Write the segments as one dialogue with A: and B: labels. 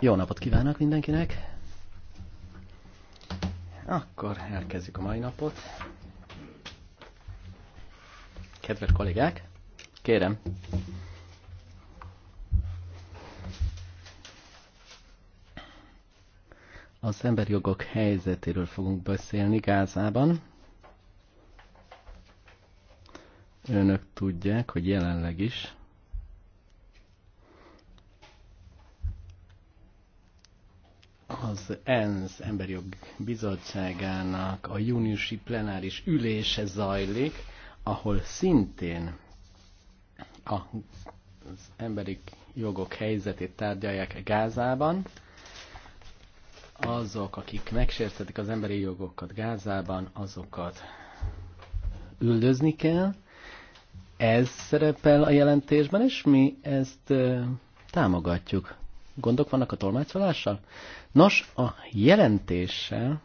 A: Jó napot kívánok mindenkinek! Akkor elkezdjük a mai napot. Kedves kollégák, kérem, az emberi jogok helyzetéről fogunk beszélni Gázában. Önök tudják, hogy jelenleg is ENSZ emberi jog Bizottságának a júniusi plenáris ülése zajlik, ahol szintén az emberi jogok helyzetét tárgyalják Gázában. Azok, akik megsértetik az emberi jogokat Gázában, azokat üldözni kell. Ez szerepel a jelentésben, és mi ezt támogatjuk. Gondok vannak a tolmácsolással? Nos, a jelentéssel,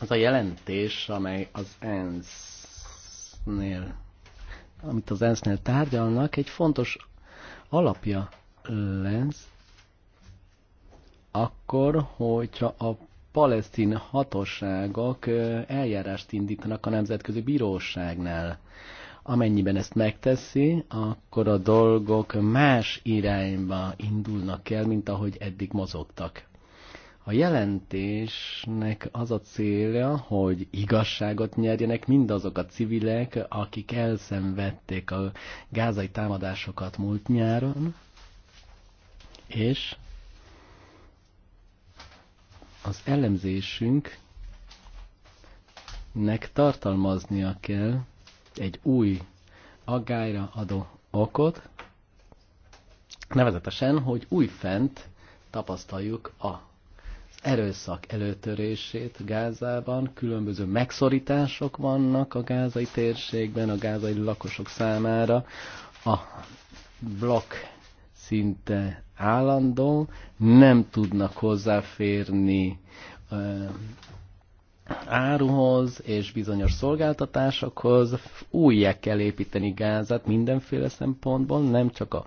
A: az a jelentés, amely az ENSZ-nél, amit az ENSZ-nél tárgyalnak, egy fontos alapja lesz, akkor, hogyha a palesztin hatóságok eljárást indítanak a Nemzetközi Bíróságnál. Amennyiben ezt megteszi, akkor a dolgok más irányba indulnak el, mint ahogy eddig mozogtak. A jelentésnek az a célja, hogy igazságot nyerjenek mindazok a civilek, akik elszenvedték a gázai támadásokat múlt nyáron, és az elemzésünknek tartalmaznia kell egy új aggályra adó okot, nevezetesen, hogy újfent tapasztaljuk a erőszak előtörését Gázában, különböző megszorítások vannak a gázai térségben, a gázai lakosok számára, a blokk szinte állandó, nem tudnak hozzáférni áruhoz és bizonyos szolgáltatásokhoz újjá kell építeni Gázát mindenféle szempontból, nem csak a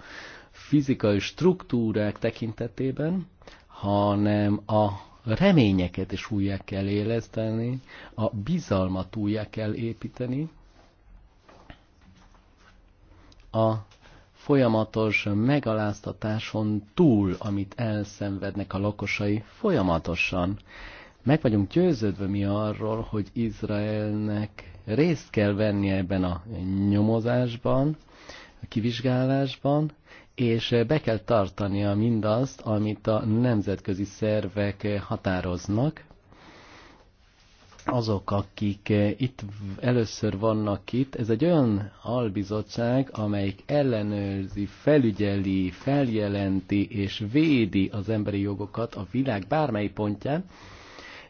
A: fizikai struktúrák tekintetében, hanem a reményeket is újjá kell éleszteni, a bizalmat újjá kell építeni, a folyamatos megaláztatáson túl, amit elszenvednek a lakosai folyamatosan. Meg vagyunk győződve mi arról, hogy Izraelnek részt kell vennie ebben a nyomozásban, a kivizsgálásban, és be kell tartania mindazt, amit a nemzetközi szervek határoznak. Azok, akik itt először vannak itt, ez egy olyan albizottság, amelyik ellenőrzi, felügyeli, feljelenti és védi az emberi jogokat a világ bármely pontján,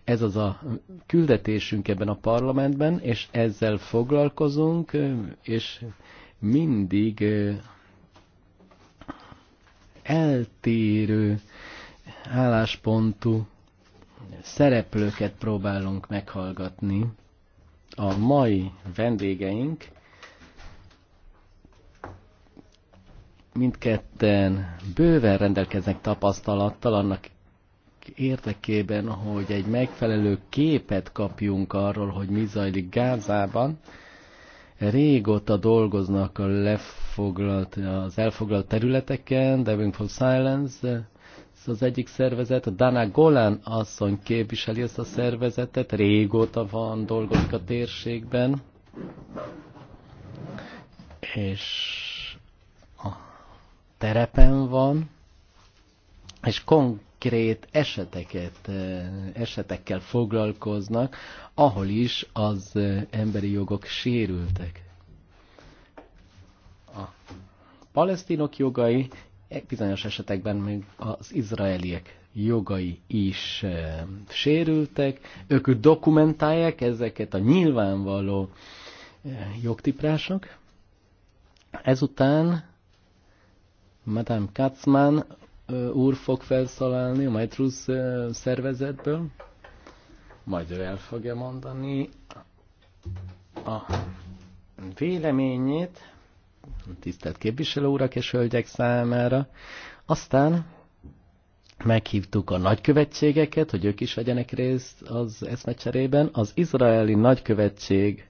A: ez az a küldetésünk ebben a parlamentben, és ezzel foglalkozunk, és mindig eltérő álláspontú szereplőket próbálunk meghallgatni. A mai vendégeink mindketten bőven rendelkeznek tapasztalattal annak érdekében, hogy egy megfelelő képet kapjunk arról, hogy mi zajlik Gázában, régóta dolgoznak a lefoglalt, az elfoglalt területeken, Devin for Silence, az egyik szervezet, a Dana Golan asszony képviseli ezt a szervezetet, régóta van, dolgozik a térségben, és a terepen van, és konkrétan konkrét eseteket, esetekkel foglalkoznak, ahol is az emberi jogok sérültek. A palesztinok jogai e, bizonyos esetekben még az izraeliek jogai is sérültek, ők dokumentálják ezeket a nyilvánvaló jogtiprások. Ezután Madame Katzmann úr fog felszalálni a Metrusz szervezetből, majd ő el fogja mondani a véleményét, tisztelt képviselő urak és hölgyek számára. Aztán meghívtuk a nagykövetségeket, hogy ők is vegyenek részt az eszmecserében. Az izraeli nagykövetség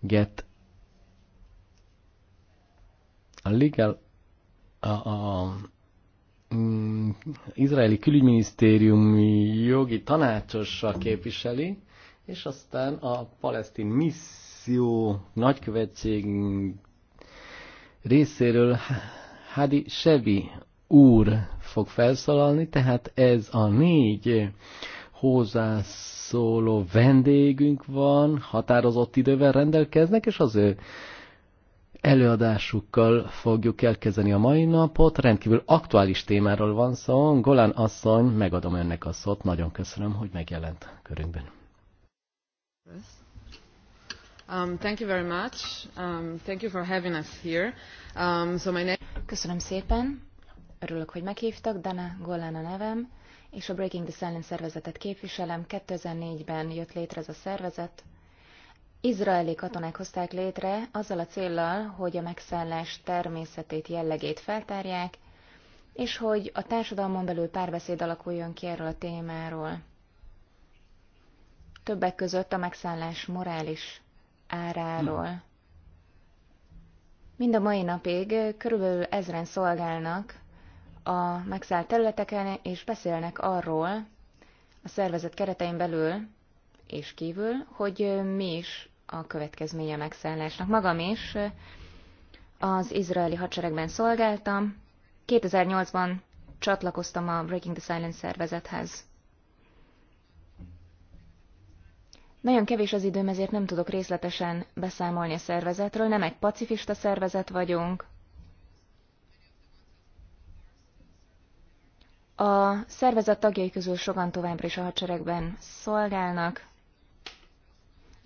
A: get a Legal a, a mm, izraeli külügyminisztériumi jogi tanácsossal képviseli, és aztán a palesztin misszió nagykövetség részéről Hadi Sebi úr fog felszólalni, tehát ez a négy hozzászóló vendégünk van, határozott idővel rendelkeznek, és az ő előadásukkal fogjuk elkezdeni a mai napot. Rendkívül aktuális témáról van szó. Golán asszony, megadom önnek a szót. Nagyon köszönöm, hogy megjelent körünkben.
B: Um, thank you very much. Um, thank you for having us here. Um, so my name... Köszönöm szépen. Örülök, hogy meghívtak.
C: Dana Golán a nevem, és a Breaking the Silence szervezetet képviselem. 2004-ben jött létre ez a szervezet izraeli katonák hozták létre azzal a céllal, hogy a megszállás természetét, jellegét feltárják, és hogy a társadalmon belül párbeszéd alakuljon ki erről a témáról. Többek között a megszállás morális áráról. Mind a mai napig körülbelül ezren szolgálnak a megszállt területeken, és beszélnek arról a szervezet keretein belül és kívül, hogy mi is a következménye a megszállásnak. Magam is az izraeli hadseregben szolgáltam. 2008-ban csatlakoztam a Breaking the Silence szervezethez. Nagyon kevés az időm, ezért nem tudok részletesen beszámolni a szervezetről. Nem egy pacifista szervezet vagyunk. A szervezet tagjai közül sokan továbbra is a hadseregben szolgálnak.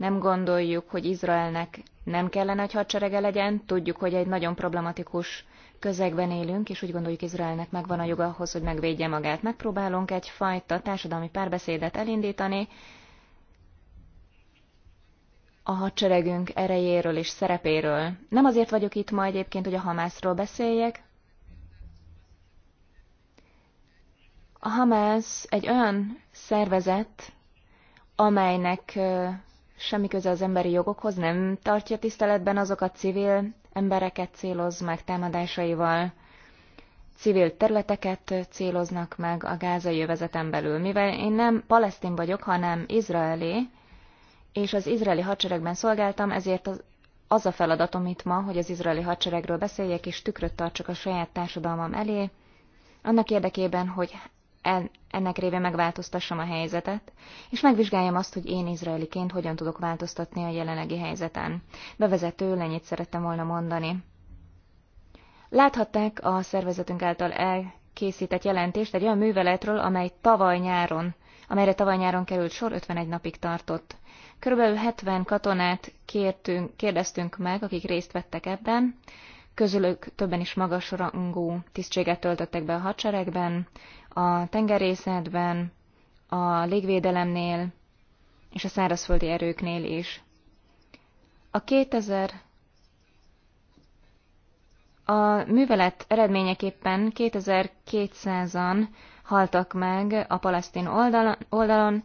C: Nem gondoljuk, hogy Izraelnek nem kellene, hogy hadserege legyen. Tudjuk, hogy egy nagyon problematikus közegben élünk, és úgy gondoljuk, Izraelnek megvan a joga ahhoz, hogy megvédje magát. Megpróbálunk egyfajta társadalmi párbeszédet elindítani, a hadseregünk erejéről és szerepéről. Nem azért vagyok itt ma egyébként, hogy a Hamászról beszéljek. A Hamász egy olyan szervezet, amelynek semmi köze az emberi jogokhoz, nem tartja tiszteletben azokat civil embereket céloz meg támadásaival, civil területeket céloznak meg a gázai övezeten belül. Mivel én nem palesztin vagyok, hanem izraeli, és az izraeli hadseregben szolgáltam, ezért az, az a feladatom itt ma, hogy az izraeli hadseregről beszéljek, és tükröt tartsak a saját társadalmam elé, annak érdekében, hogy ennek révén megváltoztassam a helyzetet, és megvizsgáljam azt, hogy én izraeliként hogyan tudok változtatni a jelenlegi helyzeten. Bevezető ennyit szerettem volna mondani. Láthatták a szervezetünk által elkészített jelentést egy olyan műveletről, amely tavaly nyáron, amelyre tavaly nyáron került sor, 51 napig tartott. Körülbelül 70 katonát kértünk, kérdeztünk meg, akik részt vettek ebben, közülük többen is magasrangú tisztséget töltöttek be a hadseregben, a tengerészetben, a légvédelemnél és a szárazföldi erőknél is. A 2000 a művelet eredményeképpen 2200-an haltak meg a palesztin oldalon,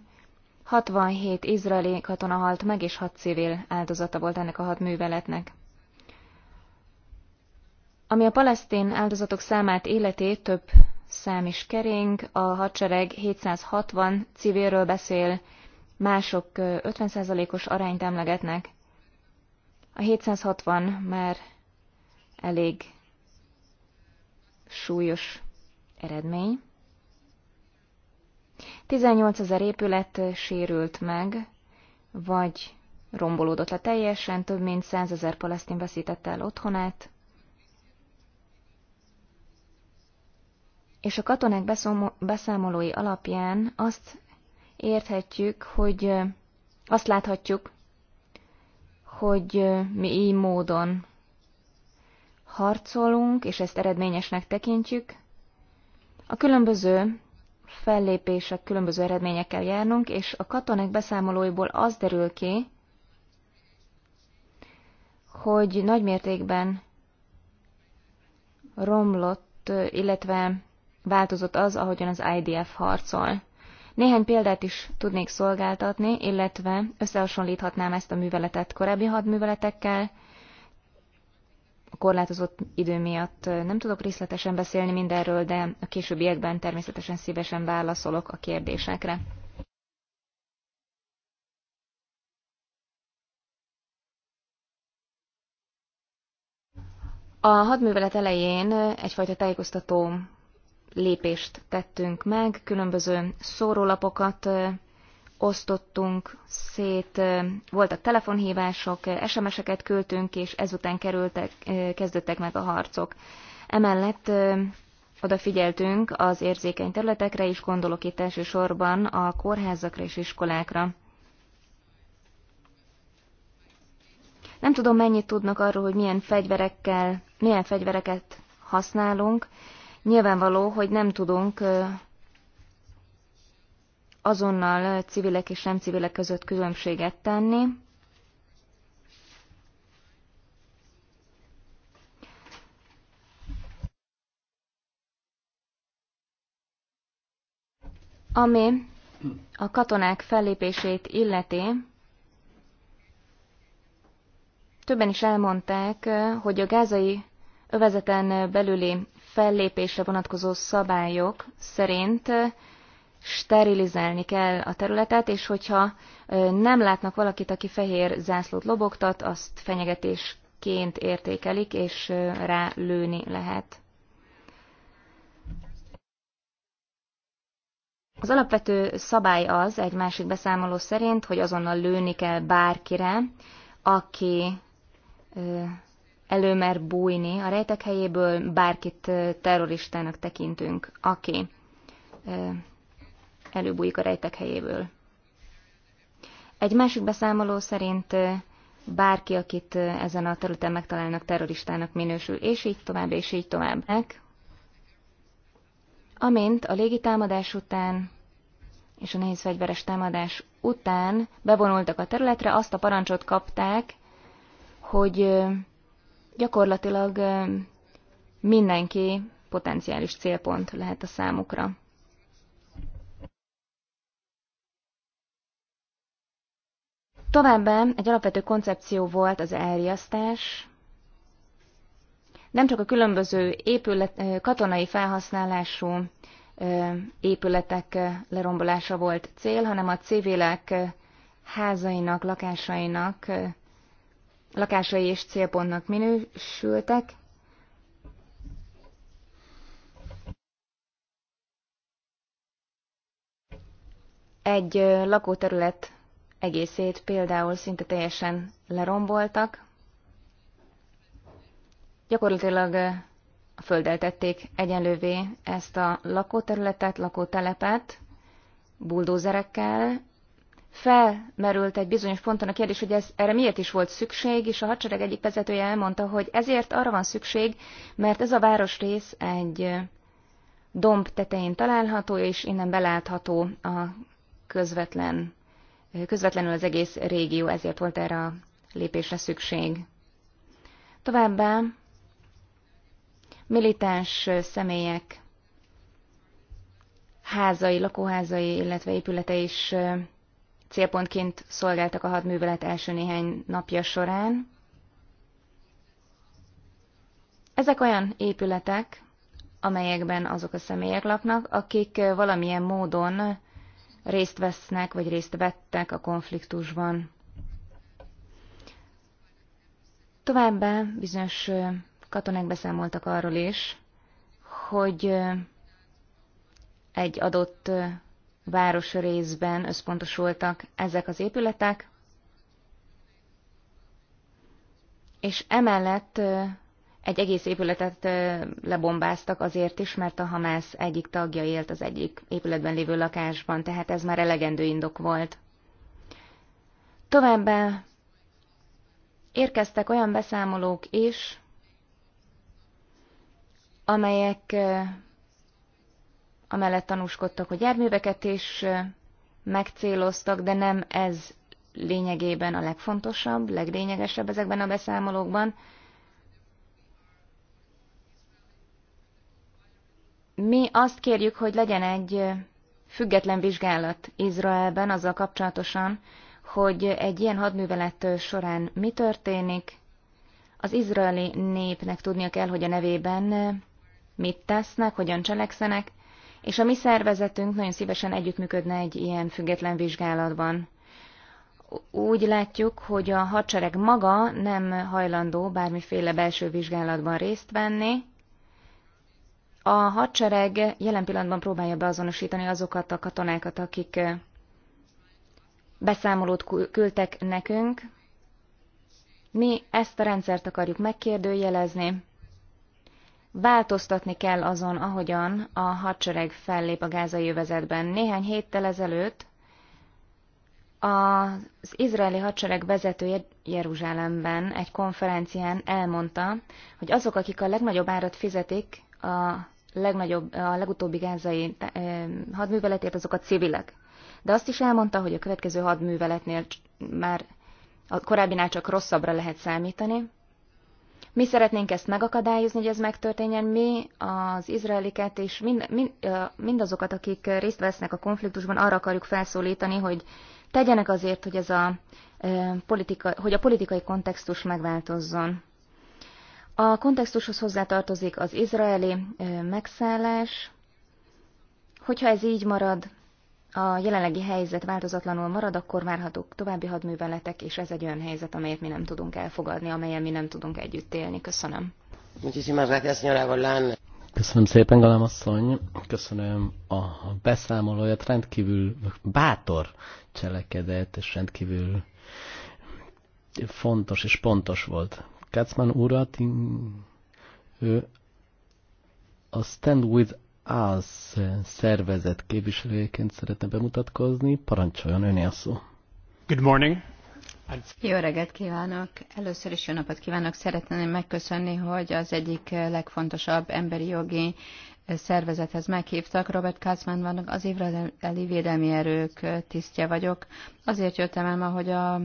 C: 67 izraeli katona halt meg, és 6 civil áldozata volt ennek a hat műveletnek. Ami a palesztin áldozatok számát életé több szám is kering, a hadsereg 760 civilről beszél, mások 50%-os arányt emlegetnek. A 760 már elég súlyos eredmény. 18 ezer épület sérült meg, vagy rombolódott le teljesen, több mint 100 ezer palesztin veszítette el otthonát, és a katonák beszámolói alapján azt érthetjük, hogy azt láthatjuk, hogy mi így módon harcolunk, és ezt eredményesnek tekintjük. A különböző fellépések különböző eredményekkel járnunk, és a katonák beszámolóiból az derül ki, hogy nagymértékben romlott, illetve változott az, ahogyan az IDF harcol. Néhány példát is tudnék szolgáltatni, illetve összehasonlíthatnám ezt a műveletet korábbi hadműveletekkel. A korlátozott idő miatt nem tudok részletesen beszélni mindenről, de a későbbiekben természetesen szívesen válaszolok a kérdésekre. A hadművelet elején egyfajta tájékoztató lépést tettünk meg, különböző szórólapokat osztottunk szét, voltak telefonhívások, SMS-eket küldtünk, és ezután kerültek, kezdődtek meg a harcok. Emellett odafigyeltünk az érzékeny területekre is, gondolok itt elsősorban a kórházakra és iskolákra. Nem tudom, mennyit tudnak arról, hogy milyen fegyverekkel, milyen fegyvereket használunk, Nyilvánvaló, hogy nem tudunk azonnal civilek és nem civilek között különbséget tenni. Ami a katonák fellépését illeti, többen is elmondták, hogy a gázai övezeten belüli fellépésre vonatkozó szabályok szerint sterilizálni kell a területet, és hogyha nem látnak valakit, aki fehér zászlót lobogtat, azt fenyegetésként értékelik, és rá lőni lehet. Az alapvető szabály az, egy másik beszámoló szerint, hogy azonnal lőni kell bárkire, aki előmer bújni a rejtek helyéből, bárkit terroristának tekintünk, aki előbújik a rejtek helyéből. Egy másik beszámoló szerint bárki, akit ezen a területen megtalálnak, terroristának minősül, és így tovább, és így tovább. Amint a légitámadás után és a nehéz fegyveres támadás után bevonultak a területre, azt a parancsot kapták, hogy gyakorlatilag mindenki potenciális célpont lehet a számukra. Továbbá egy alapvető koncepció volt az elriasztás, nem csak a különböző épület, katonai felhasználású épületek lerombolása volt cél, hanem a civilek házainak, lakásainak lakásai és célpontnak minősültek. Egy lakóterület egészét például szinte teljesen leromboltak. Gyakorlatilag a földdel tették egyenlővé ezt a lakóterületet, lakótelepet, buldózerekkel, felmerült egy bizonyos ponton a kérdés, hogy ez, erre miért is volt szükség, és a hadsereg egyik vezetője elmondta, hogy ezért arra van szükség, mert ez a városrész egy domb tetején található, és innen belátható a közvetlen, közvetlenül az egész régió, ezért volt erre a lépésre szükség. Továbbá militáns személyek házai, lakóházai, illetve épülete is célpontként szolgáltak a hadművelet első néhány napja során. Ezek olyan épületek, amelyekben azok a személyek laknak, akik valamilyen módon részt vesznek, vagy részt vettek a konfliktusban. Továbbá bizonyos katonák beszámoltak arról is, hogy egy adott város részben összpontosultak ezek az épületek, és emellett egy egész épületet lebombáztak azért is, mert a Hamász egyik tagja élt az egyik épületben lévő lakásban, tehát ez már elegendő indok volt. Továbbá érkeztek olyan beszámolók is, amelyek amellett tanúskodtak, hogy járműveket is megcéloztak, de nem ez lényegében a legfontosabb, leglényegesebb ezekben a beszámolókban. Mi azt kérjük, hogy legyen egy független vizsgálat Izraelben azzal kapcsolatosan, hogy egy ilyen hadművelet során mi történik. Az izraeli népnek tudnia kell, hogy a nevében mit tesznek, hogyan cselekszenek, és a mi szervezetünk nagyon szívesen együttműködne egy ilyen független vizsgálatban. Úgy látjuk, hogy a hadsereg maga nem hajlandó bármiféle belső vizsgálatban részt venni. A hadsereg jelen pillanatban próbálja beazonosítani azokat a katonákat, akik eh, beszámolót küldtek nekünk. Mi ezt a rendszert akarjuk megkérdőjelezni, Változtatni kell azon, ahogyan a hadsereg fellép a gázai övezetben. Néhány héttel ezelőtt az izraeli hadsereg vezetője Jeruzsálemben egy konferencián elmondta, hogy azok, akik a legnagyobb árat fizetik a, legnagyobb, a legutóbbi gázai eh, hadműveletért, azok a civilek. De azt is elmondta, hogy a következő hadműveletnél már a korábbinál csak rosszabbra lehet számítani, mi szeretnénk ezt megakadályozni, hogy ez megtörténjen. Mi az izraeliket és mind, mind, mindazokat, akik részt vesznek a konfliktusban, arra akarjuk felszólítani, hogy tegyenek azért, hogy, ez a, politika, hogy a politikai kontextus megváltozzon. A kontextushoz hozzátartozik az izraeli megszállás. Hogyha ez így marad, a jelenlegi helyzet változatlanul marad, akkor várhatók további hadműveletek, és ez egy olyan helyzet, amelyet mi nem tudunk elfogadni, amelyen mi nem tudunk együtt élni. Köszönöm.
A: Köszönöm szépen, Galám asszony. Köszönöm a beszámolóját. Rendkívül bátor cselekedet, és rendkívül fontos és pontos volt. Kacman urat, ő a Stand With az szervezet képviselőjeként szeretne bemutatkozni. Parancsoljon, öné a szó. Good
D: morning.
B: Jó reggelt kívánok! Először is jó napot kívánok! Szeretném megköszönni, hogy az egyik legfontosabb emberi jogi szervezethez meghívtak. Robert Kázmán vannak, az évreli védelmi erők tisztje vagyok. Azért jöttem el ma, hogy a,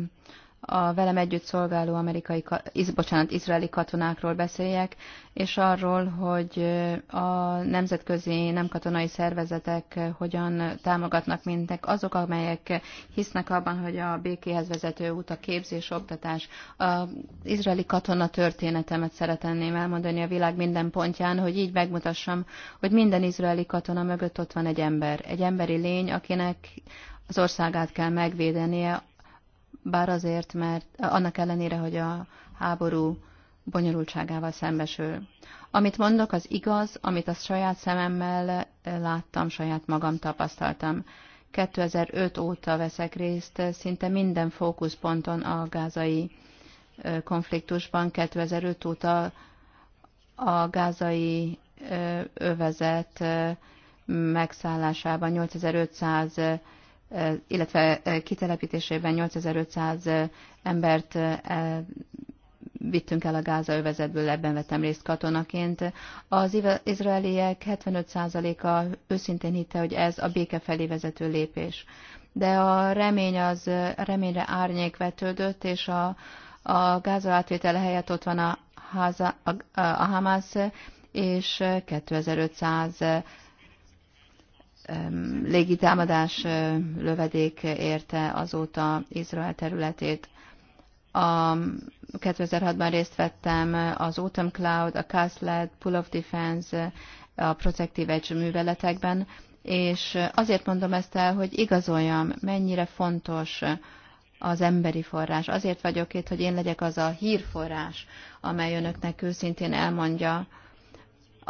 B: a velem együtt szolgáló amerikai, iz, bocsánat, izraeli katonákról beszéljek, és arról, hogy a nemzetközi nem katonai szervezetek hogyan támogatnak mindnek azok, amelyek hisznek abban, hogy a békéhez vezető út a képzés, oktatás. A izraeli katona történetemet szeretném elmondani a világ minden pontján, hogy így megmutassam, hogy minden izraeli katona mögött ott van egy ember. Egy emberi lény, akinek az országát kell megvédenie bár azért, mert annak ellenére, hogy a háború bonyolultságával szembesül. Amit mondok, az igaz, amit a saját szememmel láttam, saját magam tapasztaltam. 2005 óta veszek részt szinte minden fókuszponton a gázai konfliktusban. 2005 óta a gázai övezet megszállásában 8500 Eh, illetve eh, kitelepítésében 8500 eh, embert vittünk el a Gáza övezetből, ebben vettem részt katonaként. Az izraeliek 75%-a őszintén hitte, hogy ez a béke felé vezető lépés. De a remény az a reményre árnyék vetődött, és a, a Gáza átvétele helyett ott van a, háza, a, a Hamas, és 2500 légitámadás lövedék érte azóta Izrael területét. A 2006-ban részt vettem az Autumn Cloud, a Castled, Pull of Defense, a Protective Edge műveletekben, és azért mondom ezt el, hogy igazoljam, mennyire fontos az emberi forrás. Azért vagyok itt, hogy én legyek az a hírforrás, amely önöknek őszintén elmondja,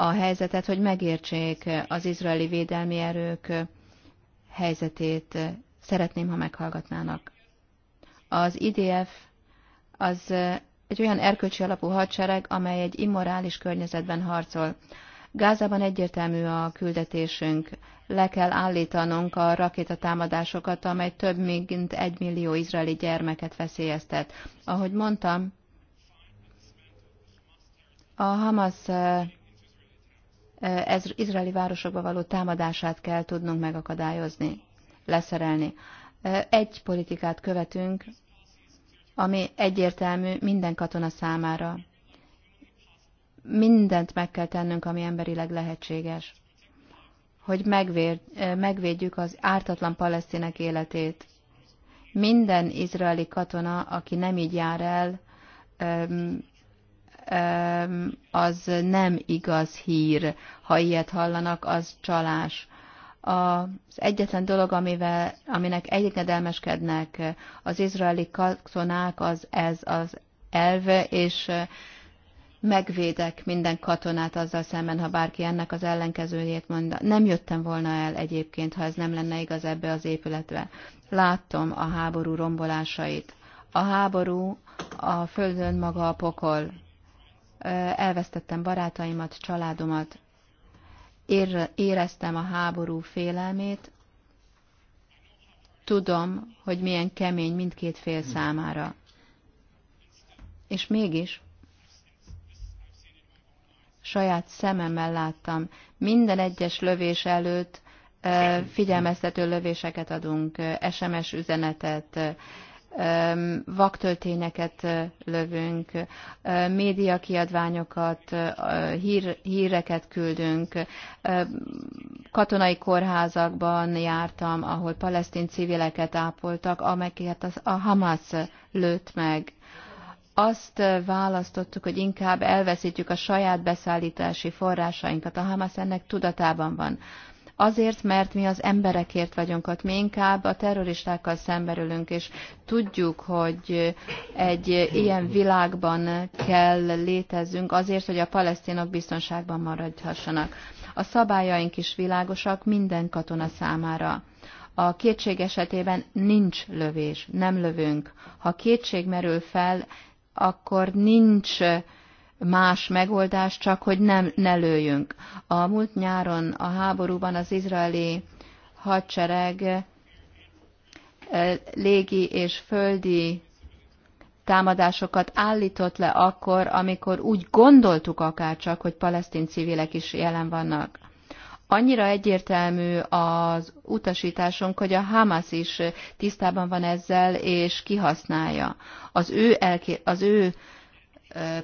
B: a helyzetet, hogy megértsék az izraeli védelmi erők helyzetét. Szeretném, ha meghallgatnának. Az IDF az egy olyan erkölcsi alapú hadsereg, amely egy immorális környezetben harcol. Gázában egyértelmű a küldetésünk. Le kell állítanunk a rakétatámadásokat, amely több mint egy millió izraeli gyermeket veszélyeztet. Ahogy mondtam, a Hamas Eh, ez izraeli városokba való támadását kell tudnunk megakadályozni, leszerelni. Eh, egy politikát követünk, ami egyértelmű minden katona számára. Mindent meg kell tennünk, ami emberileg lehetséges, hogy eh, megvédjük az ártatlan palesztinek életét. Minden izraeli katona, aki nem így jár el, az nem igaz hír. Ha ilyet hallanak, az csalás. Az egyetlen dolog, amivel, aminek egyedelmeskednek az izraeli katonák, az ez az elve, és megvédek minden katonát azzal szemben, ha bárki ennek az ellenkezőjét mondja. Nem jöttem volna el egyébként, ha ez nem lenne igaz ebbe az épületbe. Láttam a háború rombolásait. A háború a földön maga a pokol elvesztettem barátaimat, családomat, éreztem a háború félelmét, tudom, hogy milyen kemény mindkét fél számára. És mégis saját szememmel láttam, minden egyes lövés előtt figyelmeztető lövéseket adunk, SMS üzenetet, vaktöltényeket lövünk, médiakiadványokat, hír, híreket küldünk. Katonai kórházakban jártam, ahol palesztin civileket ápoltak, amelyeket a Hamas lőtt meg. Azt választottuk, hogy inkább elveszítjük a saját beszállítási forrásainkat. A Hamas ennek tudatában van. Azért, mert mi az emberekért vagyunk ott, mi inkább a terroristákkal szemberülünk, és tudjuk, hogy egy ilyen világban kell létezünk. azért, hogy a palesztinok biztonságban maradhassanak. A szabályaink is világosak minden katona számára. A kétség esetében nincs lövés, nem lövünk. Ha kétség merül fel, akkor nincs más megoldás, csak hogy nem ne lőjünk. A múlt nyáron a háborúban az izraeli hadsereg eh, légi és földi támadásokat állított le akkor, amikor úgy gondoltuk akárcsak, hogy palesztin civilek is jelen vannak. Annyira egyértelmű az utasításunk, hogy a Hamas is tisztában van ezzel, és kihasználja. Az ő, elké- az ő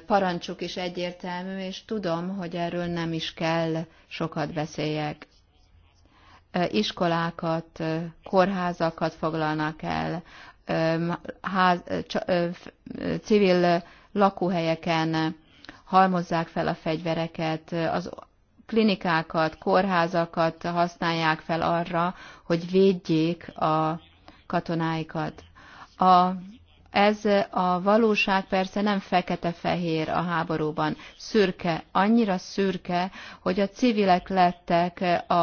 B: parancsuk is egyértelmű, és tudom, hogy erről nem is kell sokat beszéljek. Iskolákat, kórházakat foglalnak el, ház, civil lakóhelyeken halmozzák fel a fegyvereket, az klinikákat, kórházakat használják fel arra, hogy védjék a katonáikat. A ez a valóság persze nem fekete-fehér a háborúban, szürke, annyira szürke, hogy a civilek lettek a,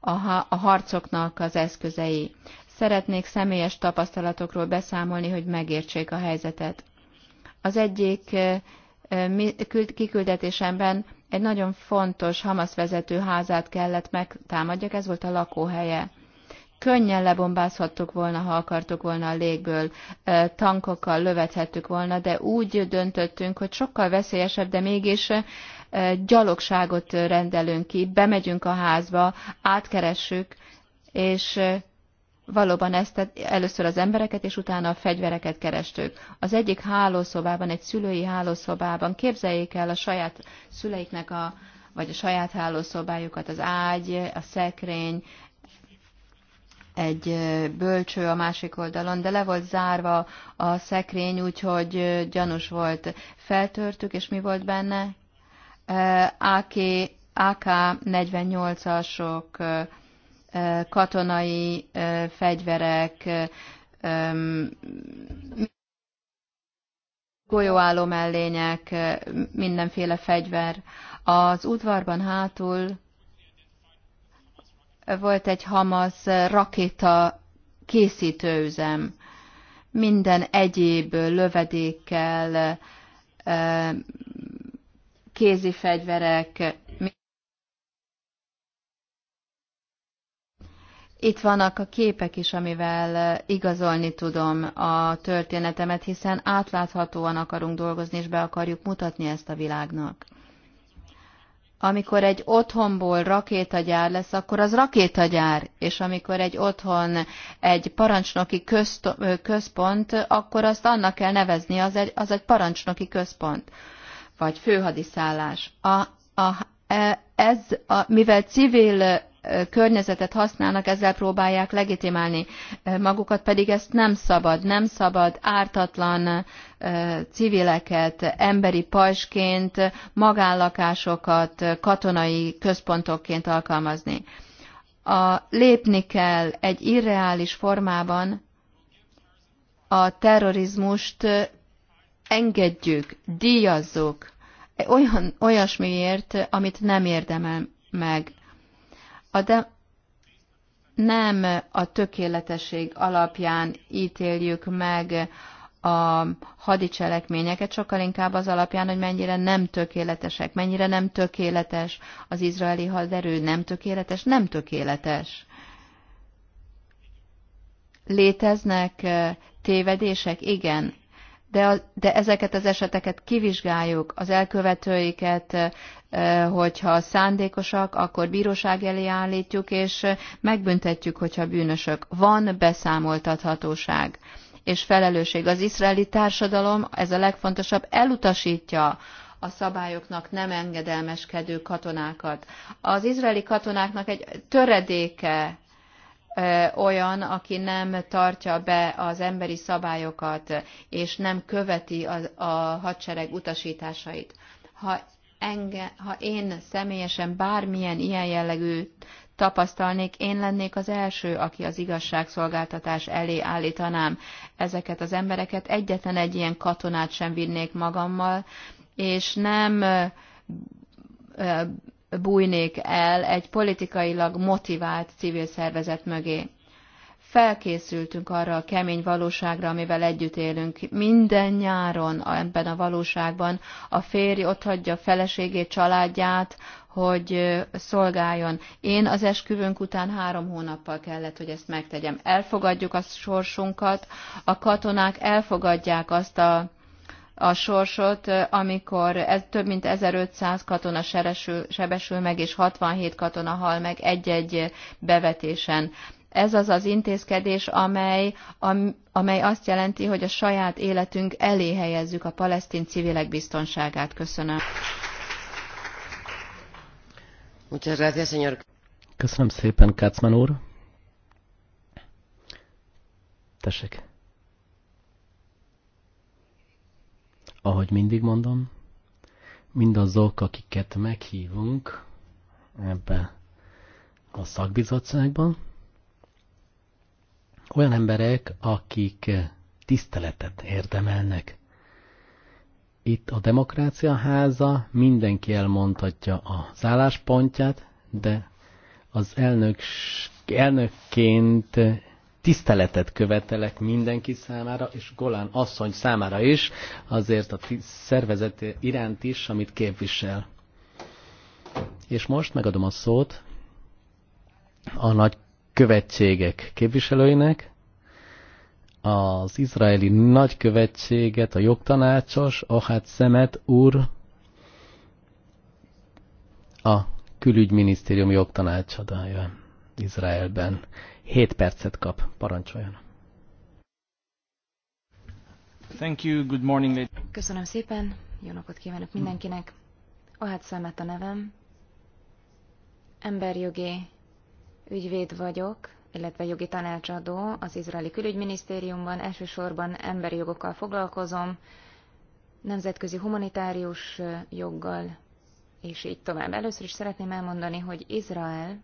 B: a, a harcoknak az eszközei. Szeretnék személyes tapasztalatokról beszámolni, hogy megértsék a helyzetet. Az egyik eh, eh, kiküldetésemben egy nagyon fontos Hamas vezető házát kellett megtámadjak, ez volt a lakóhelye könnyen lebombázhattuk volna, ha akartuk volna a légből, tankokkal lövethettük volna, de úgy döntöttünk, hogy sokkal veszélyesebb, de mégis gyalogságot rendelünk ki, bemegyünk a házba, átkeressük, és valóban ezt először az embereket, és utána a fegyvereket kerestük. Az egyik hálószobában, egy szülői hálószobában képzeljék el a saját szüleiknek a, vagy a saját hálószobájukat, az ágy, a szekrény, egy bölcső a másik oldalon, de le volt zárva a szekrény, úgyhogy gyanús volt. Feltörtük, és mi volt benne? AK, AK 48-asok, katonai fegyverek, golyóálló mellények, mindenféle fegyver. Az udvarban hátul volt egy Hamas rakéta készítőüzem. Minden egyéb lövedékkel, fegyverek. Itt vannak a képek is, amivel igazolni tudom a történetemet, hiszen átláthatóan akarunk dolgozni, és be akarjuk mutatni ezt a világnak amikor egy otthonból rakétagyár lesz, akkor az rakétagyár, és amikor egy otthon egy parancsnoki közt, központ, akkor azt annak kell nevezni, az egy, az egy parancsnoki központ, vagy főhadiszállás. A, a, e, ez, a, mivel civil környezetet használnak, ezzel próbálják legitimálni magukat, pedig ezt nem szabad, nem szabad ártatlan civileket, emberi pajsként, magánlakásokat, katonai központokként alkalmazni. A, lépni kell egy irreális formában a terrorizmust engedjük, díjazzuk olyan, olyasmiért, amit nem érdemel meg. A de nem a tökéletesség alapján ítéljük meg a hadicselekményeket, sokkal inkább az alapján, hogy mennyire nem tökéletesek, mennyire nem tökéletes az izraeli haderő, nem tökéletes, nem tökéletes. Léteznek eh, tévedések? Igen de, a, de ezeket az eseteket kivizsgáljuk, az elkövetőiket, hogyha szándékosak, akkor bíróság elé állítjuk, és megbüntetjük, hogyha bűnösök. Van beszámoltathatóság és felelősség. Az izraeli társadalom, ez a legfontosabb, elutasítja a szabályoknak nem engedelmeskedő katonákat. Az izraeli katonáknak egy töredéke olyan, aki nem tartja be az emberi szabályokat, és nem követi a, a hadsereg utasításait. Ha, enge, ha én személyesen bármilyen ilyen jellegű tapasztalnék, én lennék az első, aki az igazságszolgáltatás elé állítanám ezeket az embereket. Egyetlen egy ilyen katonát sem vinnék magammal, és nem bújnék el egy politikailag motivált civil szervezet mögé. Felkészültünk arra a kemény valóságra, amivel együtt élünk. Minden nyáron ebben a valóságban a férj otthagyja feleségét, családját, hogy szolgáljon. Én az esküvünk után három hónappal kellett, hogy ezt megtegyem. Elfogadjuk a sorsunkat, a katonák elfogadják azt a a sorsot, amikor ez, több mint 1500 katona seresül, sebesül meg, és 67 katona hal meg egy-egy bevetésen. Ez az az intézkedés, amely, am, amely azt jelenti, hogy a saját életünk elé helyezzük a palesztin civilek biztonságát. Köszönöm.
A: Köszönöm szépen, Kácman úr. Tessék. ahogy mindig mondom, mindazok, akiket meghívunk ebbe a szakbizottságban, olyan emberek, akik tiszteletet érdemelnek. Itt a demokrácia háza mindenki elmondhatja az álláspontját, de az elnök, elnökként tiszteletet követelek mindenki számára, és Golán asszony számára is, azért a szervezet iránt is, amit képvisel. És most megadom a szót a nagy követségek képviselőinek, az izraeli nagykövetséget, a jogtanácsos, Ahát Szemet úr, a külügyminisztérium jogtanácsadája Izraelben. 7 percet kap. Parancsoljon. Thank you. Good morning.
C: Köszönöm szépen. Jó napot kívánok mindenkinek. Ahát szemet a nevem. Emberjogi ügyvéd vagyok, illetve jogi tanácsadó az izraeli külügyminisztériumban. Elsősorban emberi jogokkal foglalkozom, nemzetközi humanitárius joggal, és így tovább. Először is szeretném elmondani, hogy Izrael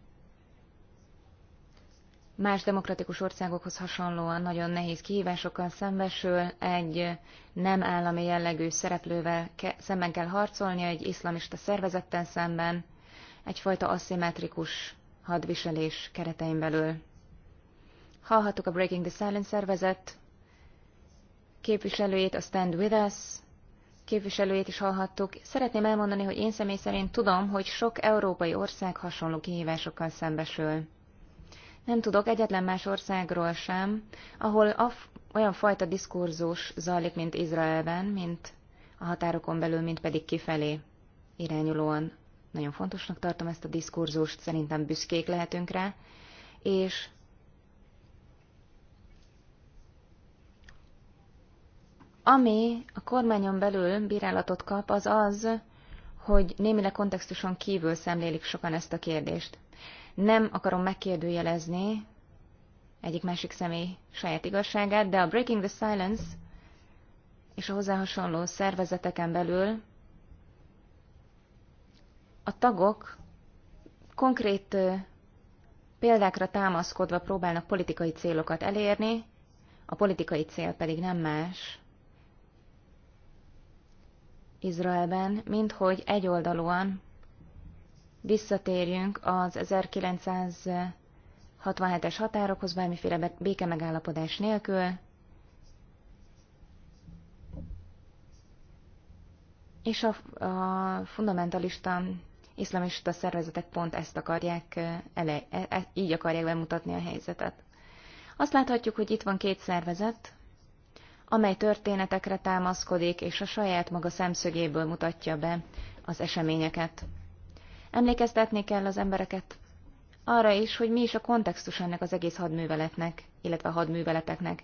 C: más demokratikus országokhoz hasonlóan nagyon nehéz kihívásokkal szembesül, egy nem állami jellegű szereplővel ke- szemben kell harcolnia, egy iszlamista szervezettel szemben, egyfajta aszimmetrikus hadviselés keretein belül. Hallhattuk a Breaking the Silence szervezet képviselőjét, a Stand With Us képviselőjét is hallhattuk. Szeretném elmondani, hogy én személy szerint tudom, hogy sok európai ország hasonló kihívásokkal szembesül. Nem tudok egyetlen más országról sem, ahol af- olyan fajta diskurzus zajlik, mint Izraelben, mint a határokon belül, mint pedig kifelé irányulóan. Nagyon fontosnak tartom ezt a diskurzust, szerintem büszkék lehetünk rá, és ami a kormányon belül bírálatot kap, az az, hogy némileg kontextuson kívül szemlélik sokan ezt a kérdést. Nem akarom megkérdőjelezni egyik másik személy saját igazságát, de a Breaking the Silence és a hozzá hasonló szervezeteken belül a tagok konkrét példákra támaszkodva próbálnak politikai célokat elérni, a politikai cél pedig nem más Izraelben, mint hogy egyoldalúan visszatérjünk az 1967-es határokhoz bármiféle béke megállapodás nélkül, és a, a fundamentalista iszlamista szervezetek pont ezt akarják, ele, e, e, így akarják bemutatni a helyzetet. Azt láthatjuk, hogy itt van két szervezet, amely történetekre támaszkodik, és a saját maga szemszögéből mutatja be az eseményeket. Emlékeztetni kell az embereket arra is, hogy mi is a kontextus ennek az egész hadműveletnek, illetve a hadműveleteknek.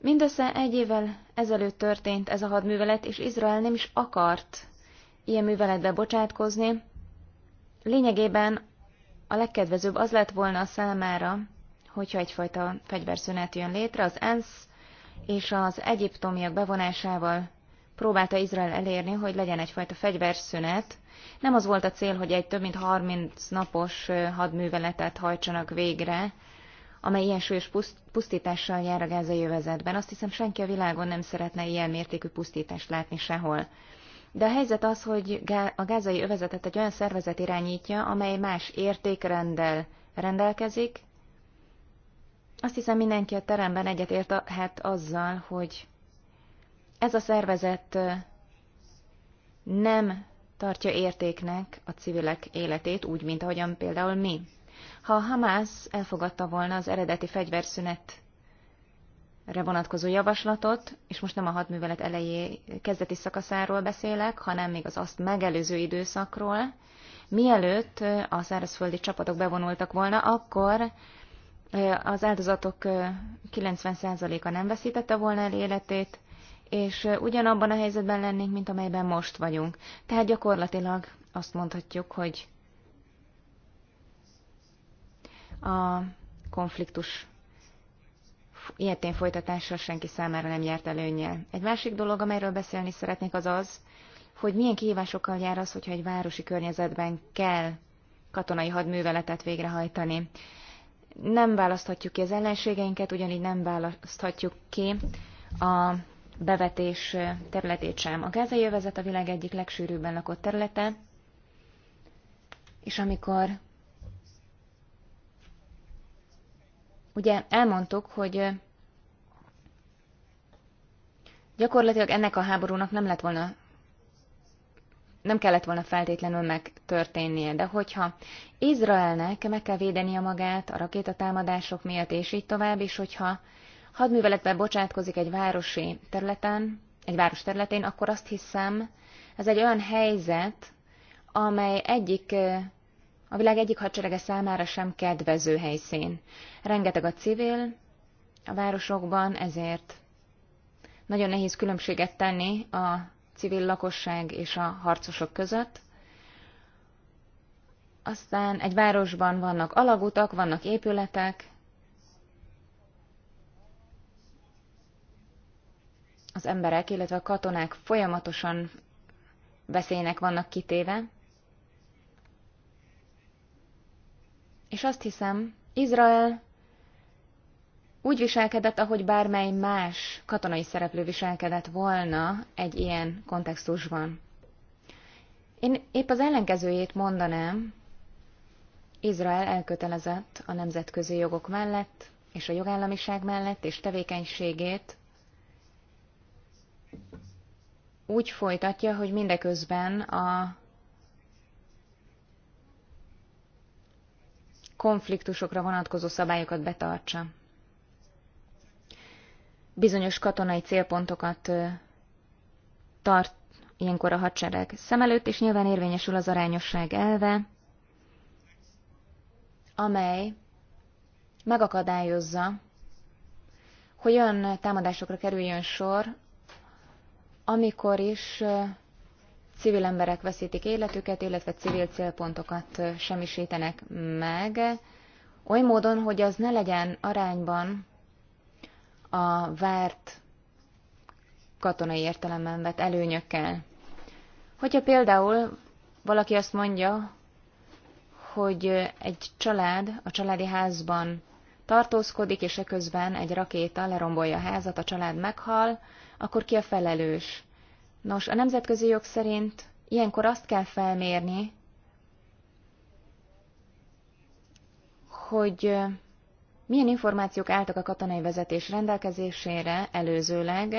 C: Mindössze egy évvel ezelőtt történt ez a hadművelet, és Izrael nem is akart ilyen műveletbe bocsátkozni. Lényegében a legkedvezőbb az lett volna a számára, hogyha egyfajta fegyverszünet jön létre, az ENSZ és az egyiptomiak bevonásával próbálta Izrael elérni, hogy legyen egyfajta fegyverszünet, nem az volt a cél, hogy egy több mint 30 napos hadműveletet hajtsanak végre, amely ilyen súlyos pusztítással jár a gázai övezetben. Azt hiszem, senki a világon nem szeretne ilyen mértékű pusztítást látni sehol. De a helyzet az, hogy a gázai övezetet egy olyan szervezet irányítja, amely más értékrendel rendelkezik. Azt hiszem, mindenki a teremben egyet érthet azzal, hogy ez a szervezet nem tartja értéknek a civilek életét, úgy, mint ahogyan például mi. Ha a Hamász elfogadta volna az eredeti fegyverszünet vonatkozó javaslatot, és most nem a hadművelet elejé kezdeti szakaszáról beszélek, hanem még az azt megelőző időszakról, mielőtt a szárazföldi csapatok bevonultak volna, akkor eh, az áldozatok 90%-a eh, nem veszítette volna el életét, és ugyanabban a helyzetben lennénk, mint amelyben most vagyunk. Tehát gyakorlatilag azt mondhatjuk, hogy a konfliktus ilyetén folytatása senki számára nem járt előnyel. Egy másik dolog, amelyről beszélni szeretnék, az az, hogy milyen kihívásokkal jár az, hogyha egy városi környezetben kell katonai hadműveletet végrehajtani. Nem választhatjuk ki az ellenségeinket, ugyanígy nem választhatjuk ki a bevetés területét sem. A gázai övezet a világ egyik legsűrűbben lakott területe, és amikor ugye elmondtuk, hogy gyakorlatilag ennek a háborúnak nem lett volna nem kellett volna feltétlenül megtörténnie, de hogyha Izraelnek meg kell védenie magát a rakétatámadások miatt, és így tovább, és hogyha hadműveletbe bocsátkozik egy városi területen, egy város területén, akkor azt hiszem, ez egy olyan helyzet, amely egyik a világ egyik hadserege számára sem kedvező helyszín. Rengeteg a civil a városokban, ezért nagyon nehéz különbséget tenni a civil lakosság és a harcosok között. Aztán egy városban vannak alagutak, vannak épületek, az emberek, illetve a katonák folyamatosan veszélynek vannak kitéve. És azt hiszem, Izrael úgy viselkedett, ahogy bármely más katonai szereplő viselkedett volna egy ilyen kontextusban. Én épp az ellenkezőjét mondanám, Izrael elkötelezett a nemzetközi jogok mellett és a jogállamiság mellett, és tevékenységét úgy folytatja, hogy mindeközben a konfliktusokra vonatkozó szabályokat betartsa. Bizonyos katonai célpontokat tart ilyenkor a hadsereg szem előtt, és nyilván érvényesül az arányosság elve, amely megakadályozza, hogy olyan támadásokra kerüljön sor, amikor is civil emberek veszítik életüket, illetve civil célpontokat semmisítenek meg, oly módon, hogy az ne legyen arányban a várt katonai értelemben vett előnyökkel. Hogyha például valaki azt mondja, hogy egy család a családi házban tartózkodik, és eközben egy rakéta lerombolja a házat, a család meghal, akkor ki a felelős? Nos, a nemzetközi jog szerint ilyenkor azt kell felmérni, hogy milyen információk álltak a katonai vezetés rendelkezésére előzőleg,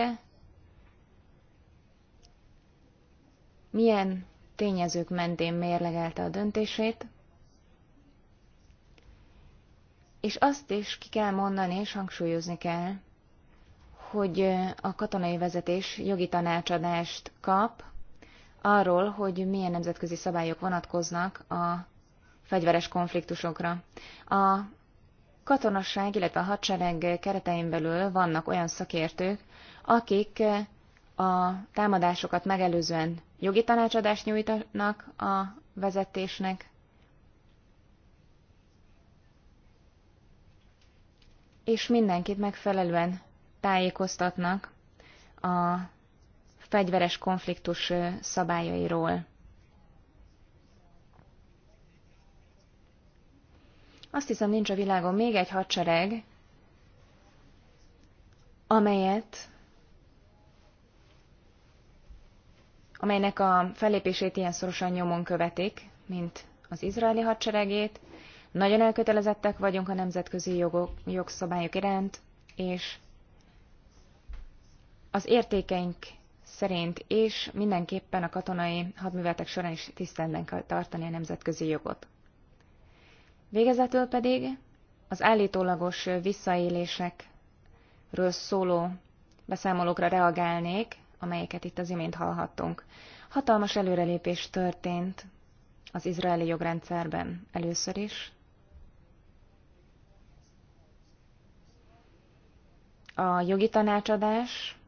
C: milyen tényezők mentén mérlegelte a döntését, és azt is ki kell mondani és hangsúlyozni kell, hogy a katonai vezetés jogi tanácsadást kap arról, hogy milyen nemzetközi szabályok vonatkoznak a fegyveres konfliktusokra. A katonasság, illetve a hadsereg keretein belül vannak olyan szakértők, akik a támadásokat megelőzően jogi tanácsadást nyújtanak a vezetésnek, és mindenkit megfelelően tájékoztatnak a fegyveres konfliktus szabályairól. Azt hiszem, nincs a világon még egy hadsereg, amelyet amelynek a felépését ilyen szorosan nyomon követik, mint az izraeli hadseregét. Nagyon elkötelezettek vagyunk a nemzetközi jogok, jogszabályok iránt, és az értékeink szerint és mindenképpen a katonai hadműveletek során is tiszteletben kell tartani a nemzetközi jogot. Végezetül pedig az állítólagos visszaélésekről szóló beszámolókra reagálnék, amelyeket itt az imént hallhattunk. Hatalmas előrelépés történt az izraeli jogrendszerben először is. A jogi tanácsadás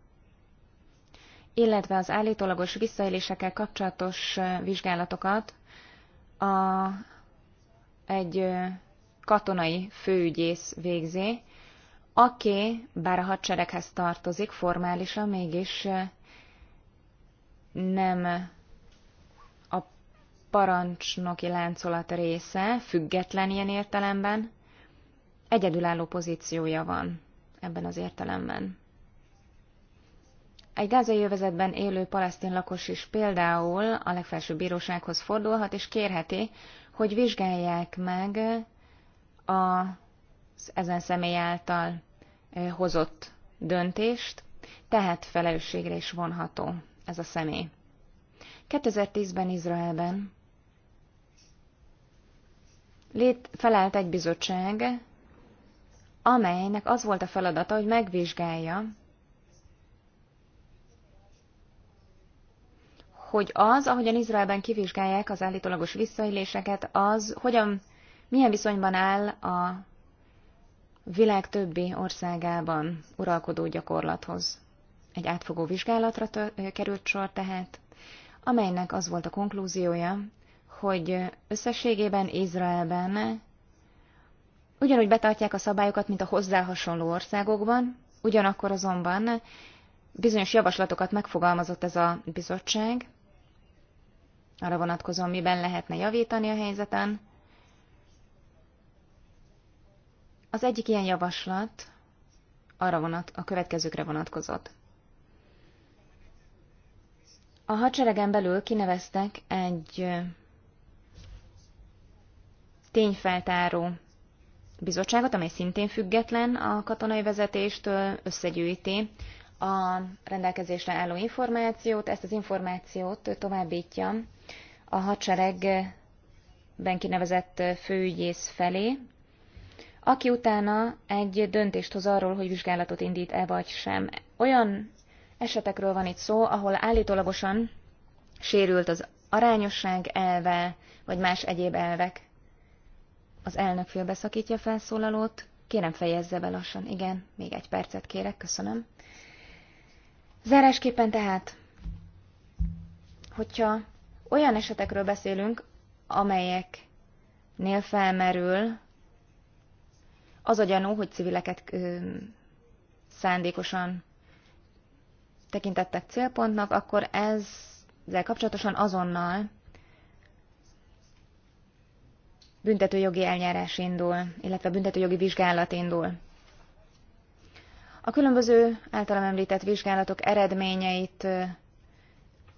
C: illetve az állítólagos visszaélésekkel kapcsolatos vizsgálatokat a, egy katonai főügyész végzi, aki, bár a hadsereghez tartozik formálisan, mégis nem a parancsnoki láncolat része, független ilyen értelemben, egyedülálló pozíciója van ebben az értelemben. Egy gázai övezetben élő palesztin lakos is például a legfelsőbb bírósághoz fordulhat, és kérheti, hogy vizsgálják meg a ezen személy által hozott döntést, tehát felelősségre is vonható ez a személy. 2010-ben Izraelben lét, felállt egy bizottság, amelynek az volt a feladata, hogy megvizsgálja hogy az, ahogyan Izraelben kivizsgálják az állítólagos visszaéléseket, az hogyan, milyen viszonyban áll a világ többi országában uralkodó gyakorlathoz. Egy átfogó vizsgálatra tör- került sor tehát, amelynek az volt a konklúziója, hogy összességében Izraelben ugyanúgy betartják a szabályokat, mint a hozzá hasonló országokban, ugyanakkor azonban bizonyos javaslatokat megfogalmazott ez a bizottság, arra vonatkozóan, miben lehetne javítani a helyzeten. Az egyik ilyen javaslat arra vonat, a következőkre vonatkozott. A hadseregen belül kineveztek egy tényfeltáró bizottságot, amely szintén független a katonai vezetéstől, összegyűjti a rendelkezésre álló információt, ezt az információt továbbítja a hadseregben kinevezett főügyész felé, aki utána egy döntést hoz arról, hogy vizsgálatot indít e vagy sem. Olyan esetekről van itt szó, ahol állítólagosan sérült az arányosság elve, vagy más egyéb elvek. Az elnök félbeszakítja felszólalót. Kérem fejezze be lassan. Igen, még egy percet kérek, köszönöm. Zárásképpen tehát, hogyha olyan esetekről beszélünk, amelyeknél felmerül az a gyanú, hogy civileket ö, szándékosan tekintettek célpontnak, akkor ez, ezzel kapcsolatosan azonnal büntetőjogi eljárás indul, illetve büntetőjogi vizsgálat indul. A különböző általam említett vizsgálatok eredményeit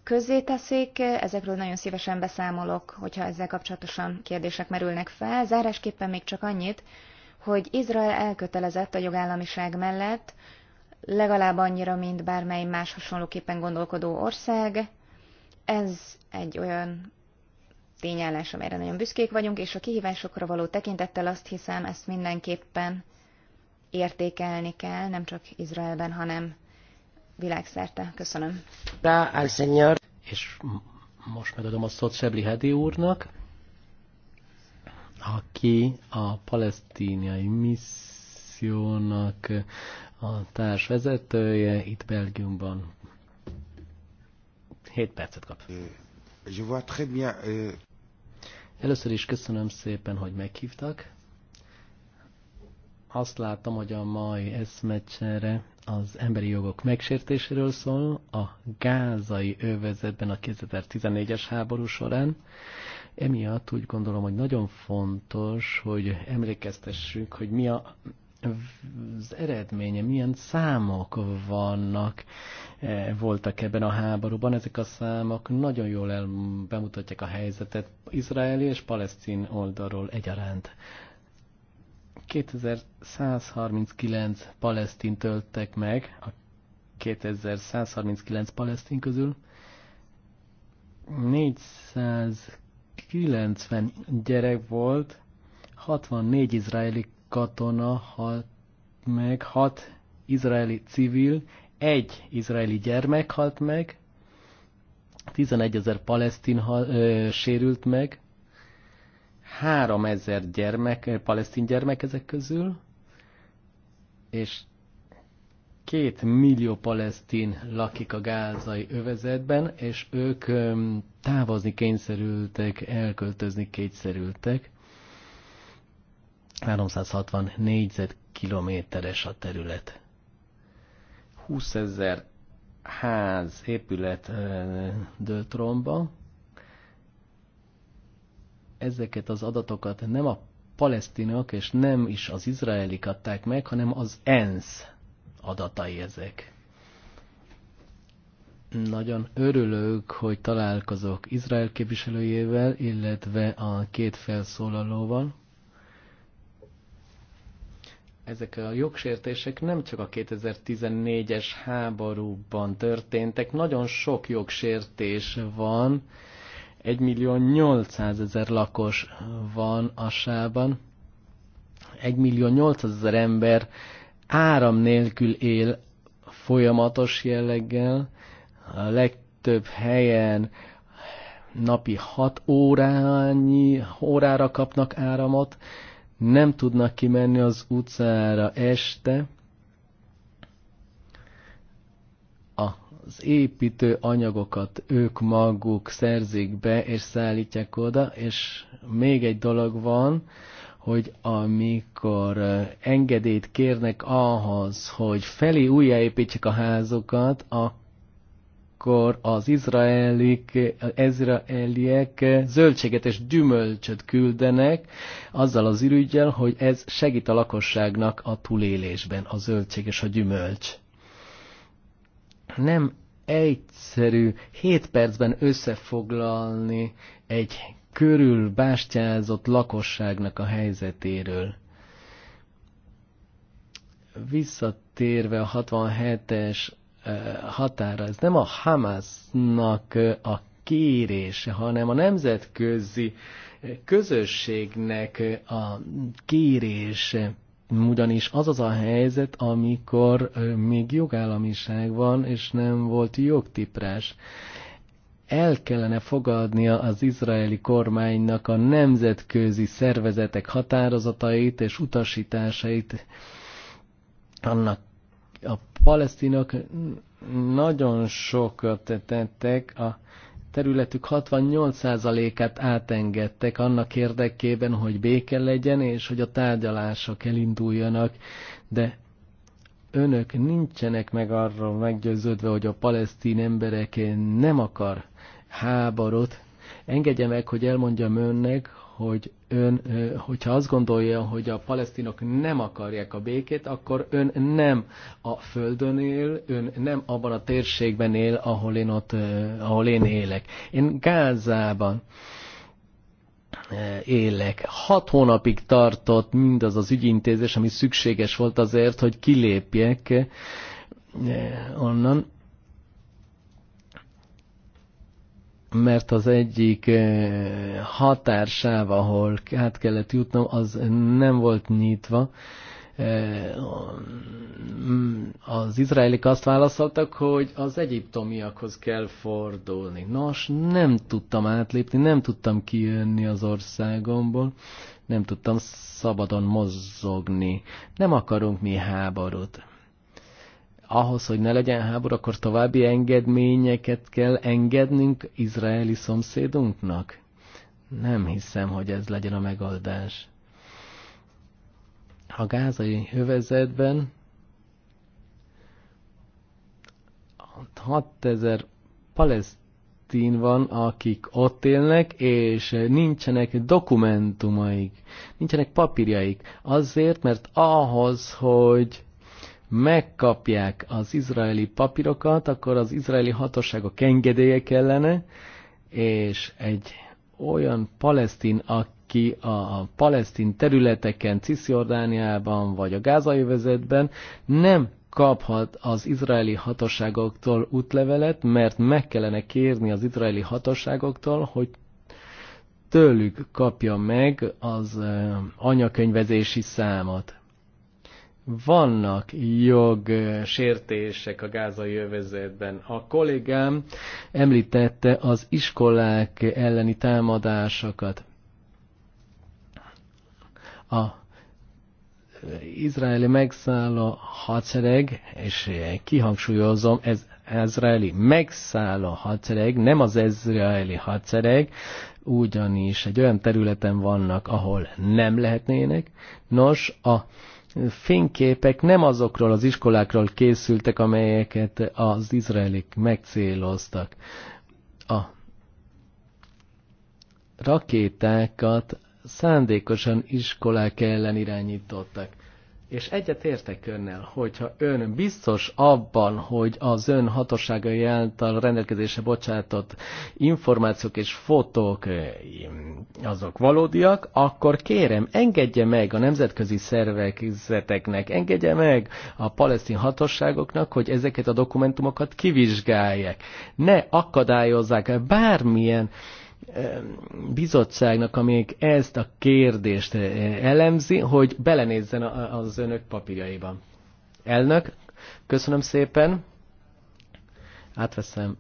C: közzéteszik, ezekről nagyon szívesen beszámolok, hogyha ezzel kapcsolatosan kérdések merülnek fel. Zárásképpen még csak annyit, hogy Izrael elkötelezett a jogállamiság mellett, legalább annyira, mint bármely más hasonlóképpen gondolkodó ország. Ez egy olyan tényállás, amelyre nagyon büszkék vagyunk, és a kihívásokra való tekintettel azt hiszem, ezt mindenképpen értékelni kell, nem csak Izraelben, hanem világszerte. Köszönöm.
A: Rá, señor. És most megadom a szót Sebli Hedi úrnak, aki a palesztíniai missziónak a társvezetője itt Belgiumban. 7 percet kap. Euh, euh, Először is köszönöm szépen, hogy meghívtak azt látom, hogy a mai eszmecsere az emberi jogok megsértéséről szól a gázai övezetben a 2014-es háború során. Emiatt úgy gondolom, hogy nagyon fontos, hogy emlékeztessünk, hogy mi a, az eredménye, milyen számok vannak, e, voltak ebben a háborúban. Ezek a számok nagyon jól el, bemutatják a helyzetet izraeli és palesztin oldalról egyaránt. 2139 palesztin töltek meg a 2139 palesztin közül. 490 gyerek volt, 64 izraeli katona halt meg, 6 izraeli civil, egy izraeli gyermek halt meg, 11 ezer palesztin hal, ö, sérült meg, 3000 gyermek, palesztin gyermek ezek közül, és két millió palesztin lakik a gázai övezetben, és ők távozni kényszerültek, elköltözni kényszerültek. 360 négyzetkilométeres a terület. 20 ezer ház, épület dőlt romba, ezeket az adatokat nem a palesztinok és nem is az izraelik adták meg, hanem az ENSZ adatai ezek. Nagyon örülök, hogy találkozok Izrael képviselőjével, illetve a két felszólalóval. Ezek a jogsértések nem csak a 2014-es háborúban történtek, nagyon sok jogsértés van, 1 millió 800 ezer lakos van Assában. 1 millió 800 ezer ember áram nélkül él folyamatos jelleggel. A legtöbb helyen napi 6 órányi, órára kapnak áramot, nem tudnak kimenni az utcára este, az építő anyagokat ők maguk szerzik be és szállítják oda, és még egy dolog van, hogy amikor engedélyt kérnek ahhoz, hogy felé újjáépítsék a házokat, akkor az izraelik, izraeliek zöldséget és gyümölcsöt küldenek azzal az ürügyel, hogy ez segít a lakosságnak a túlélésben, a zöldség és a gyümölcs nem egyszerű 7 percben összefoglalni egy körül bástyázott lakosságnak a helyzetéről. Visszatérve a 67-es eh, határa, ez nem a Hamasnak eh, a kérése, hanem a nemzetközi eh, közösségnek a kérése ugyanis az az a helyzet, amikor még jogállamiság van, és nem volt jogtiprás. El kellene fogadnia az izraeli kormánynak a nemzetközi szervezetek határozatait és utasításait. Annak a palesztinok nagyon sokat tettek a területük 68%-át átengedtek annak érdekében, hogy béke legyen, és hogy a tárgyalások elinduljanak, de önök nincsenek meg arról meggyőződve, hogy a palesztin emberek nem akar háborot. Engedje meg, hogy elmondjam önnek, hogy ön, hogyha azt gondolja, hogy a palesztinok nem akarják a békét, akkor ön nem a földön él, ön nem abban a térségben él, ahol én, ott, ahol én élek. Én Gázában élek. Hat hónapig tartott mindaz az ügyintézés, ami szükséges volt azért, hogy kilépjek onnan mert az egyik eh, határsáv, ahol át kellett jutnom, az nem volt nyitva. Eh, az izraelik azt válaszoltak, hogy az egyiptomiakhoz kell fordulni. Nos, nem tudtam átlépni, nem tudtam kijönni az országomból, nem tudtam szabadon mozogni. Nem akarunk mi háborút ahhoz, hogy ne legyen háború, akkor további engedményeket kell engednünk izraeli szomszédunknak? Nem hiszem, hogy ez legyen a megoldás. A gázai hövezetben 6000 palesztin van, akik ott élnek, és nincsenek dokumentumaik, nincsenek papírjaik. Azért, mert ahhoz, hogy megkapják az izraeli papírokat, akkor az izraeli hatóságok engedélye kellene, és egy olyan palesztin, aki a palesztin területeken, Cisziordániában vagy a gázai vezetben nem kaphat az izraeli hatóságoktól útlevelet, mert meg kellene kérni az izraeli hatóságoktól, hogy tőlük kapja meg az anyakönyvezési számot vannak jogsértések a gázai övezetben. A kollégám említette az iskolák elleni támadásokat. A izraeli megszálló hadsereg, és kihangsúlyozom, ez izraeli megszálló hadsereg, nem az izraeli hadsereg, ugyanis egy olyan területen vannak, ahol nem lehetnének. Nos, a fényképek nem azokról az iskolákról készültek, amelyeket az izraelik megcéloztak. A rakétákat szándékosan iskolák ellen irányítottak. És egyet értek önnel, hogyha ön biztos abban, hogy az ön hatóságai által rendelkezésre bocsátott információk és fotók azok valódiak, akkor kérem, engedje meg a nemzetközi szervezeteknek, engedje meg a palesztin hatóságoknak, hogy ezeket a dokumentumokat kivizsgálják. Ne akadályozzák bármilyen bizottságnak, amelyik ezt a kérdést e, elemzi, hogy belenézzen az önök papírjaiba. Elnök, köszönöm szépen. Átveszem.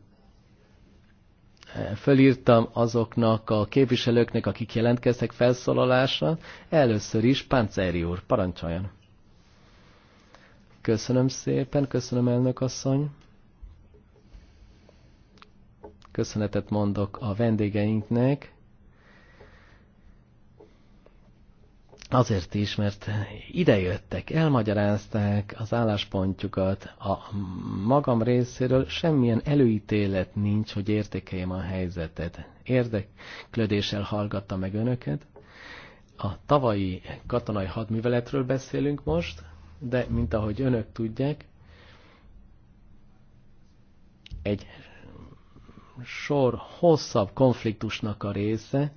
A: E, fölírtam azoknak a képviselőknek, akik jelentkeztek felszólalásra. Először is Páncéri úr, parancsoljon. Köszönöm szépen, köszönöm elnök asszony. Köszönetet mondok a vendégeinknek, Azért is, mert idejöttek, elmagyarázták az álláspontjukat. A magam részéről semmilyen előítélet nincs, hogy értékeljem a helyzetet. Érdeklődéssel hallgatta meg önöket. A tavalyi katonai hadműveletről beszélünk most, de mint ahogy önök tudják, egy sor hosszabb konfliktusnak a része,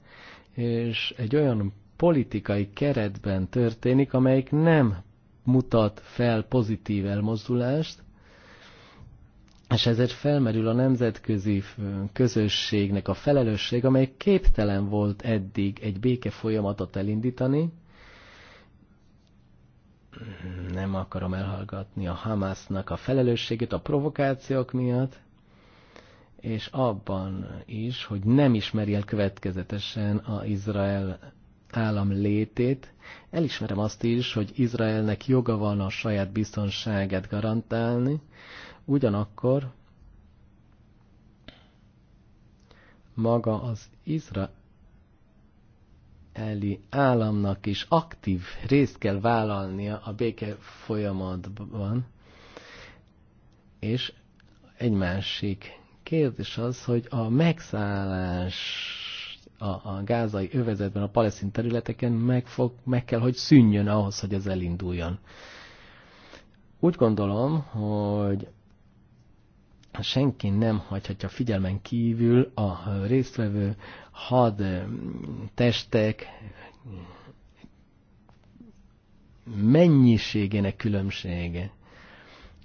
A: és egy olyan politikai keretben történik, amelyik nem mutat fel pozitív elmozdulást, és ezért felmerül a nemzetközi közösségnek a felelősség, amely képtelen volt eddig egy béke folyamatot elindítani. Nem akarom elhallgatni a Hamásznak a felelősségét a provokációk miatt, és abban is, hogy nem ismeri el következetesen a Izrael állam létét. Elismerem azt is, hogy Izraelnek joga van a saját biztonságát garantálni, ugyanakkor maga az izraeli államnak is aktív részt kell vállalnia a béke folyamatban, és egy másik kérdés az, hogy a megszállás a, a gázai övezetben, a palesztin területeken meg, fog, meg kell, hogy szűnjön ahhoz, hogy ez elinduljon. Úgy gondolom, hogy senki nem hagyhatja figyelmen kívül a résztvevő had eh, testek mennyiségének különbsége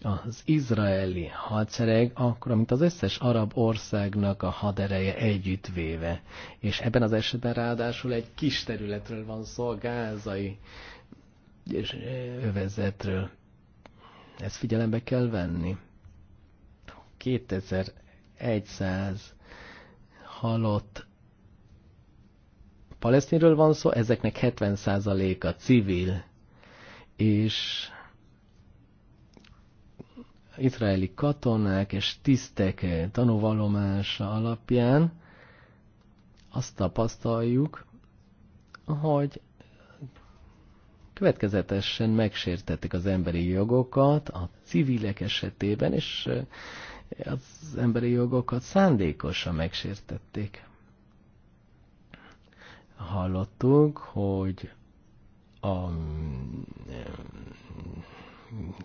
A: az izraeli hadsereg akkor, mint az összes arab országnak a hadereje együttvéve. És ebben az esetben ráadásul egy kis területről van szó, a gázai és övezetről. Ezt figyelembe kell venni. 2100 halott palesztinről van szó, ezeknek 70%-a civil, és izraeli katonák és tisztek tanúvallomása alapján azt tapasztaljuk, hogy következetesen megsértették az emberi jogokat a civilek esetében, és az emberi jogokat szándékosan megsértették. Hallottuk, hogy a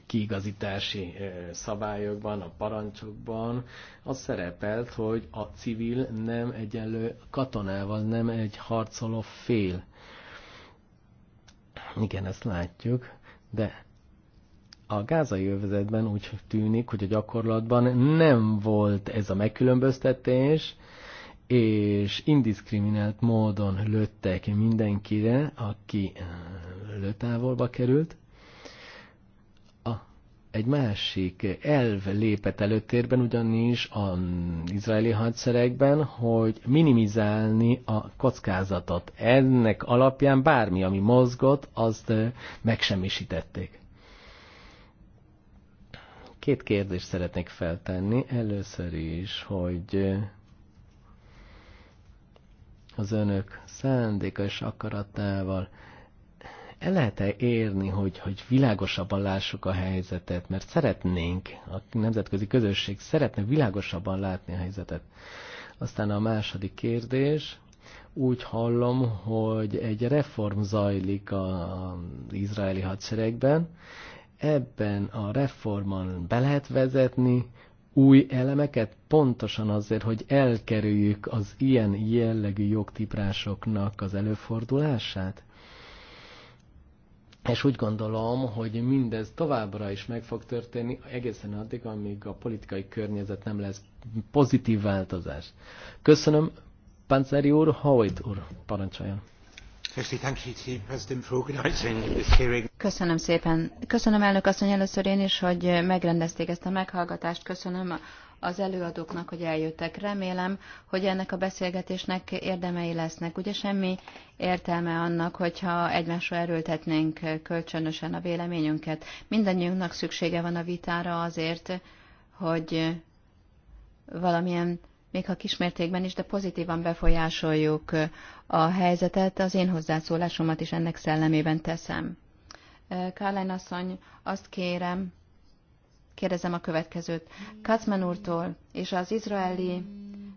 A: kiigazítási eh, szabályokban, a parancsokban az szerepelt, hogy a civil nem egyenlő katonával, nem egy harcoló fél. Igen, ezt látjuk, de a gázai övezetben úgy tűnik, hogy a gyakorlatban nem volt ez a megkülönböztetés, és indiszkriminált módon lőttek mindenkire, aki eh, lőtávolba került egy másik elv lépett előtérben, ugyanis az izraeli hadseregben, hogy minimizálni a kockázatot. Ennek alapján bármi, ami mozgott, azt eh, megsemmisítették. Két kérdést szeretnék feltenni. Először is, hogy eh, az önök szándéka és akaratával el lehet-e érni, hogy, hogy világosabban lássuk a helyzetet, mert szeretnénk, a nemzetközi közösség szeretne világosabban látni a helyzetet. Aztán a második kérdés, úgy hallom, hogy egy reform zajlik az izraeli hadseregben. Ebben a reformon be lehet vezetni új elemeket, pontosan azért, hogy elkerüljük az ilyen jellegű jogtiprásoknak az előfordulását? És úgy gondolom, hogy mindez továbbra is meg fog történni egészen addig, amíg a politikai környezet nem lesz pozitív változás. Köszönöm, Panzeri úr, Howitt úr, parancsoljon.
D: Köszönöm
B: szépen. Köszönöm elnök asszony először én is, hogy megrendezték ezt a meghallgatást. Köszönöm az előadóknak, hogy eljöttek. Remélem, hogy ennek a beszélgetésnek érdemei lesznek. Ugye semmi értelme annak, hogyha egymásra erőltetnénk kölcsönösen a véleményünket. Mindennyiunknak szüksége van a vitára azért, hogy valamilyen, még ha kismértékben is, de pozitívan befolyásoljuk a helyzetet. Az én hozzászólásomat is ennek szellemében teszem. Kárlány asszony, azt kérem, Kérdezem a következőt. Katzman úrtól és az izraeli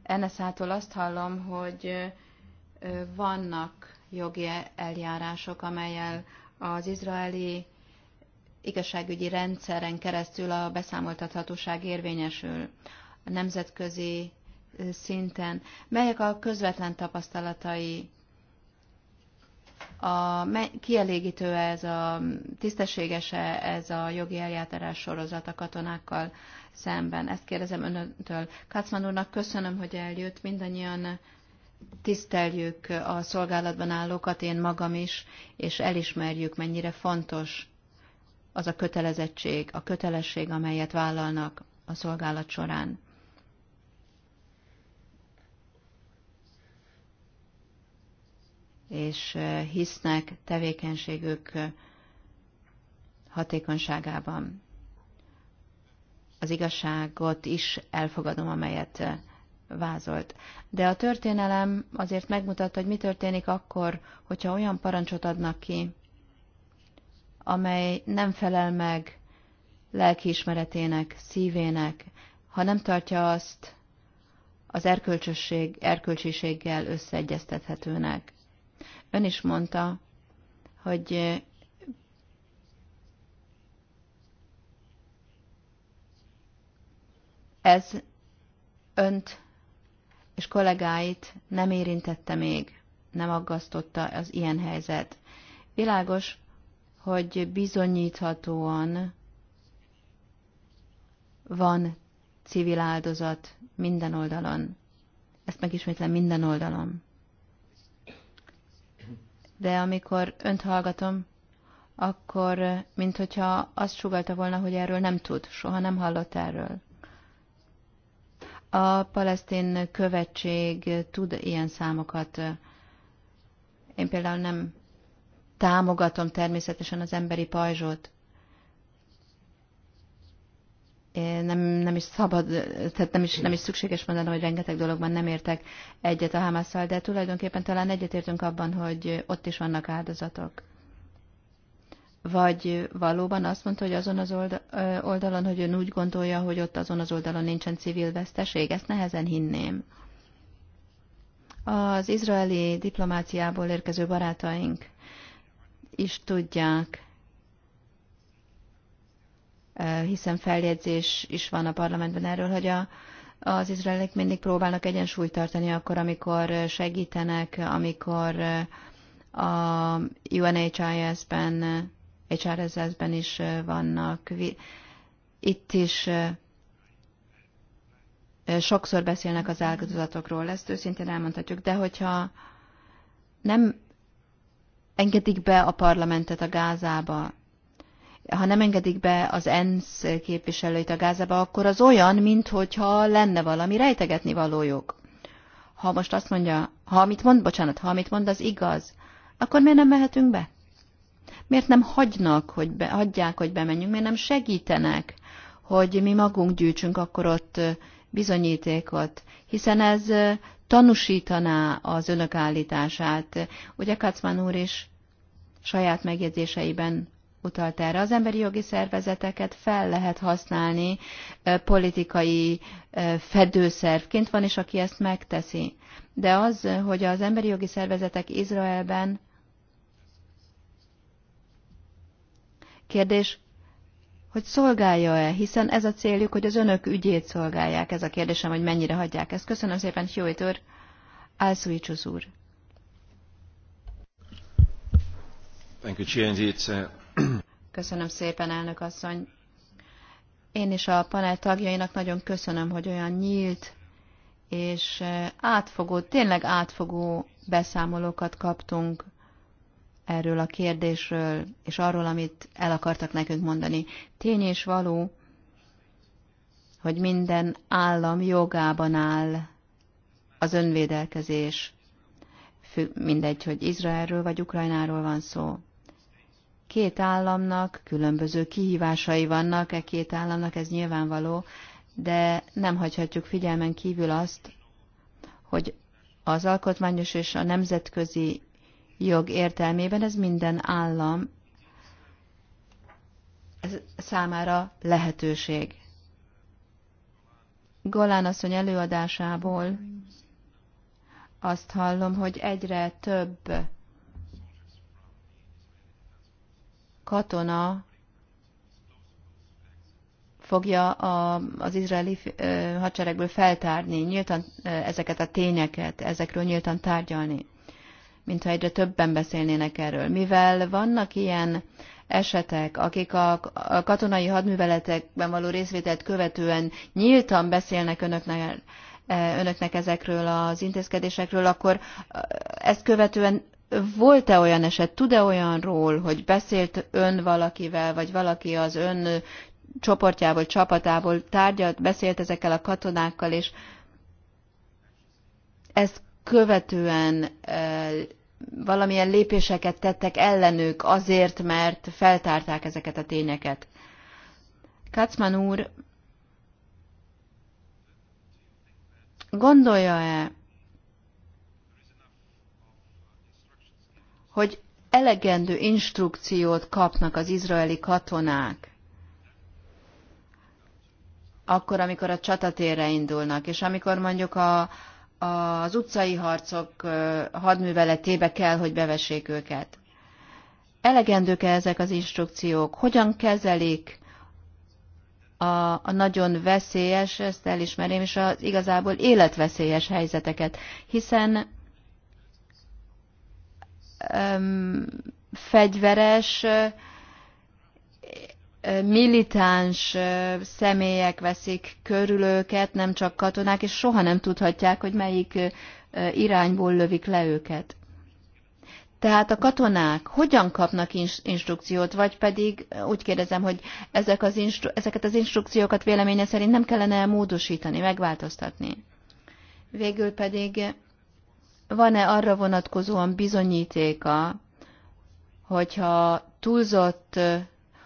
B: NSZ-tól azt hallom, hogy vannak jogi eljárások, amelyel az izraeli igazságügyi rendszeren keresztül a beszámoltathatóság érvényesül a nemzetközi szinten. Melyek a közvetlen tapasztalatai a, kielégítő ez a tisztességese ez a jogi eljárás sorozat a katonákkal szemben? Ezt kérdezem önöktől. Kacman úrnak köszönöm, hogy eljött. Mindannyian tiszteljük a szolgálatban állókat, én magam is, és elismerjük, mennyire fontos az a kötelezettség, a kötelesség, amelyet vállalnak a szolgálat során. és hisznek tevékenységük hatékonyságában. Az igazságot is elfogadom, amelyet vázolt. De a történelem azért megmutatta, hogy mi történik akkor, hogyha olyan parancsot adnak ki, amely nem felel meg lelkiismeretének, szívének, ha nem tartja azt az erkölcsösség, erkölcsiséggel összeegyeztethetőnek. Ön is mondta, hogy eh, ez önt és kollégáit nem érintette még, nem aggasztotta az ilyen helyzet. Világos, hogy bizonyíthatóan van civil áldozat minden oldalon. Ezt megismétlem minden oldalon de amikor önt hallgatom, akkor mint hogyha azt sugalta volna, hogy erről nem tud, soha nem hallott erről. A palesztin követség tud ilyen számokat. Én például nem támogatom természetesen az emberi pajzsot, nem, nem is szabad, tehát nem is, nem is szükséges mondanom, hogy rengeteg dologban nem értek egyet a Hamásszal, de tulajdonképpen talán egyetértünk abban, hogy ott is vannak áldozatok. Vagy valóban azt mondta, hogy azon az oldalon, hogy ön úgy gondolja, hogy ott azon az oldalon nincsen civil veszteség, ezt nehezen hinném. Az izraeli diplomáciából érkező barátaink is tudják, hiszen feljegyzés is van a parlamentben erről, hogy a, az izraelek mindig próbálnak egyensúlyt tartani akkor, amikor segítenek, amikor a UNHIS-ben, HRSS-ben is vannak. Itt is sokszor beszélnek az áldozatokról, ezt őszintén elmondhatjuk, de hogyha nem engedik be a parlamentet a Gázába, ha nem engedik be az ENSZ képviselőit a Gázába, akkor az olyan, mintha lenne valami rejtegetni valójuk. Ha most azt mondja, ha amit mond, bocsánat, ha amit mond, az igaz, akkor miért nem mehetünk be? Miért nem hagynak, hogy be, hagyják, hogy bemenjünk, miért nem segítenek, hogy mi magunk gyűjtsünk akkor ott bizonyítékot, hiszen ez tanúsítaná az önök állítását. Ugye Kacman úr is saját megjegyzéseiben utalt erre. Az emberi jogi szervezeteket fel lehet használni politikai fedőszervként, van is, aki ezt megteszi. De az, hogy az emberi jogi szervezetek Izraelben Kérdés, hogy szolgálja-e, hiszen ez a céljuk, hogy az önök ügyét szolgálják. Ez a kérdésem, hogy mennyire hagyják ezt. Köszönöm szépen, Hjóit úr, Álszújcsusz úr.
D: Thank you, It's uh,
B: Köszönöm szépen, elnök asszony. Én is a panel tagjainak nagyon köszönöm, hogy olyan nyílt és átfogó, tényleg átfogó beszámolókat kaptunk erről a kérdésről, és arról, amit el akartak nekünk mondani. Tény és való, hogy minden állam jogában áll az önvédelkezés, mindegy, hogy Izraelről vagy Ukrajnáról van szó két államnak különböző kihívásai vannak, e két államnak ez nyilvánvaló, de nem hagyhatjuk figyelmen kívül azt, hogy az alkotmányos és a nemzetközi jog értelmében ez minden állam számára lehetőség. Golán asszony előadásából azt hallom, hogy egyre több katona fogja a, az izraeli hadseregből feltárni, nyíltan ezeket a tényeket, ezekről nyíltan tárgyalni, mintha egyre többen beszélnének erről. Mivel vannak ilyen esetek, akik a, a katonai hadműveletekben való részvételt követően nyíltan beszélnek önöknek, önöknek ezekről az intézkedésekről, akkor ezt követően volt-e olyan eset, tud-e olyanról, hogy beszélt ön valakivel, vagy valaki az ön csoportjából, csapatából tárgyalt, beszélt ezekkel a katonákkal, és ezt követően e, valamilyen lépéseket tettek ellenük azért, mert feltárták ezeket a tényeket. Kacman úr, gondolja-e, hogy elegendő instrukciót kapnak az izraeli katonák, akkor, amikor a csatatérre indulnak, és amikor mondjuk a, az utcai harcok hadműveletébe kell, hogy bevessék őket. Elegendők-e ezek az instrukciók? Hogyan kezelik a, a nagyon veszélyes, ezt elismerem, és az igazából életveszélyes helyzeteket? Hiszen fegyveres, militáns személyek veszik körül őket, nem csak katonák, és soha nem tudhatják, hogy melyik irányból lövik le őket. Tehát a katonák hogyan kapnak instrukciót, vagy pedig úgy kérdezem, hogy ezek az instru- ezeket az instrukciókat véleménye szerint nem kellene módosítani, megváltoztatni. Végül pedig van-e arra vonatkozóan bizonyítéka, hogyha túlzott,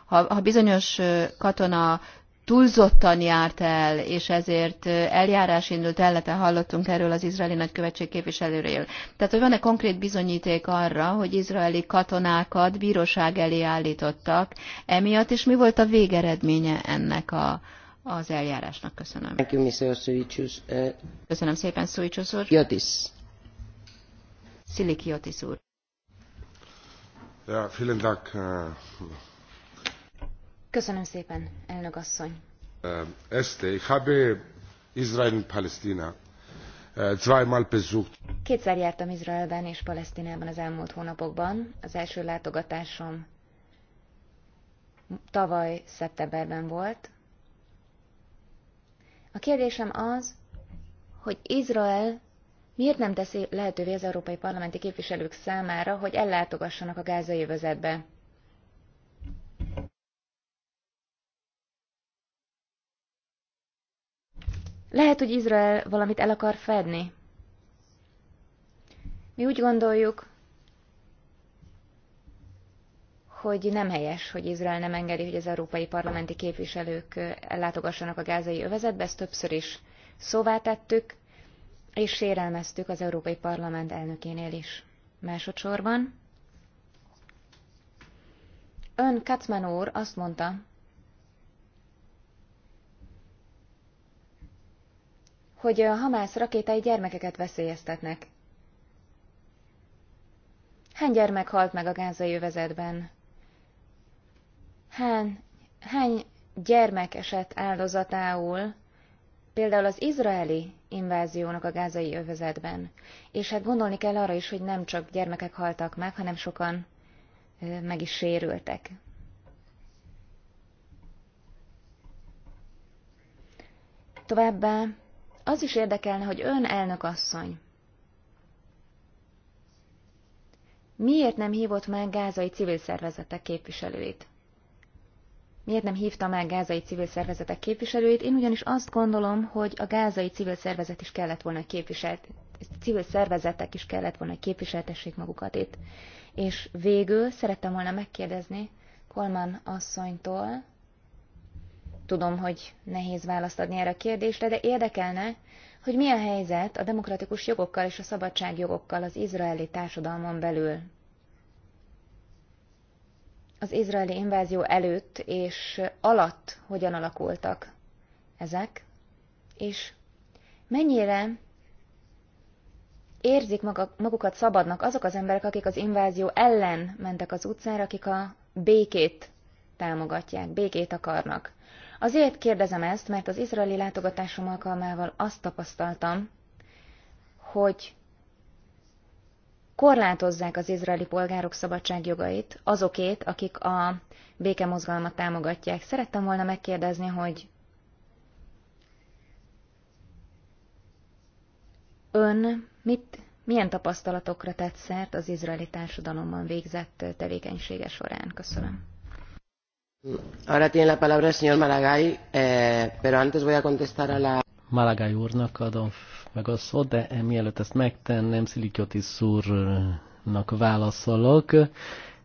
B: ha, ha bizonyos katona túlzottan járt el, és ezért eljárás indult ellete, hallottunk erről az izraeli nagykövetség képviselőről. Tehát, hogy van-e konkrét bizonyíték arra, hogy izraeli katonákat bíróság elé állítottak emiatt, és mi volt a végeredménye ennek a, az eljárásnak? Köszönöm. Uh, Köszönöm szépen, Szújcsusz úr. Jotis. Szilikiotis Otis úr.
D: Ja, vielen Dank. Äh,
C: Köszönöm szépen, elnök asszony.
D: Äh, este, ich habe Israel und Palästina äh, zweimal besucht.
C: Kétszer jártam Izraelben és Palesztinában az elmúlt hónapokban. Az első látogatásom tavaly szeptemberben volt. A kérdésem az, hogy Izrael Miért nem teszi lehetővé az európai parlamenti képviselők számára, hogy ellátogassanak a gázai övezetbe? Lehet, hogy Izrael valamit el akar fedni. Mi úgy gondoljuk, hogy nem helyes, hogy Izrael nem engedi, hogy az európai parlamenti képviselők ellátogassanak a gázai övezetbe, ezt többször is szóvá tettük és sérelmeztük az Európai Parlament elnökénél is. Másodszorban ön Kacman úr azt mondta, hogy a Hamász rakétai gyermekeket veszélyeztetnek. Hány gyermek halt meg a gázai övezetben? Hány, hány gyermek esett áldozatául, például az izraeli inváziónak a gázai övezetben. És hát gondolni kell arra is, hogy nem csak gyermekek haltak meg, hanem sokan meg is sérültek. Továbbá az is érdekelne, hogy ön elnök asszony. Miért nem hívott meg gázai civil szervezetek képviselőit? miért nem hívtam el gázai civil szervezetek képviselőit. Én ugyanis azt gondolom, hogy a gázai civil szervezet is kellett volna, képviselt, civil szervezetek is kellett volna, képviseltessék magukat itt. És végül szerettem volna megkérdezni Kolman asszonytól, tudom, hogy nehéz választ adni erre a kérdésre, de érdekelne, hogy mi a helyzet a demokratikus jogokkal és a szabadságjogokkal az izraeli társadalmon belül az izraeli invázió előtt és alatt hogyan alakultak ezek, és mennyire érzik magukat szabadnak azok az emberek, akik az invázió ellen mentek az utcára, akik a békét támogatják, békét akarnak. Azért kérdezem ezt, mert az izraeli látogatásom alkalmával azt tapasztaltam, hogy korlátozzák az izraeli polgárok szabadságjogait, azokét, akik a békemozgalmat támogatják. Szerettem volna megkérdezni, hogy ön mit, milyen tapasztalatokra tett szert az izraeli társadalomban végzett tevékenysége során? Köszönöm.
E: Ahora tiene la palabra el señor Malagay, eh, pero antes voy a contestar a la...
A: Malagay úrnak adom meg a szó, de mielőtt ezt megtennem, Szilikyotis úrnak válaszolok.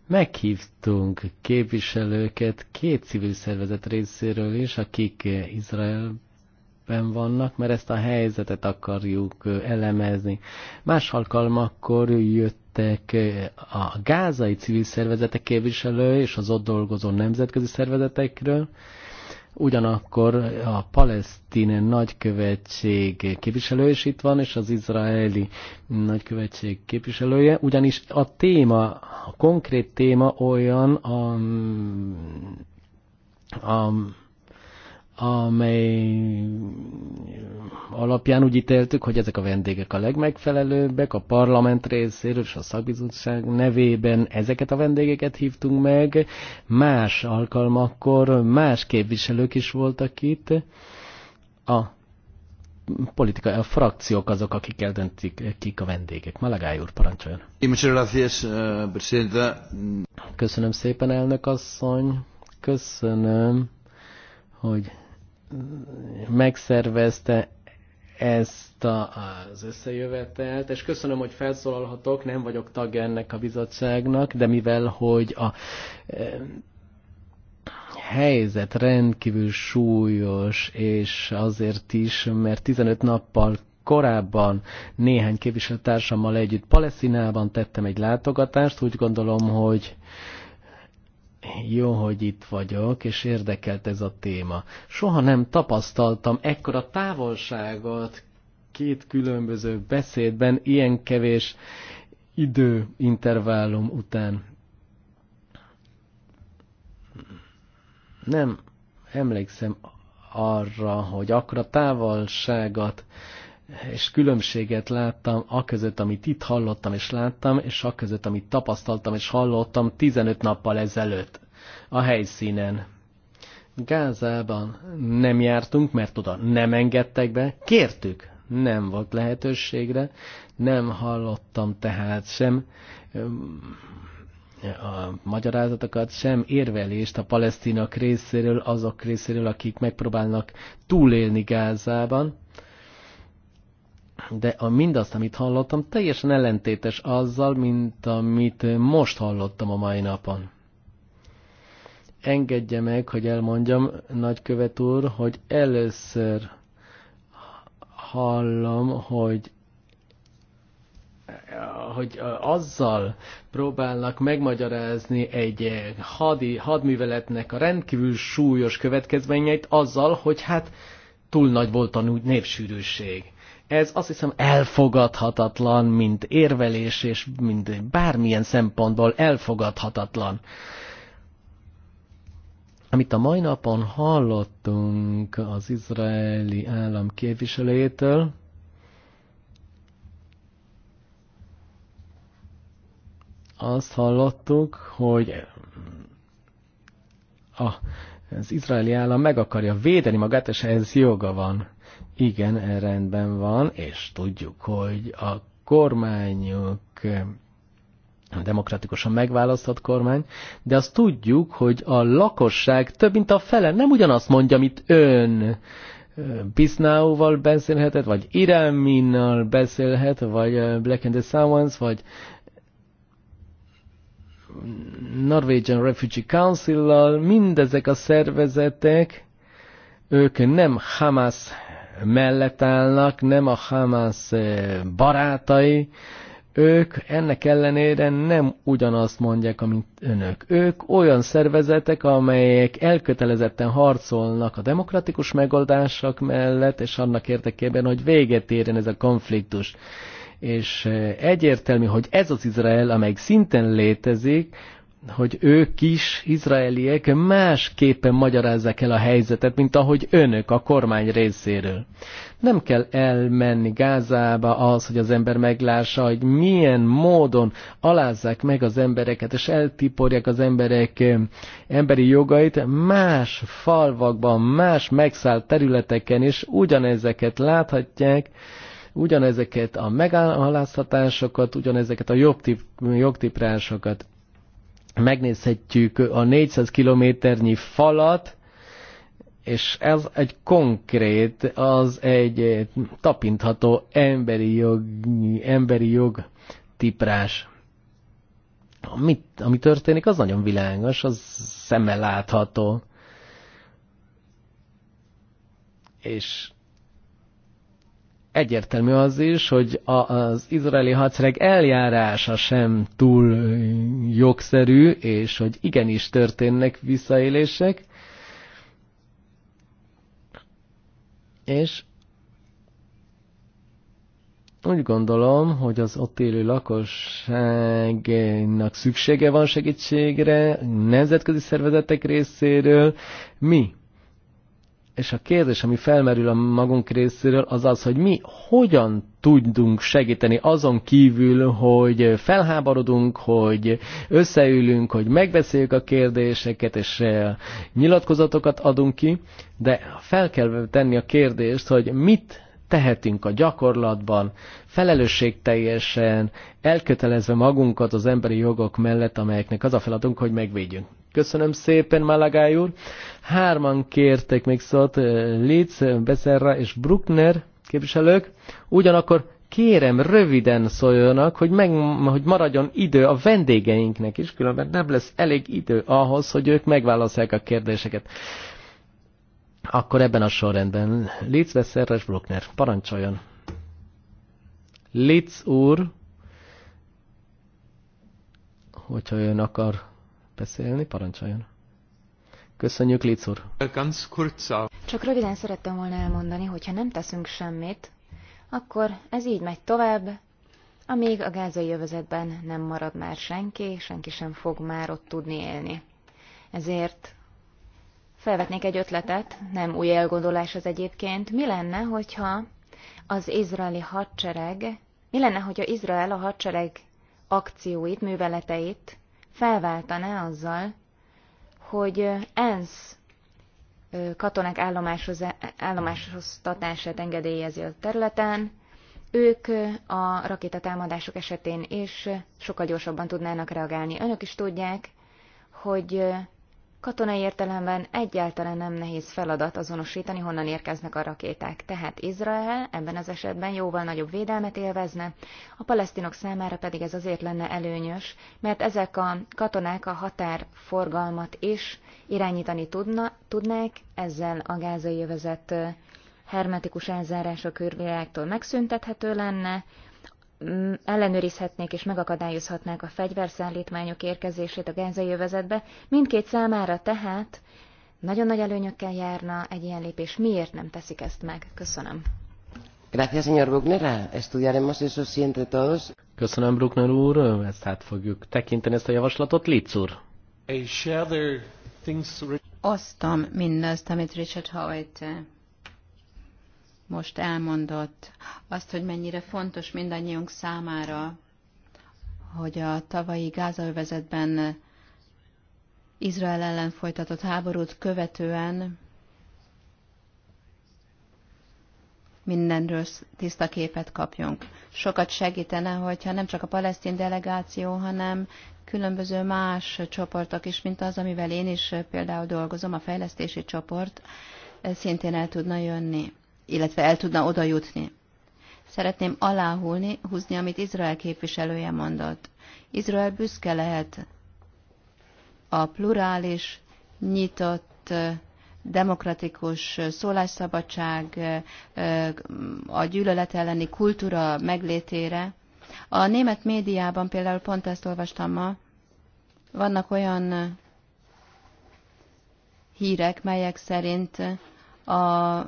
A: Meghívtunk képviselőket két civil szervezet részéről is, akik Izrael vannak, mert ezt a helyzetet akarjuk elemezni. Más alkalmakkor jöttek a gázai civil szervezetek képviselői és az ott dolgozó nemzetközi szervezetekről, ugyanakkor a palesztin nagykövetség képviselő is itt van, és az izraeli nagykövetség képviselője, ugyanis a téma, a konkrét téma olyan, a, a amely alapján úgy ítéltük, hogy ezek a vendégek a legmegfelelőbbek, a parlament részéről és a szakbizottság nevében ezeket a vendégeket hívtunk meg, más alkalmakkor más képviselők is voltak itt, a politikai a frakciók azok, akik eldöntik, kik a vendégek. Malagály úr, parancsoljon. Eh, Köszönöm szépen, elnök asszony. Köszönöm, hogy megszervezte ezt a, az összejövetelt, és köszönöm, hogy felszólalhatok, nem vagyok tag ennek a bizottságnak, de mivel, hogy a e, helyzet rendkívül súlyos, és azért is, mert 15 nappal korábban néhány képviselőtársammal együtt Palesztinában tettem egy látogatást, úgy gondolom, hogy jó, hogy itt vagyok, és érdekelt ez a téma. Soha nem tapasztaltam ekkora távolságot két különböző beszédben, ilyen kevés időintervallum után. Nem emlékszem arra, hogy akkora távolságot és különbséget láttam a között, amit itt hallottam és láttam, és a között, amit tapasztaltam és hallottam 15 nappal ezelőtt a helyszínen. Gázában nem jártunk, mert oda nem engedtek be, kértük, nem volt lehetőségre, nem hallottam tehát sem a magyarázatokat, sem érvelést a palesztinak részéről, azok részéről, akik megpróbálnak túlélni Gázában. De a mindazt, amit hallottam, teljesen ellentétes azzal, mint amit most hallottam a mai napon engedje meg, hogy elmondjam, nagykövet úr, hogy először hallom, hogy hogy azzal próbálnak megmagyarázni egy hadi, hadműveletnek a rendkívül súlyos következményeit, azzal, hogy hát túl nagy volt a népsűrűség. Ez azt hiszem elfogadhatatlan, mint érvelés, és mint bármilyen szempontból elfogadhatatlan. Uh, amit a mai napon hallottunk az izraeli állam képviselőjétől, azt hallottuk, hogy a, az izraeli állam meg akarja védeni magát, és ez joga van. Igen, rendben van, és tudjuk, hogy a kormányok demokratikusan megválasztott kormány, de azt tudjuk, hogy a lakosság több mint a fele nem ugyanazt mondja, amit ön. Bisnaúval beszélhetett, vagy Ireminnal beszélhet, vagy Black and the Sounds, vagy mm, Norwegian Refugee Council-lal, mindezek a szervezetek, ők nem Hamas mellett állnak, nem a Hamas barátai, ők ennek ellenére nem ugyanazt mondják, amit önök. Ők olyan szervezetek, amelyek elkötelezetten harcolnak a demokratikus megoldások mellett, és annak érdekében, hogy véget érjen ez a konfliktus. És eh, egyértelmű, hogy ez az Izrael, amely szinten létezik, hogy ők is, izraeliek másképpen magyarázzák el a helyzetet, mint ahogy önök a kormány részéről. Nem kell elmenni Gázába az, hogy az ember meglássa, hogy milyen módon alázzák meg az embereket, és eltiporják az emberek eh, emberi jogait más falvakban, más megszállt területeken, és ugyanezeket láthatják, ugyanezeket a megaláztatásokat, ugyanezeket a jogtip, jogtiprásokat megnézhetjük a 400 kilométernyi falat, és ez egy konkrét, az egy eh, tapintható emberi jog, emberi jog tiprás. Amit, ami történik, az nagyon világos, az szemmel látható. És egyértelmű az is, hogy a, az izraeli hadsereg eljárása sem túl jogszerű, és hogy igenis történnek visszaélések. És úgy gondolom, hogy az ott élő lakosságnak szüksége van segítségre, nemzetközi szervezetek részéről. Mi és a kérdés, ami felmerül a magunk részéről, az az, hogy mi hogyan tudunk segíteni azon kívül, hogy felháborodunk, hogy összeülünk, hogy megbeszéljük a kérdéseket, és eh, nyilatkozatokat adunk ki, de fel kell tenni a kérdést, hogy mit tehetünk a gyakorlatban, felelősségteljesen, elkötelezve magunkat az emberi jogok mellett, amelyeknek az a feladatunk, hogy megvédjünk. Köszönöm szépen, Malagály úr. Hárman kértek még szót, eh, Litz, Becerra és Bruckner képviselők. Ugyanakkor kérem, röviden szóljanak, hogy, meg, hogy maradjon idő a vendégeinknek is, különben nem lesz elég idő ahhoz, hogy ők megválaszolják a kérdéseket. Akkor ebben a sorrendben Litz, Becerra és Bruckner. Parancsoljon! Litz úr, hogyha ön akar beszélni, parancsoljon. Köszönjük, Litz úr.
C: Csak röviden szerettem volna elmondani, hogy ha nem teszünk semmit, akkor ez így megy tovább, amíg a gázai jövezetben nem marad már senki, senki sem fog már ott tudni élni. Ezért felvetnék egy ötletet, nem új elgondolás az egyébként, mi lenne, hogyha az izraeli hadsereg, mi lenne, hogyha Izrael a hadsereg akcióit, műveleteit felváltaná azzal, hogy ENSZ katonák állomásoztatását engedélyezi a területen, ők a rakétatámadások esetén is sokkal gyorsabban tudnának reagálni. Önök is tudják, hogy Katonai értelemben egyáltalán nem nehéz feladat azonosítani, honnan érkeznek a rakéták, tehát Izrael ebben az esetben jóval nagyobb védelmet élvezne, a palesztinok számára pedig ez azért lenne előnyös, mert ezek a katonák a határforgalmat is irányítani tudna, tudnák, ezzel a gázai övezet eh, hermetikus elzárása körvilágtól megszüntethető lenne, ellenőrizhetnék és megakadályozhatnák a fegyverszállítmányok érkezését a gázai övezetbe, mindkét számára tehát nagyon nagy előnyökkel járna egy ilyen lépés. Miért nem teszik ezt meg? Köszönöm.
E: Gracias, señor Bruckner. Estudiaremos eso sí entre todos.
A: Köszönöm, Bruckner úr. Ezt hát fogjuk tekinteni ezt a javaslatot. Litz úr.
B: Osztam mindazt, amit Richard Howitt most elmondott, azt, hogy mennyire fontos mindannyiunk számára, hogy a tavalyi gázaövezetben Izrael ellen folytatott háborút követően mindenről tiszta képet kapjunk. Sokat segítene, hogyha nem csak a palesztin delegáció, hanem különböző más csoportok is, mint az, amivel én is például dolgozom, a fejlesztési csoport, szintén el tudna jönni illetve el tudna oda jutni. Szeretném aláhúzni, húzni, amit Izrael képviselője mondott. Izrael büszke lehet a plurális, nyitott, demokratikus szólásszabadság, a gyűlölet elleni kultúra meglétére. A német médiában például pont ezt olvastam ma, vannak olyan hírek, melyek szerint a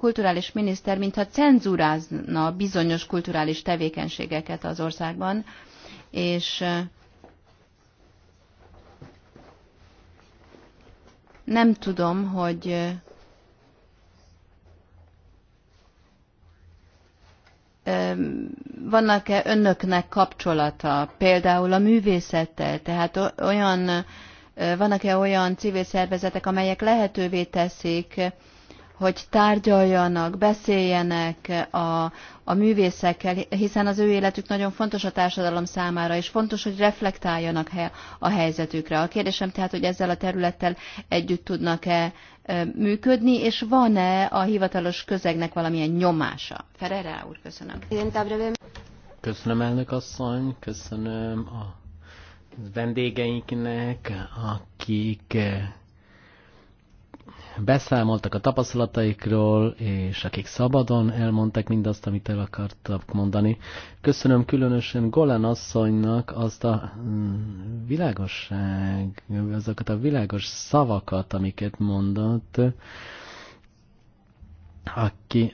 B: kulturális miniszter mintha cenzúrázna bizonyos kulturális tevékenységeket az országban, és nem tudom, hogy vannak-e önöknek kapcsolata például a művészettel, tehát olyan vannak-e olyan civil szervezetek, amelyek lehetővé teszik hogy tárgyaljanak, beszéljenek a, a művészekkel, hiszen az ő életük nagyon fontos a társadalom számára, és fontos, hogy reflektáljanak a helyzetükre. A kérdésem tehát, hogy ezzel a területtel együtt tudnak-e működni, és van-e a hivatalos közegnek valamilyen nyomása? Ferere úr, köszönöm.
A: Köszönöm, elnök asszony, köszönöm a vendégeinknek, akik beszámoltak a tapasztalataikról, és akik szabadon elmondták mindazt, amit el akartak mondani. Köszönöm különösen Golan asszonynak azt a mm, világosság, azokat a világos szavakat, amiket mondott, aki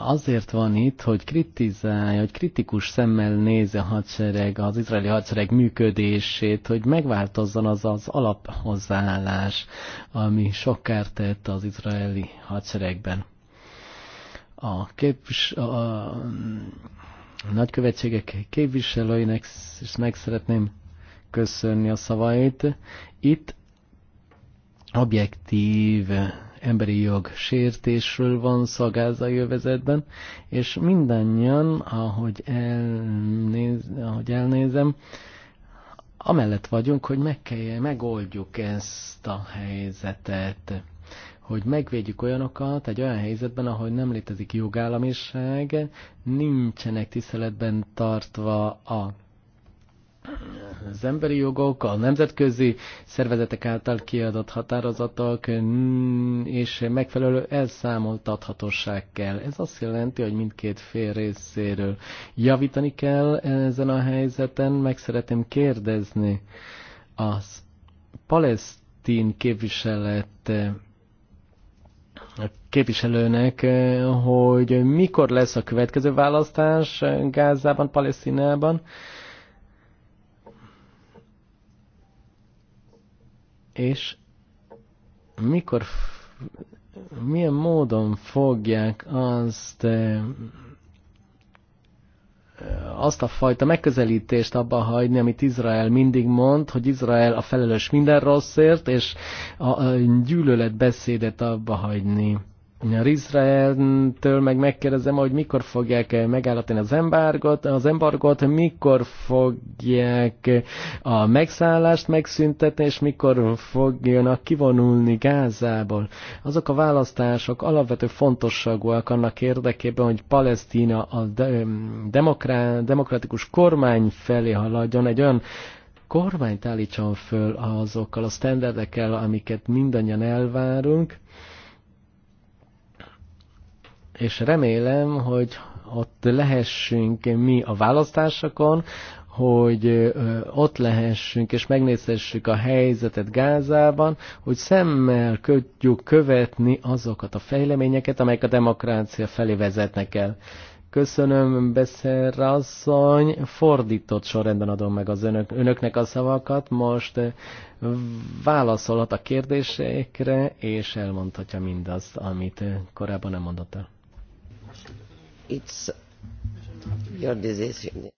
A: azért van itt, hogy kritizálja, hogy kritikus szemmel nézi a hadsereg, az izraeli hadsereg működését, hogy megváltozzon az az alaphozzáállás, ami sok kárt tett az izraeli hadseregben. A, képvis, a nagykövetségek képviselőinek is meg szeretném köszönni a szavait. Itt objektív emberi jog sértésről van szó a gázai övezetben, és mindannyian, ahogy, elnéz, ahogy elnézem, amellett vagyunk, hogy meg kell, megoldjuk ezt a helyzetet hogy megvédjük olyanokat egy olyan helyzetben, ahol nem létezik jogállamiság, nincsenek tiszteletben tartva a az emberi jogok, a nemzetközi szervezetek által kiadott határozatok mm, és megfelelő elszámoltathatóság kell. Ez azt jelenti, hogy mindkét fél részéről javítani kell ezen a helyzeten. Meg szeretném kérdezni az palesztin képviselet a képviselőnek, hogy mikor lesz a következő választás Gázában, Palesztinában, és mikor, milyen módon fogják azt azt a fajta megközelítést abba hagyni, amit Izrael mindig mond, hogy Izrael a felelős minden rosszért, és a gyűlöletbeszédet abba hagyni. Izraeltől meg megkérdezem, hogy mikor fogják megállítani az embargot, az embargot, mikor fogják a megszállást megszüntetni, és mikor fogjanak kivonulni Gázából. Azok a választások alapvető fontosságúak annak érdekében, hogy Palesztina a de, demokratikus kormány felé haladjon, egy olyan kormányt állítson föl azokkal a standardekkel, amiket mindannyian elvárunk, és remélem, hogy ott lehessünk mi a választásokon, hogy ott lehessünk és megnézhessük a helyzetet Gázában, hogy szemmel tudjuk követni azokat a fejleményeket, amelyek a demokrácia felé vezetnek el. Köszönöm, Beszerre asszony. Fordított sorrendben adom meg az önök, önöknek a szavakat. Most válaszolhat a kérdésekre, és elmondhatja mindazt, amit korábban nem mondott el it's
E: your decision.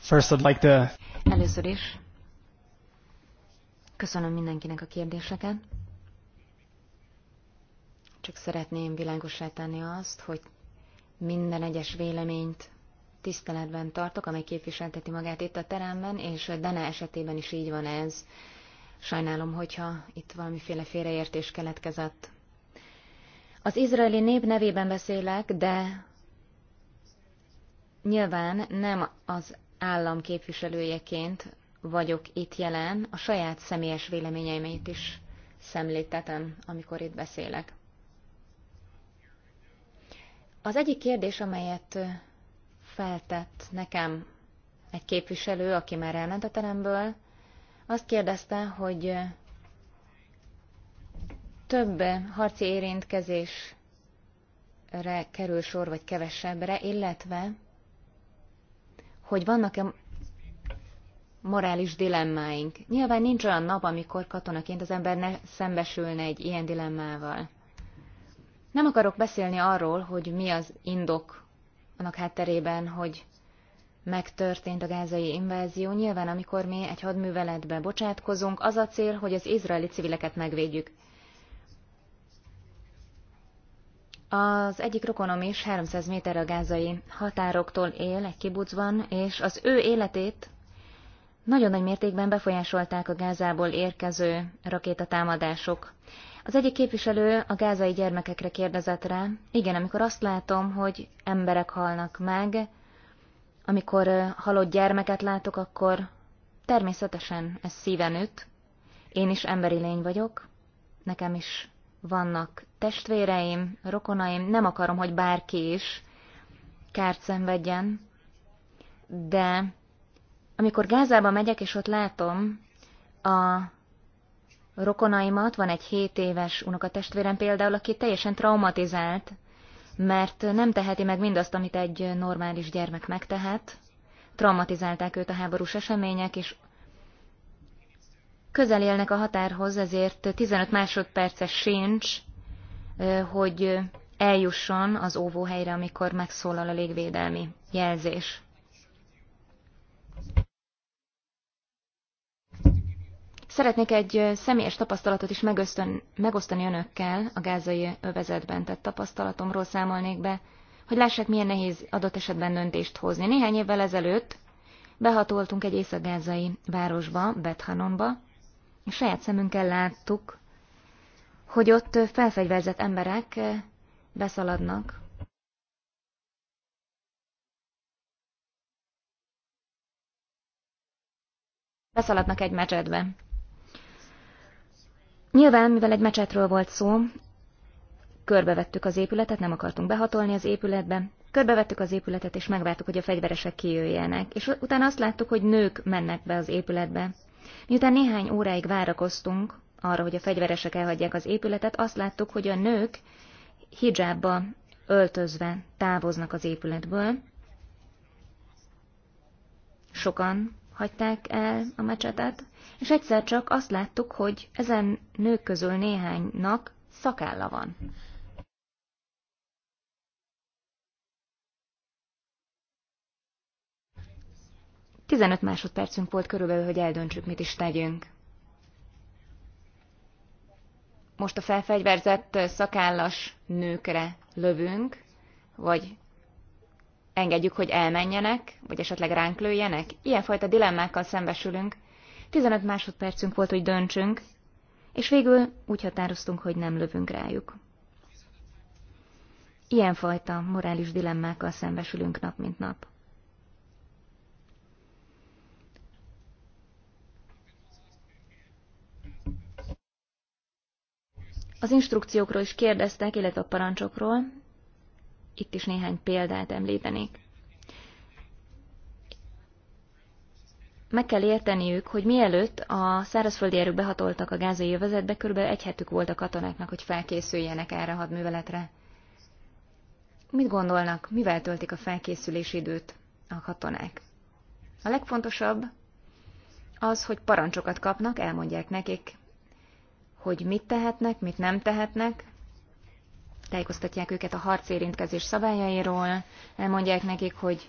D: First, I'd like to...
C: Először is köszönöm mindenkinek a kérdéseket. Csak szeretném világosá tenni azt, hogy minden egyes véleményt tiszteletben tartok, amely képviselteti magát itt a teremben, és Dana esetében is így van ez. Sajnálom, hogyha itt valamiféle félreértés keletkezett. Az izraeli nép nevében beszélek, de nyilván nem az állam képviselőjeként vagyok itt jelen, a saját személyes véleményeimet is szemléltetem, amikor itt beszélek. Az egyik kérdés, amelyet feltett nekem egy képviselő, aki már elment a teremből, azt kérdezte, hogy több harci érintkezésre kerül sor, vagy kevesebbre, illetve, hogy vannak-e morális dilemmáink. Nyilván nincs olyan nap, amikor katonaként az ember ne szembesülne egy ilyen dilemmával. Nem akarok beszélni arról, hogy mi az indok annak hátterében, hogy megtörtént a gázai invázió. Nyilván, amikor mi egy hadműveletbe bocsátkozunk, az a cél, hogy az izraeli civileket megvédjük. Az egyik rokonom is 300 méter a gázai határoktól él, egy kibucban, és az ő életét nagyon nagy mértékben befolyásolták a Gázából érkező rakétatámadások. Az egyik képviselő a gázai gyermekekre kérdezett rá. Igen, amikor azt látom, hogy emberek halnak meg, amikor halott gyermeket látok, akkor természetesen ez szíven üt. Én is emberi lény vagyok, nekem is vannak testvéreim, rokonaim, nem akarom, hogy bárki is kárt szenvedjen, de amikor Gázába megyek, és ott látom a rokonaimat, van egy 7 éves unokatestvérem például, aki teljesen traumatizált, mert nem teheti meg mindazt, amit egy normális gyermek megtehet. Traumatizálták őt a háborús események, és közel élnek a határhoz, ezért 15 másodperces sincs, hogy eljusson az óvóhelyre, amikor megszólal a légvédelmi jelzés. Szeretnék egy személyes tapasztalatot is megösztön, megosztani önökkel a gázai övezetben tett tapasztalatomról számolnék be, hogy lássák, milyen nehéz adott esetben döntést hozni. Néhány évvel ezelőtt behatoltunk egy észak-gázai városba, Bethanonba, és saját szemünkkel láttuk, hogy ott felfegyverzett emberek beszaladnak beszaladnak egy mecsedbe. Nyilván, mivel egy mecsetről volt szó, körbevettük az épületet, nem akartunk behatolni az épületbe, körbevettük az épületet, és megvártuk, hogy a fegyveresek kijöjjenek, és utána azt láttuk, hogy nők mennek be az épületbe. Miután néhány óráig várakoztunk arra, hogy a fegyveresek elhagyják az épületet, azt láttuk, hogy a nők hijabba öltözve távoznak az épületből. Sokan hagyták el a mecsetet, és egyszer csak azt láttuk, hogy ezen nők közül néhánynak szakálla van. Tizenöt másodpercünk volt körülbelül, hogy eldöntsük, mit is tegyünk. Most a felfegyverzett szakállas nőkre lövünk, vagy engedjük, hogy elmenjenek, vagy esetleg ránk lőjenek? Ilyenfajta dilemmákkal szembesülünk, 15 másodpercünk volt, hogy döntsünk, és végül úgy határoztunk, hogy nem lövünk rájuk. Ilyenfajta morális dilemmákkal szembesülünk nap mint nap. Az instrukciókról is kérdeztek, illetve a parancsokról. Itt is néhány példát említenék. meg kell érteniük, hogy mielőtt a szárazföldi erők behatoltak a gázai övezetbe, körülbelül egy hetük volt a katonáknak, hogy felkészüljenek erre a hadműveletre. Mit gondolnak, mivel töltik a felkészülési időt a katonák? A legfontosabb az, hogy parancsokat kapnak, elmondják nekik, hogy mit tehetnek, mit nem tehetnek, tájékoztatják őket a harc érintkezés szabályairól, elmondják nekik, hogy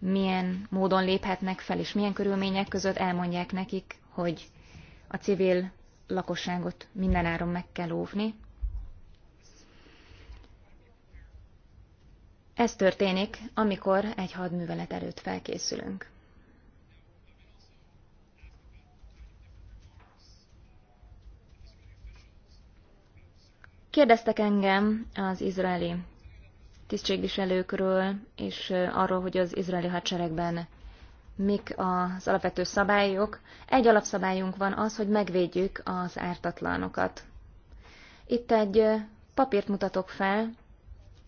C: milyen módon léphetnek fel, és milyen körülmények között elmondják nekik, hogy a civil lakosságot mindenáron meg kell óvni. Ez történik, amikor egy hadművelet előtt felkészülünk. Kérdeztek engem az izraeli tisztségviselőkről, és arról, hogy az izraeli hadseregben mik az alapvető szabályok. Egy alapszabályunk van az, hogy megvédjük az ártatlanokat. Itt egy papírt mutatok fel,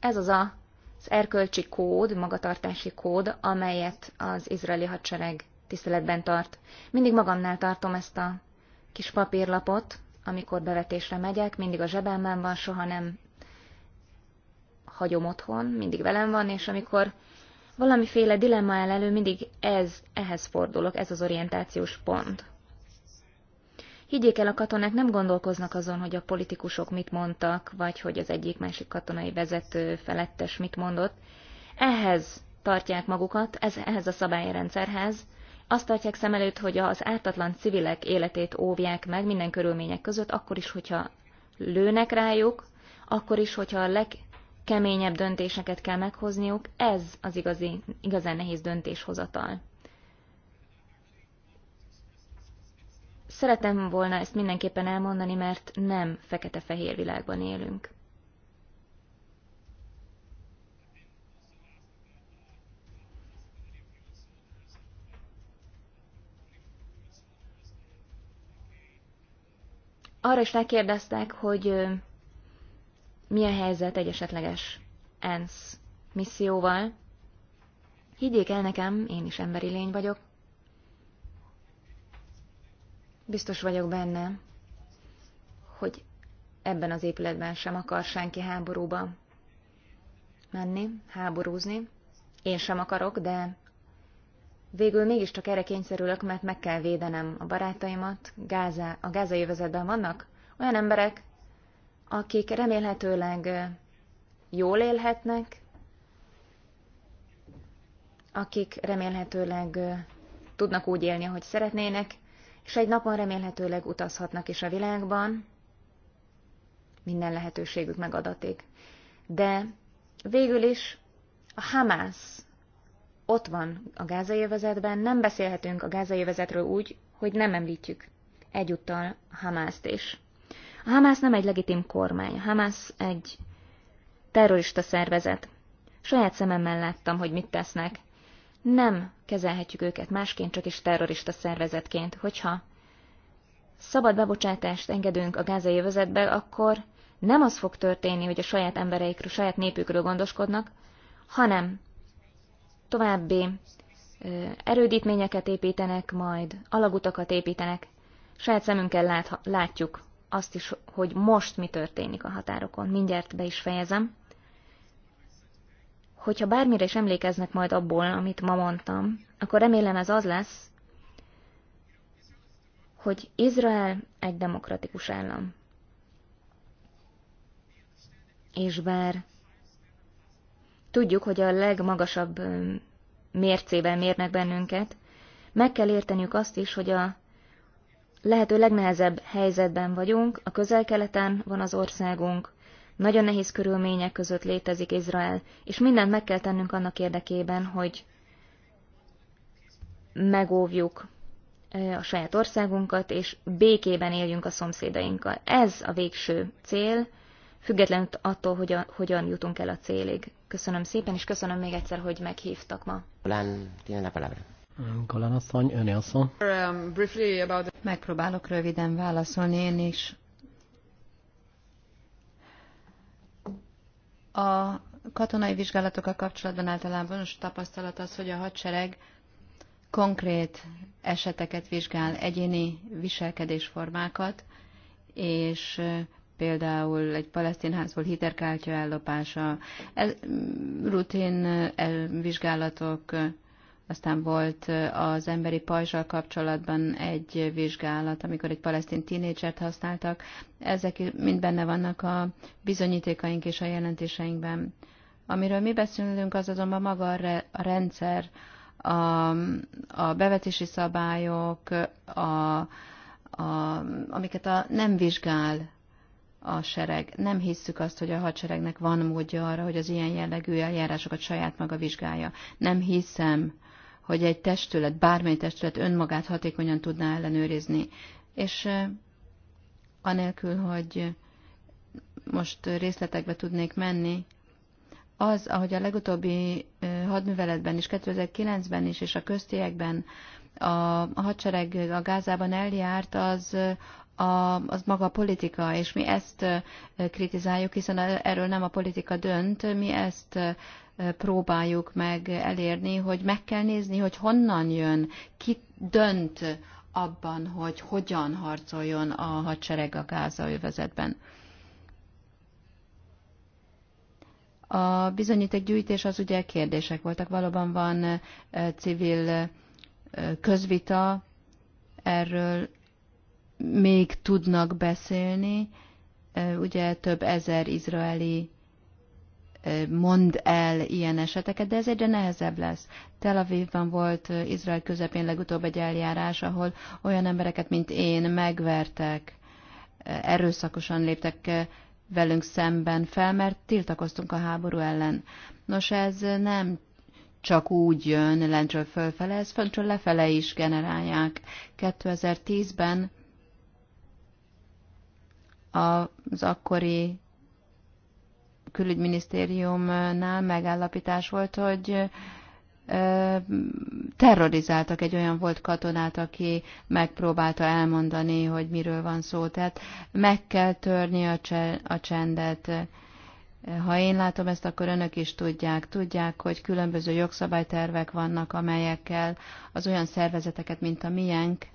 C: ez az a, az erkölcsi kód, magatartási kód, amelyet az izraeli hadsereg tiszteletben tart. Mindig magamnál tartom ezt a kis papírlapot, amikor bevetésre megyek, mindig a zsebemben van, soha nem hagyom otthon, mindig velem van, és amikor valamiféle dilemma el elő, mindig ez, ehhez fordulok, ez az orientációs pont. Higgyék el, a katonák nem gondolkoznak azon, hogy a politikusok mit mondtak, vagy hogy az egyik-másik katonai vezető felettes mit mondott. Ehhez tartják magukat, ez, ehhez a szabályrendszerhez. Azt tartják szem előtt, hogy az ártatlan civilek életét óvják meg minden körülmények között, akkor is, hogyha lőnek rájuk, akkor is, hogyha a leg keményebb döntéseket kell meghozniuk, ez az igazi, igazán nehéz döntéshozatal. Szeretem volna ezt mindenképpen elmondani, mert nem fekete-fehér világban élünk. Arra is lekérdeztek, hogy mi a helyzet egy esetleges ENSZ misszióval. Higgyék el nekem, én is emberi lény vagyok. Biztos vagyok benne, hogy ebben az épületben sem akar senki háborúba menni, háborúzni. Én sem akarok, de végül mégiscsak erre kényszerülök, mert meg kell védenem a barátaimat. Gáza, a gázai vannak olyan emberek, akik remélhetőleg jól élhetnek, akik remélhetőleg tudnak úgy élni, ahogy szeretnének, és egy napon remélhetőleg utazhatnak is a világban, minden lehetőségük megadatik. De végül is a Hamász ott van a gázai övezetben, nem beszélhetünk a gázai övezetről úgy, hogy nem említjük egyúttal Hamászt is. A Hamász nem egy legitim kormány, a Hamász egy terrorista szervezet. Saját szememmel láttam, hogy mit tesznek. Nem kezelhetjük őket másként, csak is terrorista szervezetként, hogyha szabad bebocsátást engedünk a gázai övezetbe, akkor nem az fog történni, hogy a saját embereikről, saját népükről gondoskodnak, hanem további erődítményeket építenek, majd alagutakat építenek. Saját szemünkkel lát, látjuk, azt is, hogy most mi történik a határokon. Mindjárt be is fejezem. Hogyha bármire is emlékeznek majd abból, amit ma mondtam, akkor remélem ez az lesz, hogy Izrael egy demokratikus állam. És bár tudjuk, hogy a legmagasabb mércével mérnek bennünket, meg kell érteniük azt is, hogy a lehető legnehezebb helyzetben vagyunk, a közel-keleten van az országunk, nagyon nehéz körülmények között létezik Izrael, és mindent meg kell tennünk annak érdekében, hogy megóvjuk a saját országunkat, és békében éljünk a szomszédainkkal. Ez a végső cél, függetlenül attól, hogy a, hogyan jutunk el a célig. Köszönöm szépen, és köszönöm még egyszer, hogy meghívtak ma.
E: Lán,
A: asszony,
B: um, Megpróbálok röviden válaszolni én is. A katonai vizsgálatokkal kapcsolatban általában tapasztalat az, hogy a hadsereg konkrét eseteket vizsgál, egyéni viselkedésformákat, és például egy palesztinházból házból ellopása, rutin vizsgálatok, aztán volt az emberi pajzsal kapcsolatban egy vizsgálat, amikor egy palesztin tínédzsert használtak. Ezek mind benne vannak a bizonyítékaink és a jelentéseinkben. Amiről mi beszélünk, az azonban maga a rendszer, a, a bevetési szabályok, a, a, amiket a nem vizsgál a sereg. Nem hisszük azt, hogy a hadseregnek van módja arra, hogy az ilyen jellegű eljárásokat saját maga vizsgálja. Nem hiszem, hogy egy testület, bármely testület önmagát hatékonyan tudná ellenőrizni. És anélkül, hogy most részletekbe tudnék menni, az, ahogy a legutóbbi hadműveletben is, 2009-ben is, és a köztiekben a hadsereg a Gázában eljárt, az, a, az maga a politika, és mi ezt kritizáljuk, hiszen erről nem a politika dönt, mi ezt próbáljuk meg elérni, hogy meg kell nézni, hogy honnan jön, ki dönt abban, hogy hogyan harcoljon a hadsereg a Gáza övezetben. A gyűjtés az ugye kérdések voltak. Valóban van civil közvita, erről még tudnak beszélni. Ugye több ezer izraeli mond el ilyen eseteket, de ez egyre nehezebb lesz. Tel Avivban volt Izrael közepén legutóbb egy eljárás, ahol olyan embereket, mint én megvertek, erőszakosan léptek velünk szemben fel, mert tiltakoztunk a háború ellen. Nos, ez nem csak úgy jön lentről fölfele, ez föntről lefele is generálják. 2010-ben az akkori külügyminisztériumnál megállapítás volt, hogy terrorizáltak egy olyan volt katonát, aki megpróbálta elmondani, hogy miről van szó. Tehát meg kell törni a, csendet. Ha én látom ezt, akkor önök is tudják. Tudják, hogy különböző jogszabálytervek vannak, amelyekkel az olyan szervezeteket, mint a miénk,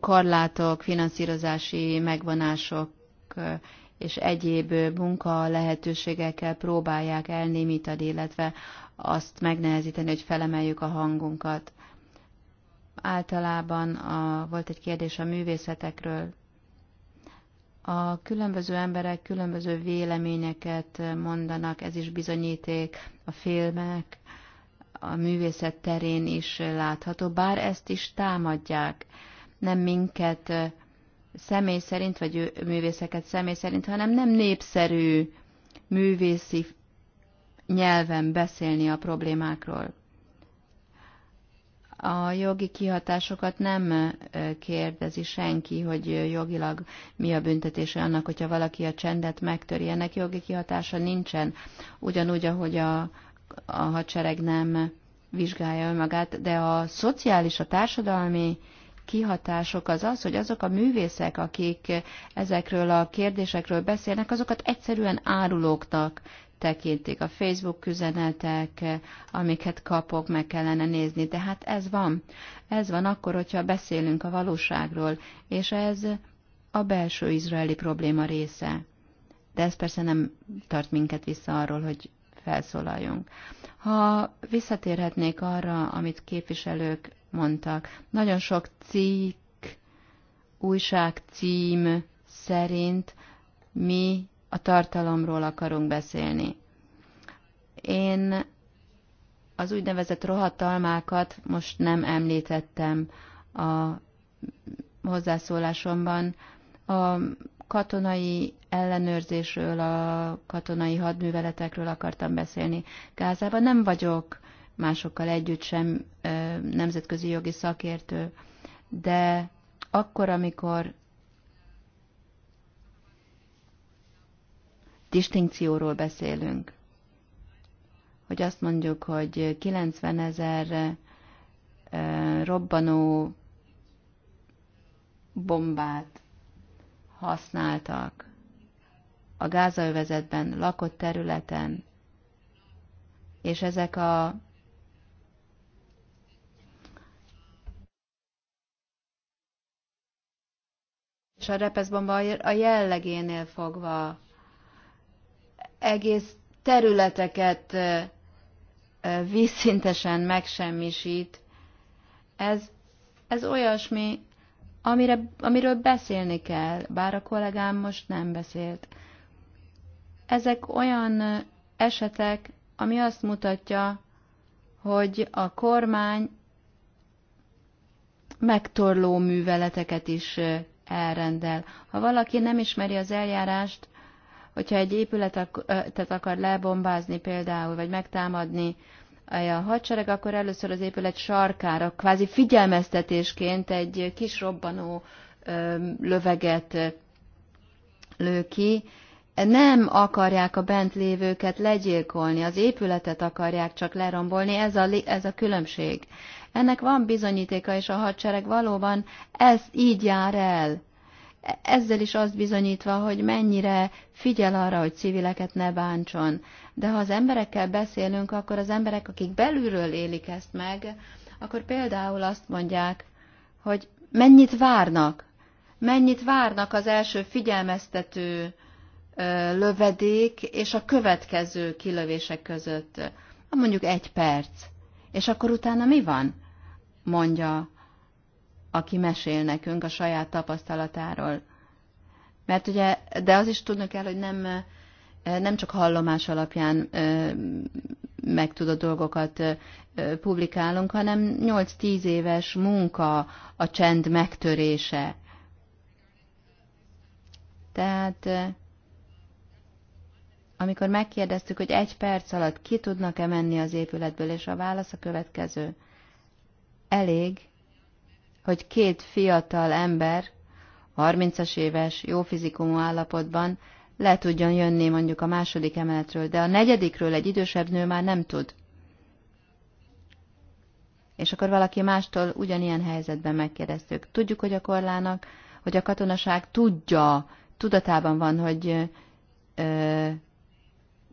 B: korlátok, finanszírozási megvonások és egyéb munka lehetőségekkel próbálják elnémítani, illetve azt megnehezíteni, hogy felemeljük a hangunkat. Általában a, volt egy kérdés a művészetekről. A különböző emberek különböző véleményeket mondanak, ez is bizonyíték, a filmek, a művészet terén is látható, bár ezt is támadják. Nem minket személy szerint, vagy művészeket személy szerint, hanem nem népszerű művészi nyelven beszélni a problémákról. A jogi kihatásokat nem kérdezi senki, hogy jogilag mi a büntetése annak, hogyha valaki a csendet megtöri. Ennek jogi kihatása nincsen, ugyanúgy, ahogy a, a hadsereg nem vizsgálja önmagát, de a szociális, a társadalmi kihatások az az, hogy azok a művészek, akik ezekről a kérdésekről beszélnek, azokat egyszerűen árulóknak tekintik. A Facebook üzenetek, amiket kapok, meg kellene nézni. De hát ez van. Ez van akkor, hogyha beszélünk a valóságról, és ez a belső izraeli probléma része. De ez persze nem tart minket vissza arról, hogy felszólaljunk. Ha visszatérhetnék arra, amit képviselők mondtak. Nagyon sok cikk, újságcím szerint mi a tartalomról akarunk beszélni. Én az úgynevezett rohatalmákat most nem említettem a hozzászólásomban. A katonai ellenőrzésről, a katonai hadműveletekről akartam beszélni. Gázában nem vagyok másokkal együtt sem nemzetközi jogi szakértő, de akkor, amikor distinkcióról beszélünk, hogy azt mondjuk, hogy 90 ezer robbanó bombát használtak a gázaövezetben, lakott területen, és ezek a és a repeszbomba a jellegénél fogva egész területeket vízszintesen megsemmisít. Ez, ez olyasmi, amire, amiről beszélni kell, bár a kollégám most nem beszélt. Ezek olyan esetek, ami azt mutatja, hogy a kormány megtorló műveleteket is elrendel. Ha valaki nem ismeri az eljárást, hogyha egy épületet akar lebombázni például, vagy megtámadni a hadsereg, akkor először az épület sarkára, kvázi figyelmeztetésként egy kis robbanó löveget lő ki, nem akarják a bent lévőket legyilkolni, az épületet akarják csak lerombolni, ez a, ez a különbség. Ennek van bizonyítéka, és a hadsereg valóban ez így jár el. Ezzel is azt bizonyítva, hogy mennyire figyel arra, hogy civileket ne bántson. De ha az emberekkel beszélünk, akkor az emberek, akik belülről élik ezt meg, akkor például azt mondják, hogy mennyit várnak, mennyit várnak az első figyelmeztető lövedék és a következő kilövések között. Mondjuk egy perc. És akkor utána mi van? mondja, aki mesél nekünk a saját tapasztalatáról. Mert ugye, de az is tudnak kell, hogy nem, nem csak hallomás alapján megtudott dolgokat publikálunk, hanem 8-10 éves munka a csend megtörése. Tehát amikor megkérdeztük, hogy egy perc alatt ki tudnak-e menni az épületből, és a válasz a következő elég, hogy két fiatal ember, 30-as éves, jó fizikumú állapotban le tudjon jönni mondjuk a második emeletről, de a negyedikről egy idősebb nő már nem tud. És akkor valaki mástól ugyanilyen helyzetben megkérdeztük. Tudjuk, hogy a korlának, hogy a katonaság tudja, tudatában van, hogy ö,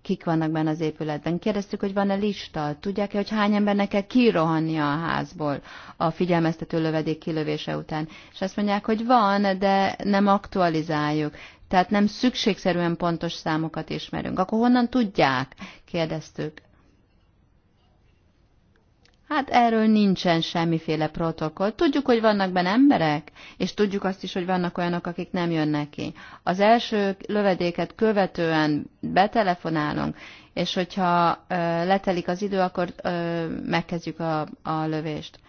B: kik vannak benne az épületben. Kérdeztük, hogy van-e lista, tudják-e, hogy hány embernek kell kirohanni a házból a figyelmeztető lövedék kilövése után. És azt mondják, hogy van, de nem aktualizáljuk. Tehát nem szükségszerűen pontos számokat ismerünk. Akkor honnan tudják? Kérdeztük. Hát erről nincsen semmiféle protokoll. Tudjuk, hogy vannak benne emberek, és tudjuk azt is, hogy vannak olyanok, akik nem jönnek ki. Az első lövedéket követően betelefonálunk, és hogyha ö, letelik az idő, akkor ö, megkezdjük a, a lövést.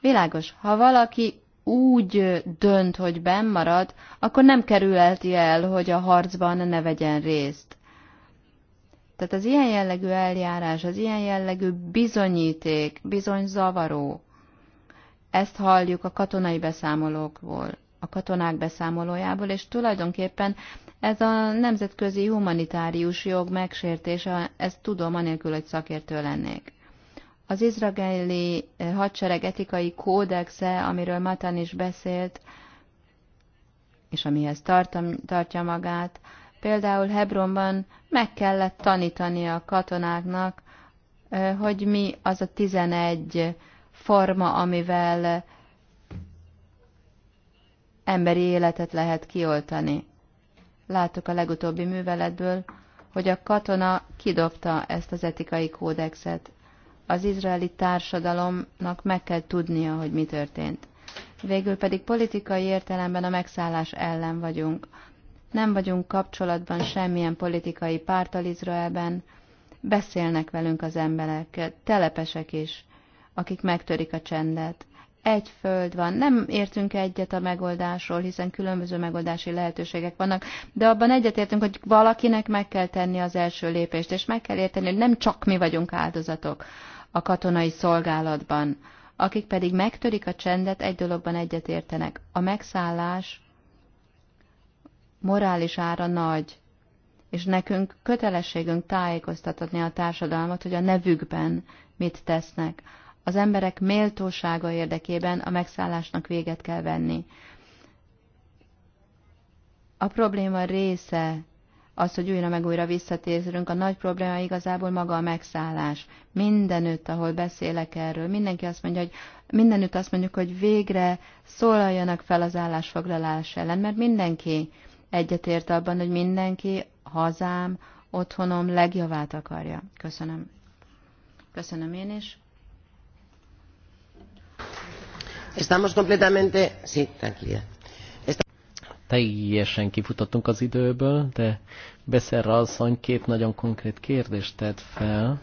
B: Világos, ha valaki úgy dönt, hogy benn marad, akkor nem kerülheti el, hogy a harcban ne vegyen részt. Tehát az ilyen jellegű eljárás, az ilyen jellegű bizonyíték, bizony zavaró. ezt halljuk a katonai beszámolókból, a katonák beszámolójából, és tulajdonképpen ez a nemzetközi humanitárius jog megsértése, ezt tudom, anélkül, hogy szakértő lennék. Az izraeli eh, hadsereg etikai kódexe, amiről Matan is beszélt, és amihez tartam, tartja magát, Például Hebronban meg kellett tanítani a katonáknak, hogy mi az a 11 forma, amivel emberi életet lehet kioltani. Láttuk a legutóbbi műveletből, hogy a katona kidobta ezt az etikai kódexet. Az izraeli társadalomnak meg kell tudnia, hogy mi történt. Végül pedig politikai értelemben a megszállás ellen vagyunk nem vagyunk kapcsolatban semmilyen politikai pártal Izraelben, beszélnek velünk az emberek, telepesek is, akik megtörik a csendet. Egy föld van, nem értünk egyet a megoldásról, hiszen különböző megoldási lehetőségek vannak, de abban egyetértünk, hogy valakinek meg kell tenni az első lépést, és meg kell érteni, hogy nem csak mi vagyunk áldozatok a katonai szolgálatban, akik pedig megtörik a csendet, egy dologban egyetértenek. A megszállás morális ára nagy, és nekünk kötelességünk tájékoztatni a társadalmat, hogy a nevükben mit tesznek. Az emberek méltósága érdekében a megszállásnak véget kell venni. A probléma része az, hogy újra meg újra visszatérünk, a nagy probléma igazából maga a megszállás. Mindenütt, ahol beszélek erről, mindenki azt mondja, hogy mindenütt azt mondjuk, hogy végre szólaljanak fel az állásfoglalás ellen, mert mindenki egyetért abban, hogy mindenki hazám, otthonom legjavát akarja. Köszönöm. Köszönöm én is. Estamos
E: completamente...
A: Sí, tranquila. Teljesen kifutottunk az időből, de Beszerra asszony két nagyon konkrét kérdést tett fel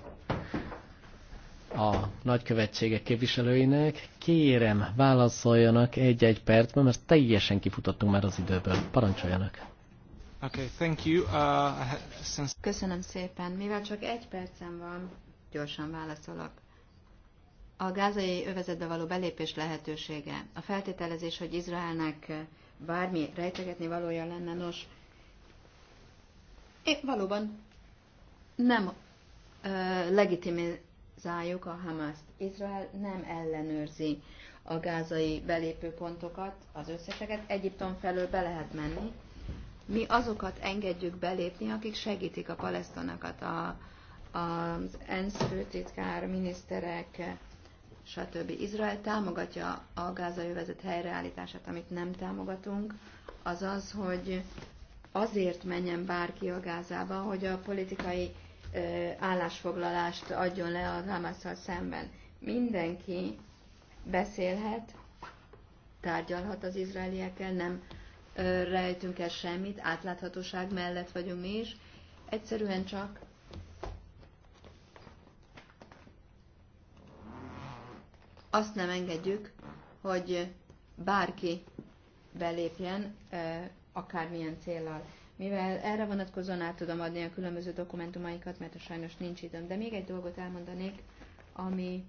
A: a nagykövetségek képviselőinek. Kérem, válaszoljanak egy-egy percben, mert teljesen kifutottunk már az időből. Parancsoljanak!
D: Okay, thank you. Uh, since...
B: Köszönöm szépen. Mivel csak egy percem van, gyorsan válaszolok. A gázai övezetbe való belépés lehetősége. A feltételezés, hogy Izraelnek bármi rejtegetni valója lenne, nos, én valóban nem uh, legitim, zárjuk a Hamaszt. Izrael nem ellenőrzi a gázai belépőpontokat, az összeseket. Egyiptom felől be lehet menni. Mi azokat engedjük belépni, akik segítik a palesztinokat, a, az ENSZ főtitkár, miniszterek, stb. Izrael támogatja a gázai övezet helyreállítását, amit nem támogatunk, az az, hogy azért menjen bárki a Gázába, hogy a politikai állásfoglalást adjon le az Hamasszal szemben. Mindenki beszélhet, tárgyalhat az izraeliekkel, nem rejtünk el semmit, átláthatóság mellett vagyunk mi is. Egyszerűen csak azt nem engedjük, hogy bárki belépjen akármilyen célral. Mivel erre vonatkozóan át tudom adni a különböző dokumentumaikat, mert sajnos nincs időm, de még egy dolgot elmondanék, ami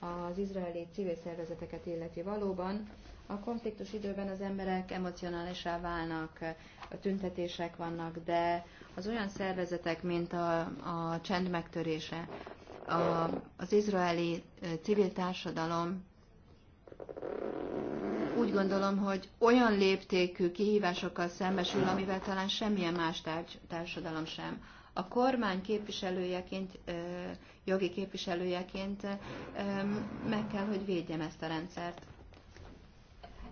B: az izraeli civil szervezeteket illeti valóban. A konfliktus időben az emberek emocionálisá válnak, a tüntetések vannak, de az olyan szervezetek, mint a, a csend megtörése, a, az izraeli civil társadalom úgy gondolom, hogy olyan léptékű kihívásokkal szembesül, amivel talán semmilyen más társadalom sem. A kormány képviselőjeként, jogi képviselőjeként meg kell, hogy védjem ezt a rendszert.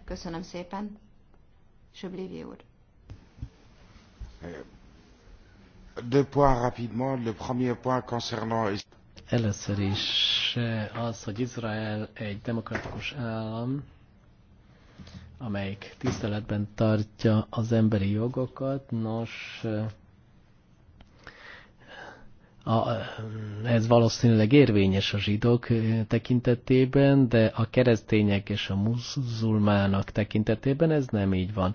B: Köszönöm szépen.
D: Söblévi úr. Eh, deux points rapidement. Le premier point concernant...
A: Először is eh, az, hogy Izrael egy demokratikus állam, amelyik tiszteletben tartja az emberi jogokat. Nos, a, ez valószínűleg érvényes a zsidók tekintetében, de a keresztények és a muzulmánok tekintetében ez nem így van.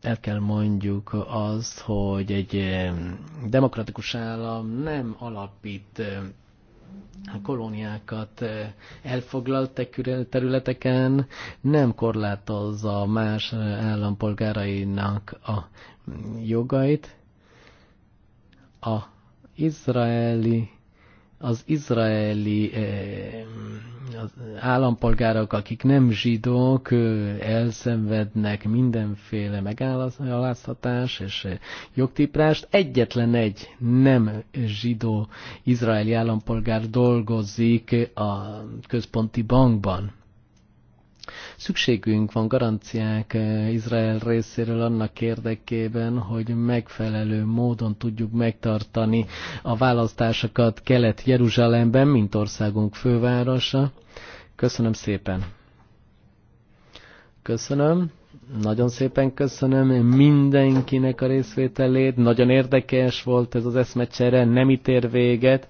A: El kell mondjuk azt, hogy egy demokratikus állam nem alapít a kolóniákat eh, elfoglalt e területeken nem korlátozza más eh, állampolgárainak a mm, jogait. A izraeli az izraeli eh, az állampolgárok, akik nem zsidók, elszenvednek mindenféle megálláztatás és eh, jogtiprást. Egyetlen egy nem zsidó izraeli állampolgár dolgozik a központi bankban. Szükségünk van garanciák eh, Izrael részéről annak érdekében, hogy megfelelő módon tudjuk megtartani a választásokat Kelet-Jeruzsálemben, mint országunk fővárosa. Köszönöm szépen! Köszönöm! Nagyon szépen köszönöm mindenkinek a részvételét, nagyon érdekes volt ez az eszmecsere, nem ítér véget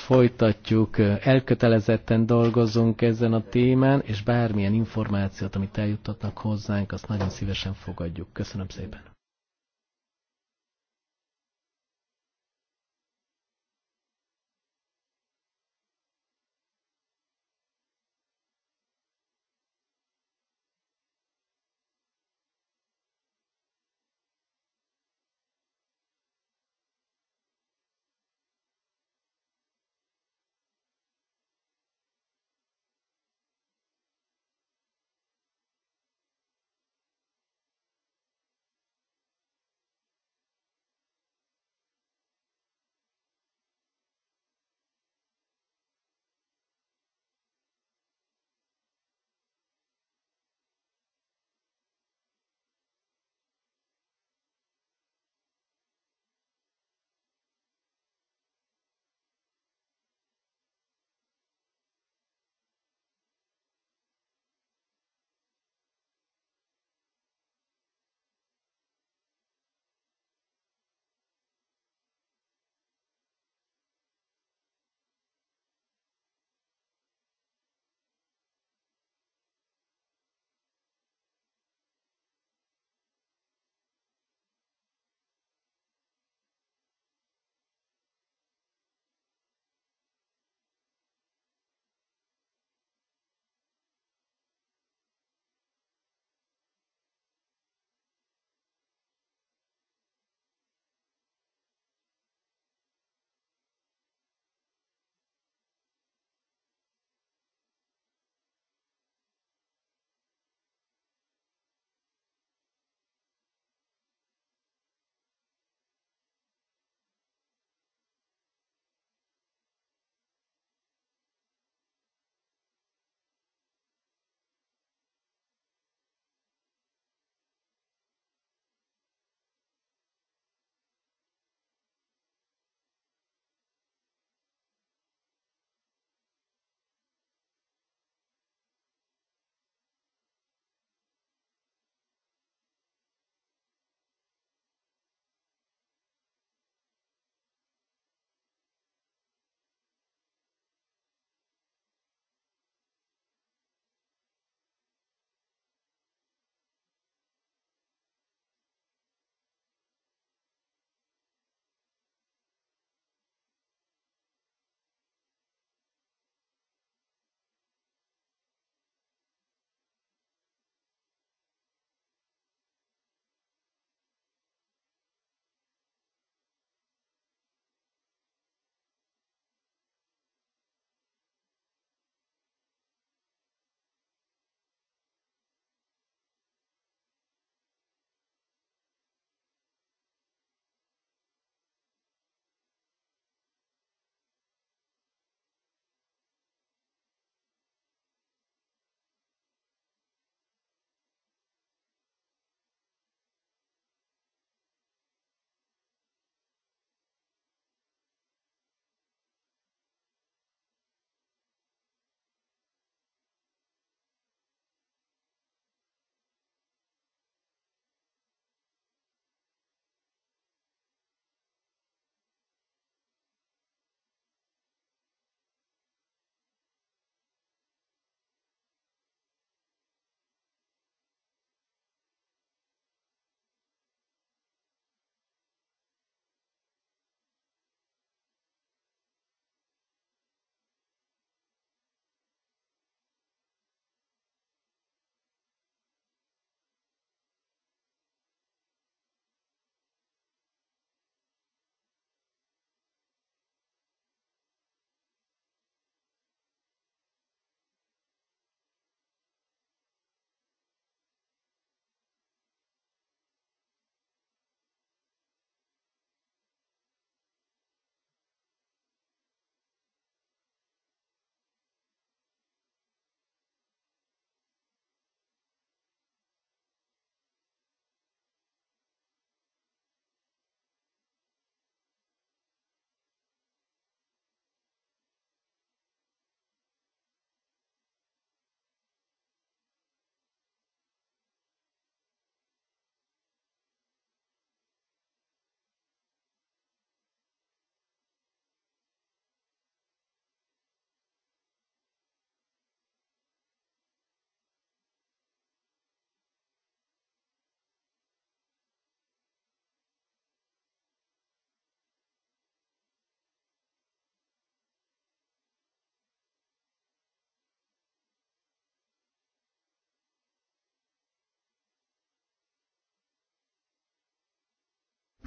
A: folytatjuk, elkötelezetten dolgozunk ezen a témán, és bármilyen információt, amit eljuttatnak hozzánk, azt nagyon szívesen fogadjuk. Köszönöm szépen!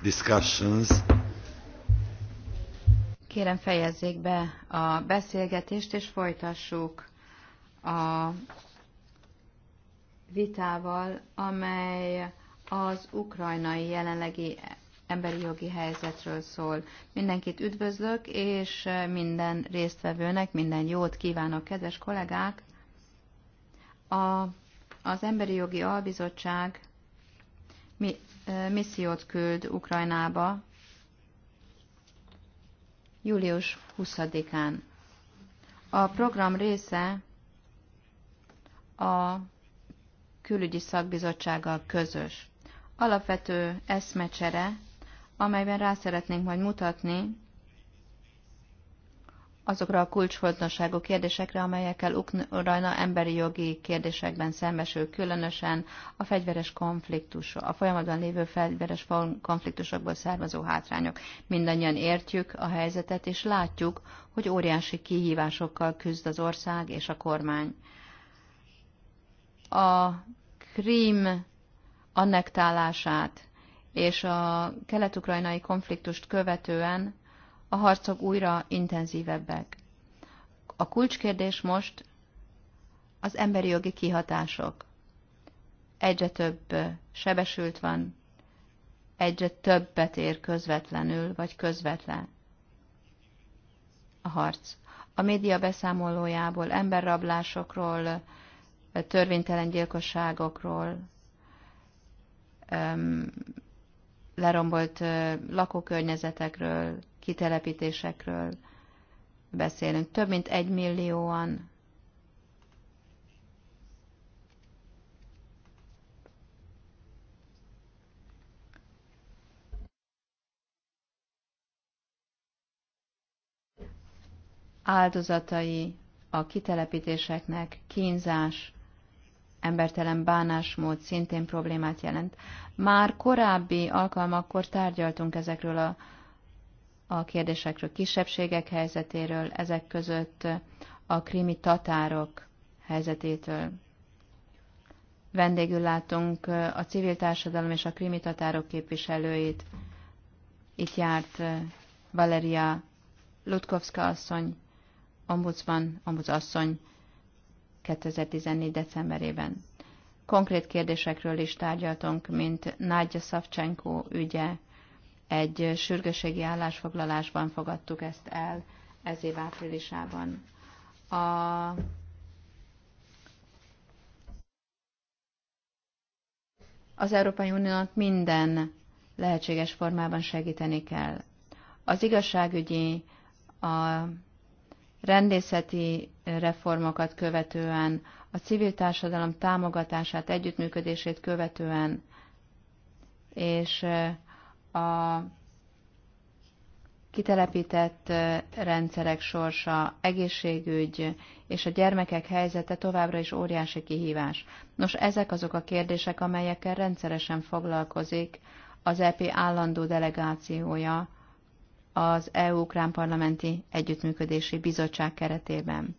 D: discussions.
B: Kérem fejezzék be a beszélgetést, és folytassuk a vitával, amely az ukrajnai jelenlegi emberi jogi helyzetről szól. Mindenkit üdvözlök, és minden résztvevőnek minden jót kívánok, kedves kollégák! A, az Emberi Jogi Albizottság missziót küld Ukrajnába július 20-án. A program része a külügyi szakbizottsággal közös. Alapvető eszmecsere, amelyben rá szeretnénk majd mutatni azokra a kulcsfontosságú kérdésekre, amelyekkel Ukrajna emberi jogi kérdésekben szembesül, különösen a fegyveres konfliktus, a folyamatban lévő fegyveres konfliktusokból származó hátrányok. Mindannyian értjük a helyzetet, és látjuk, hogy óriási kihívásokkal küzd az ország és a kormány. A krím annektálását és a kelet-ukrajnai konfliktust követően a harcok újra intenzívebbek. A kulcskérdés most az emberi jogi kihatások. Egyre több sebesült van, egyre többet ér közvetlenül vagy közvetlen a harc. A média beszámolójából, emberrablásokról, törvénytelen gyilkosságokról, lerombolt lakókörnyezetekről, kitelepítésekről beszélünk. Több mint egy millióan áldozatai a kitelepítéseknek, kínzás, embertelen bánásmód szintén problémát jelent. Már korábbi alkalmakkor tárgyaltunk ezekről a a kérdésekről, kisebbségek helyzetéről, ezek között a krimi tatárok helyzetétől. Vendégül látunk a civil társadalom és a krimi tatárok képviselőit. Itt járt Valeria Lutkovska asszony, ombudsman, ombudsasszony 2014. decemberében. Konkrét kérdésekről is tárgyaltunk, mint Nagy Szavcsenko ügye, egy sürgősségi állásfoglalásban fogadtuk ezt el ez év áprilisában. A az Európai Uniónak minden lehetséges formában segíteni kell. Az igazságügyi, a rendészeti reformokat követően, a civil társadalom támogatását, együttműködését követően, és a kitelepített rendszerek sorsa, egészségügy és a gyermekek helyzete továbbra is óriási kihívás. Nos, ezek azok a kérdések, amelyekkel rendszeresen foglalkozik az EP állandó delegációja az EU-Ukrán Parlamenti Együttműködési Bizottság keretében.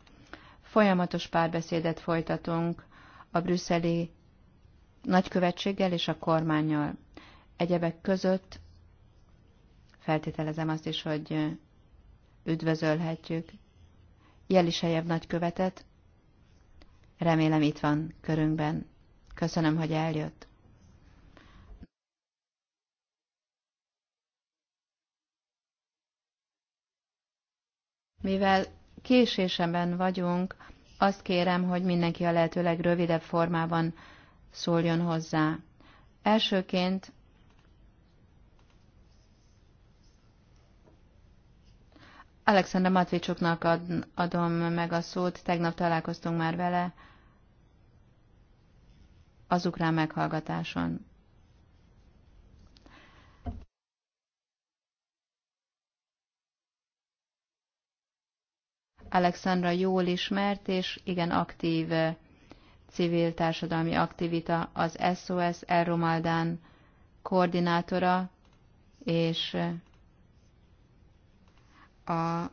B: Folyamatos párbeszédet folytatunk a brüsszeli nagykövetséggel és a kormányjal. Egyebek között feltételezem azt is, hogy üdvözölhetjük Jelisejev nagykövetet. Remélem itt van körünkben. Köszönöm, hogy eljött. Mivel késésemben vagyunk, azt kérem, hogy mindenki a lehető legrövidebb formában szóljon hozzá. Elsőként Alexandra Matvicsuknak ad, adom meg a szót, tegnap találkoztunk már vele az ukrán meghallgatáson. Alexandra jól ismert és igen aktív eh, civil társadalmi aktivita, az SOS Elromaldán koordinátora, és eh, a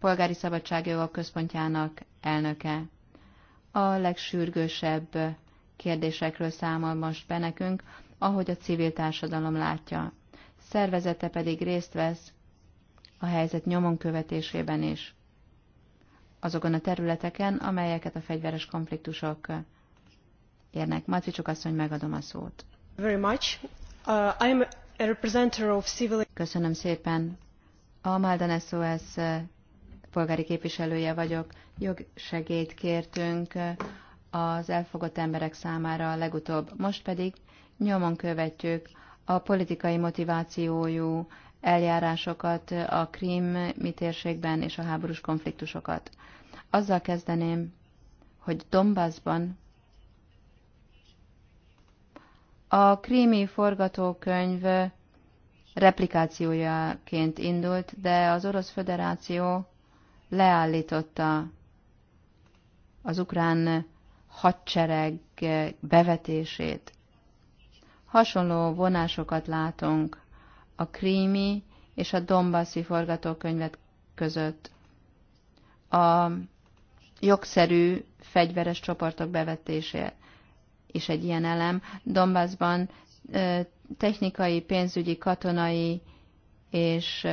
B: Polgári Szabadságjogok Központjának elnöke. A legsürgősebb kérdésekről számol most be nekünk, ahogy a civil társadalom látja. Szervezete pedig részt vesz a helyzet nyomon követésében is. Azokon a területeken, amelyeket a fegyveres konfliktusok érnek. Macicsuk asszony, megadom a szót. Very much. Uh, I'm a representative of civil... Köszönöm szépen. A Máldan SOS polgári képviselője vagyok. Jogsegélyt kértünk az elfogott emberek számára a legutóbb. Most pedig nyomon követjük a politikai motivációjú eljárásokat a krím mitérségben és a háborús konfliktusokat. Azzal kezdeném, hogy Dombászban a krími forgatókönyv replikációjaként indult, de az Orosz Föderáció leállította az ukrán hadsereg bevetését. Hasonló vonásokat látunk a krími és a dombaszi forgatókönyvet között. A jogszerű fegyveres csoportok bevetése is egy ilyen elem. Dombaszban technikai, pénzügyi, katonai és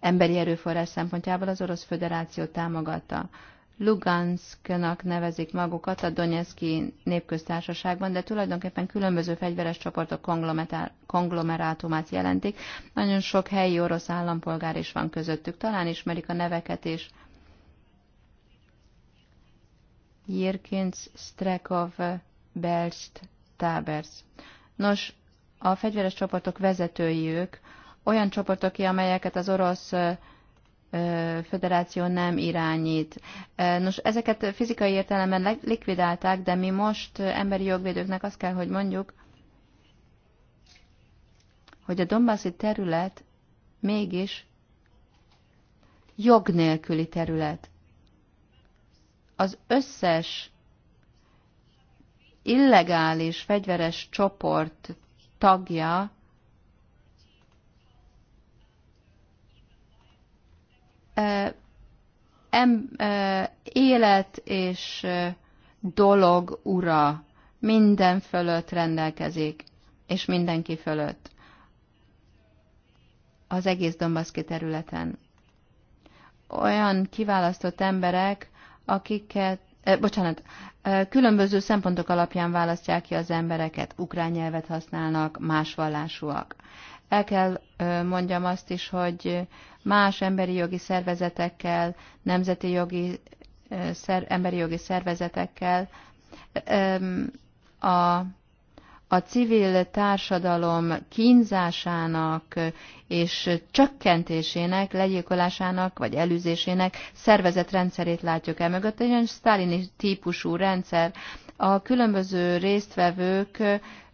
B: emberi erőforrás szempontjából az Orosz Föderáció támogatta. Lugansknak nevezik magukat a Donetszki népköztársaságban, de tulajdonképpen különböző fegyveres csoportok konglomerátumát jelentik. Nagyon sok helyi orosz állampolgár is van közöttük, talán ismerik a neveket is. Jirkins, Strekov, Belst, Tábers. Nos, a fegyveres csoportok vezetői ők, olyan csoportok, amelyeket az orosz föderáció nem irányít. Nos, ezeket fizikai értelemben likvidálták, de mi most emberi jogvédőknek azt kell, hogy mondjuk, hogy a Dombászi terület mégis jog nélküli terület. Az összes illegális fegyveres csoport tagja em, élet és dolog ura minden fölött rendelkezik, és mindenki fölött az egész Dombaszki területen. Olyan kiválasztott emberek, akiket bocsánat, különböző szempontok alapján választják ki az embereket, ukrán nyelvet használnak, más vallásúak. El kell mondjam azt is, hogy más emberi jogi szervezetekkel, nemzeti jogi, szer, emberi jogi szervezetekkel a a civil társadalom kínzásának és csökkentésének, legyilkolásának vagy elűzésének szervezett rendszerét látjuk el mögött. Egy olyan sztálini típusú rendszer. A különböző résztvevők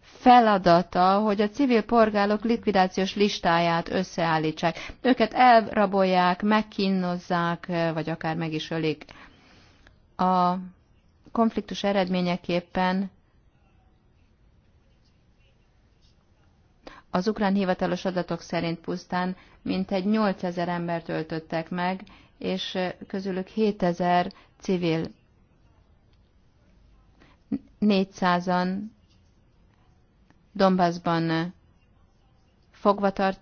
B: feladata, hogy a civil polgárok likvidációs listáját összeállítsák. Őket elrabolják, megkínozzák, vagy akár meg is ölik. A konfliktus eredményeképpen Az ukrán hivatalos adatok szerint pusztán mintegy 8000 embert öltöttek meg, és közülük 7000 civil. 400-an Donbassban fogvatart,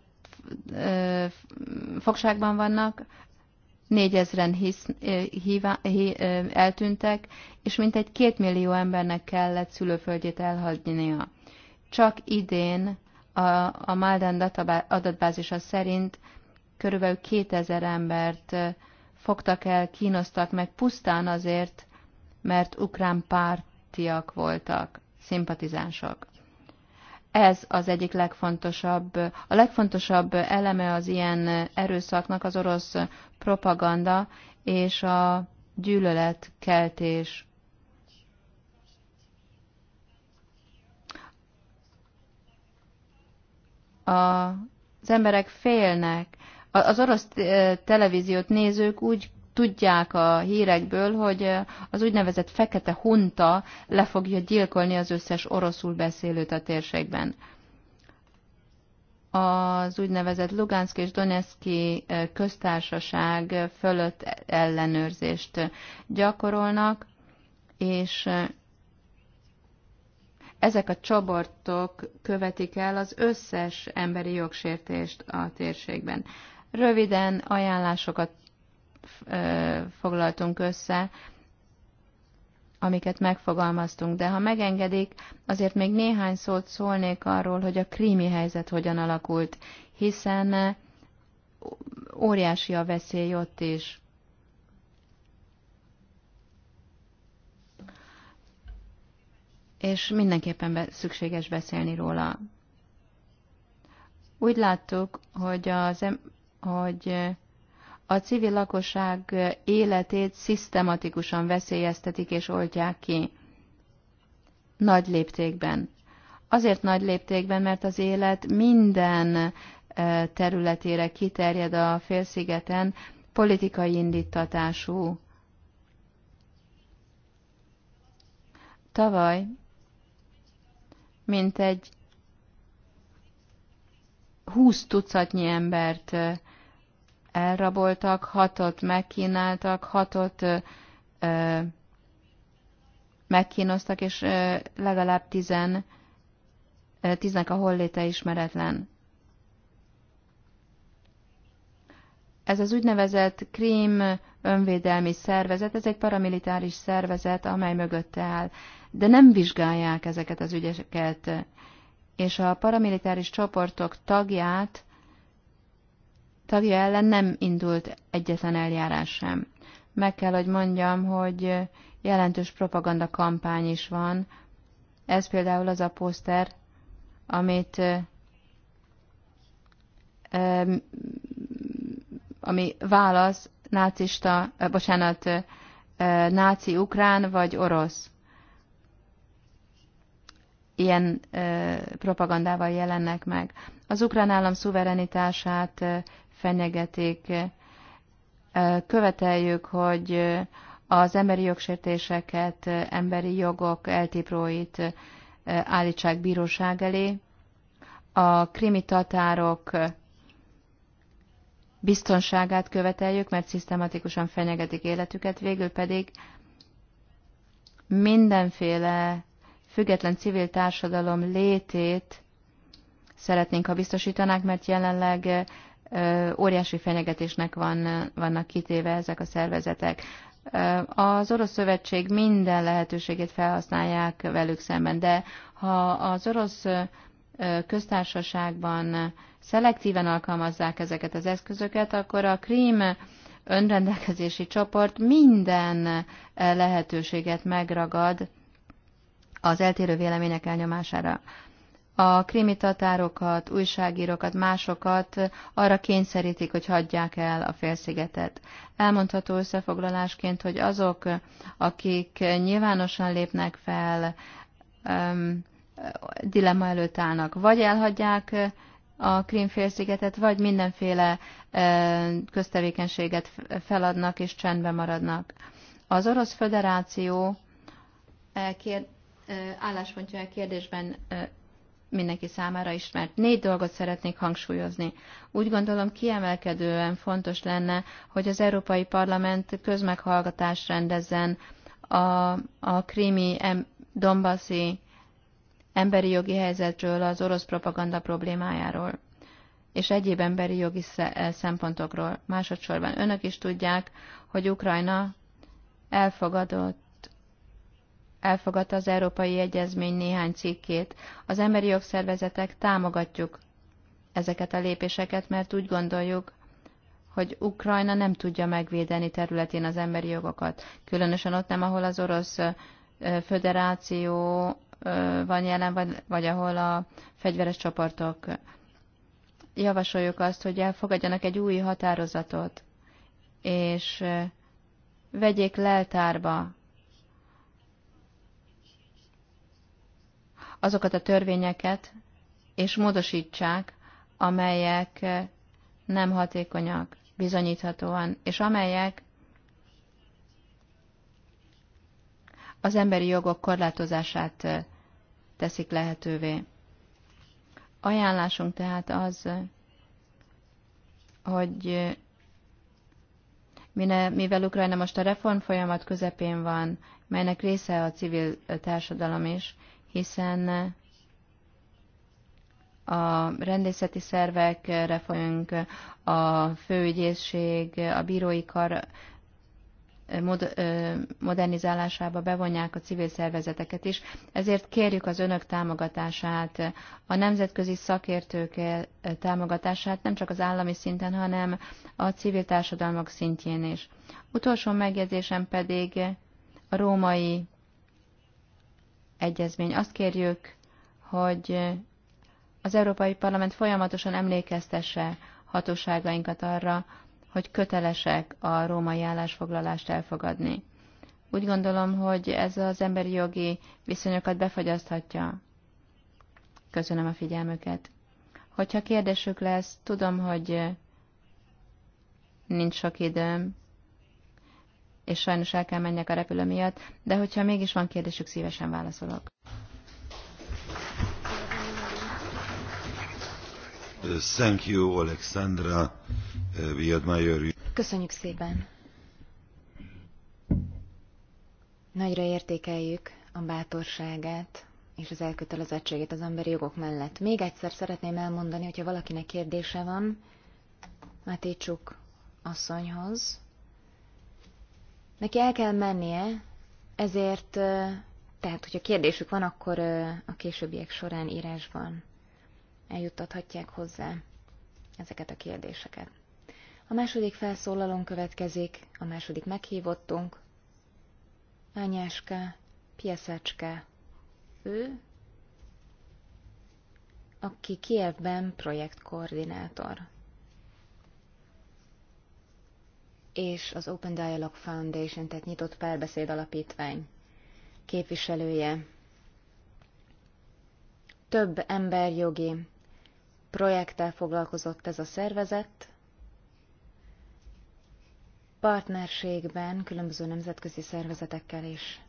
B: fogságban vannak, 4000 en eltűntek, és mintegy 2 millió embernek kellett szülőföldjét elhagynia. Csak idén a, a Malden adatbázisa szerint körülbelül 2000 embert fogtak el, kínoztak meg pusztán azért, mert ukrán pártiak voltak, szimpatizánsok. Ez az egyik legfontosabb, a legfontosabb eleme az ilyen erőszaknak az orosz propaganda és a gyűlöletkeltés A, az emberek félnek. Az orosz eh, televíziót nézők úgy tudják a hírekből, hogy eh, az úgynevezett fekete hunta le fogja gyilkolni az összes oroszul beszélőt a térségben. Az úgynevezett Lugansk és Donetszki eh, köztársaság fölött ellenőrzést gyakorolnak, és ezek a csoportok követik el az összes emberi jogsértést a térségben. Röviden ajánlásokat foglaltunk össze, amiket megfogalmaztunk, de ha megengedik, azért még néhány szót szólnék arról, hogy a krími helyzet hogyan alakult, hiszen óriási a veszély ott is. és mindenképpen be, szükséges beszélni róla. Úgy láttuk, hogy, az, hogy a civil lakosság életét szisztematikusan veszélyeztetik és oltják ki. Nagy léptékben. Azért nagy léptékben, mert az élet minden területére kiterjed a félszigeten, politikai indítatású. Tavaly mint egy húsz tucatnyi embert elraboltak, hatot megkínáltak, hatot ö, megkínoztak, és ö, legalább tizen, ö, a holléte ismeretlen. Ez az úgynevezett krím önvédelmi szervezet, ez egy paramilitáris szervezet, amely mögötte áll de nem vizsgálják ezeket az ügyeket, és a paramilitáris csoportok tagját, tagja ellen nem indult egyetlen eljárás sem. Meg kell, hogy mondjam, hogy jelentős propaganda kampány is van. Ez például az a poszter, amit ami válasz nácista, bocsánat, náci ukrán vagy orosz ilyen ö, propagandával jelennek meg. Az ukrán állam szuverenitását ö, fenyegetik, ö, követeljük, hogy az emberi jogsértéseket, emberi jogok eltipróit állítsák bíróság elé. A krimi tatárok biztonságát követeljük, mert szisztematikusan fenyegetik életüket, végül pedig mindenféle független civil társadalom létét szeretnénk, ha biztosítanák, mert jelenleg óriási fenyegetésnek van, vannak kitéve ezek a szervezetek. Az Orosz Szövetség minden lehetőségét felhasználják velük szemben, de ha az orosz köztársaságban szelektíven alkalmazzák ezeket az eszközöket, akkor a krím önrendelkezési csoport minden lehetőséget megragad az eltérő vélemények elnyomására. A krimi tatárokat, újságírókat, másokat arra kényszerítik, hogy hagyják el a félszigetet. Elmondható összefoglalásként, hogy azok, akik nyilvánosan lépnek fel, um, dilemma előtt állnak. Vagy elhagyják a Krímfélszigetet, vagy mindenféle köztevékenységet feladnak és csendben maradnak. Az Orosz Föderáció e, álláspontja a kérdésben mindenki számára ismert. Négy dolgot szeretnék hangsúlyozni. Úgy gondolom kiemelkedően fontos lenne, hogy az Európai Parlament közmeghallgatást rendezzen a, a krími, em, dombaszi emberi jogi helyzetről, az orosz propaganda problémájáról és egyéb emberi jogi e, szempontokról. Másodszorban önök is tudják, hogy Ukrajna elfogadott elfogadta az Európai Egyezmény néhány cikkét. Az emberi jogszervezetek támogatjuk ezeket a lépéseket, mert úgy gondoljuk, hogy Ukrajna nem tudja megvédeni területén az emberi jogokat. Különösen ott nem, ahol az orosz föderáció van jelen, vagy, vagy ahol a fegyveres csoportok. Javasoljuk azt, hogy elfogadjanak egy új határozatot, és vegyék leltárba azokat a törvényeket, és módosítsák, amelyek nem hatékonyak bizonyíthatóan, és amelyek az emberi jogok korlátozását teszik lehetővé. Ajánlásunk tehát az, hogy mivel Ukrajna most a reform folyamat közepén van, melynek része a civil társadalom is, hiszen a rendészeti szervekre folyunk, a főügyészség, a bírói kar modernizálásába bevonják a civil szervezeteket is. Ezért kérjük az önök támogatását, a nemzetközi szakértők támogatását nem csak az állami szinten, hanem a civil társadalmak szintjén is. Utolsó megjegyzésem pedig a római egyezmény. Azt kérjük, hogy az Európai Parlament folyamatosan emlékeztesse hatóságainkat arra, hogy kötelesek a római állásfoglalást elfogadni. Úgy gondolom, hogy ez az emberi jogi viszonyokat befagyaszthatja. Köszönöm a figyelmüket. Hogyha kérdésük lesz, tudom, hogy nincs sok időm, és sajnos el kell menjek a repülő miatt, de hogyha mégis van kérdésük, szívesen válaszolok.
D: Thank you, Alexandra. We admire you.
C: Köszönjük szépen. Nagyra értékeljük a bátorságát és az elkötelezettségét az emberi jogok mellett. Még egyszer szeretném elmondani, hogyha valakinek kérdése van, Matécsuk asszonyhoz, Neki el kell mennie, ezért, tehát hogyha kérdésük van, akkor a későbbiek során írásban eljuttathatják hozzá ezeket a kérdéseket. A második felszólalón következik, a második meghívottunk, Ányáska, Piaszecske, ő, aki Kievben projektkoordinátor. és az Open Dialogue Foundation, tehát nyitott párbeszéd alapítvány képviselője. Több emberjogi projekttel foglalkozott ez a szervezet, partnerségben különböző nemzetközi szervezetekkel és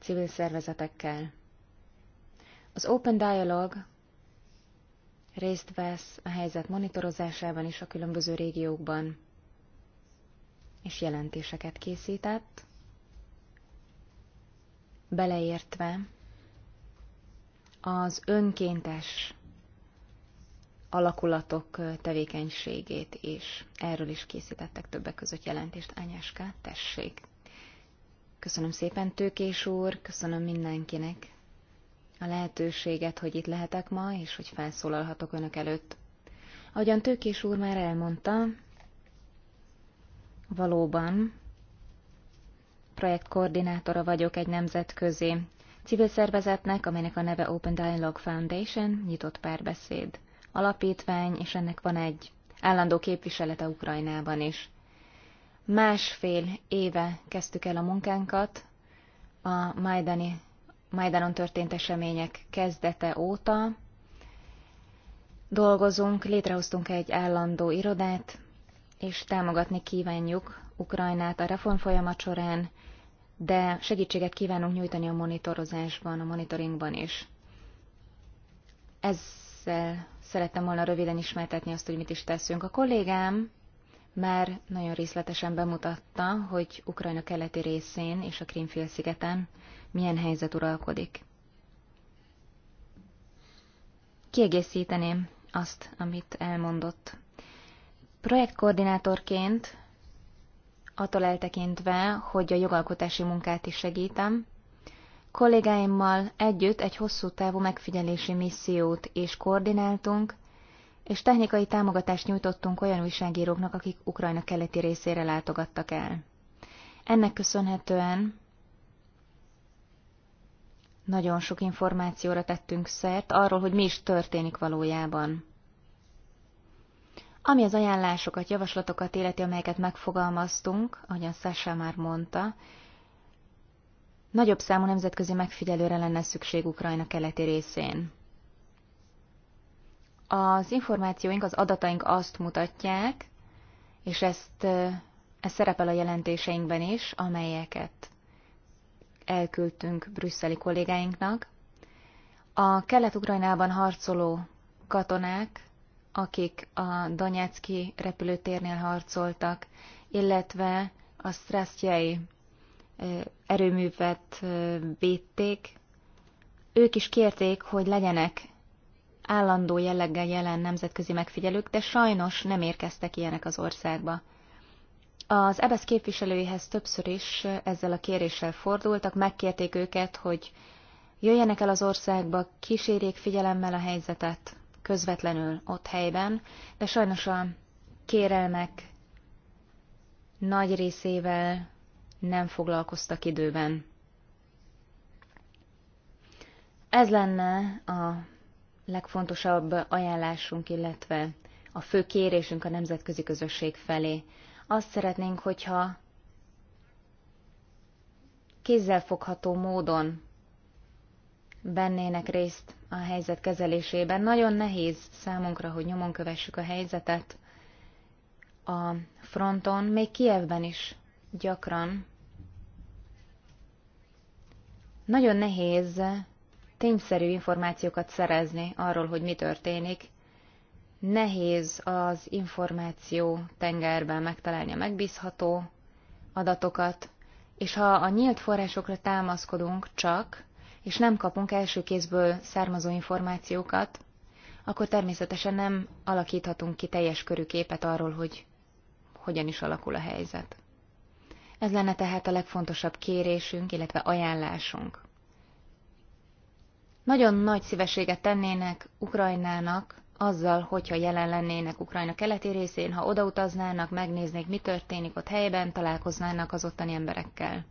C: civil szervezetekkel. Az Open Dialogue részt vesz a helyzet monitorozásában is a különböző régiókban és jelentéseket készített, beleértve az önkéntes alakulatok tevékenységét, és erről is készítettek többek között jelentést. Anyáska, tessék! Köszönöm szépen, Tőkés úr, köszönöm mindenkinek a lehetőséget, hogy itt lehetek ma, és hogy felszólalhatok önök előtt. Ahogyan Tőkés úr már elmondta, Valóban projektkoordinátora vagyok egy nemzetközi civil szervezetnek, aminek a neve Open Dialogue Foundation, nyitott párbeszéd alapítvány, és ennek van egy állandó képviselete Ukrajnában is. Másfél éve kezdtük el a munkánkat a Majdani, Majdanon történt események kezdete óta. Dolgozunk, létrehoztunk egy állandó irodát, és támogatni kívánjuk Ukrajnát a folyamat során, de segítséget kívánunk nyújtani a monitorozásban, a monitoringban is. Ezzel szerettem volna röviden ismertetni azt, hogy mit is teszünk. A kollégám már nagyon részletesen bemutatta, hogy Ukrajna keleti részén és a szigeten milyen helyzet uralkodik. Kiegészíteném azt, amit elmondott Projektkoordinátorként, attól eltekintve, hogy a jogalkotási munkát is segítem, kollégáimmal együtt egy hosszú távú megfigyelési missziót is koordináltunk, és technikai támogatást nyújtottunk olyan újságíróknak, akik Ukrajna keleti részére látogattak el. Ennek köszönhetően nagyon sok információra tettünk szert arról, hogy mi is történik valójában. Ami az ajánlásokat, javaslatokat életi, amelyeket megfogalmaztunk, ahogyan Sasha már mondta, nagyobb számú nemzetközi megfigyelőre lenne szükség Ukrajna keleti részén. Az információink, az adataink azt mutatják, és ezt, ez szerepel a jelentéseinkben is, amelyeket elküldtünk brüsszeli kollégáinknak. A kelet-ukrajnában harcoló katonák akik a Donetszki repülőtérnél harcoltak, illetve a Strasztjai erőművet védték. Ők is kérték, hogy legyenek állandó jelleggel jelen nemzetközi megfigyelők, de sajnos nem érkeztek ilyenek az országba. Az EBSZ képviselőihez többször is ezzel a kéréssel fordultak, megkérték őket, hogy jöjjenek el az országba, kísérjék figyelemmel a helyzetet, közvetlenül ott helyben, de sajnos a kérelmek nagy részével nem foglalkoztak időben. Ez lenne a legfontosabb ajánlásunk, illetve a fő kérésünk a nemzetközi közösség felé. Azt szeretnénk, hogyha kézzelfogható módon bennének részt a helyzet kezelésében. Nagyon nehéz számunkra, hogy nyomon kövessük a helyzetet a fronton, még Kievben is gyakran. Nagyon nehéz tényszerű információkat szerezni arról, hogy mi történik. Nehéz az információ tengerben megtalálni a megbízható adatokat, és ha a nyílt forrásokra támaszkodunk csak, és nem kapunk első kézből származó információkat, akkor természetesen nem alakíthatunk ki teljes körű képet arról, hogy hogyan is alakul a helyzet. Ez lenne tehát a legfontosabb kérésünk, illetve ajánlásunk. Nagyon nagy szíveséget tennének Ukrajnának azzal, hogyha jelen lennének Ukrajna keleti részén, ha odautaznának, megnéznék, mi történik ott helyben, találkoznának az ottani emberekkel.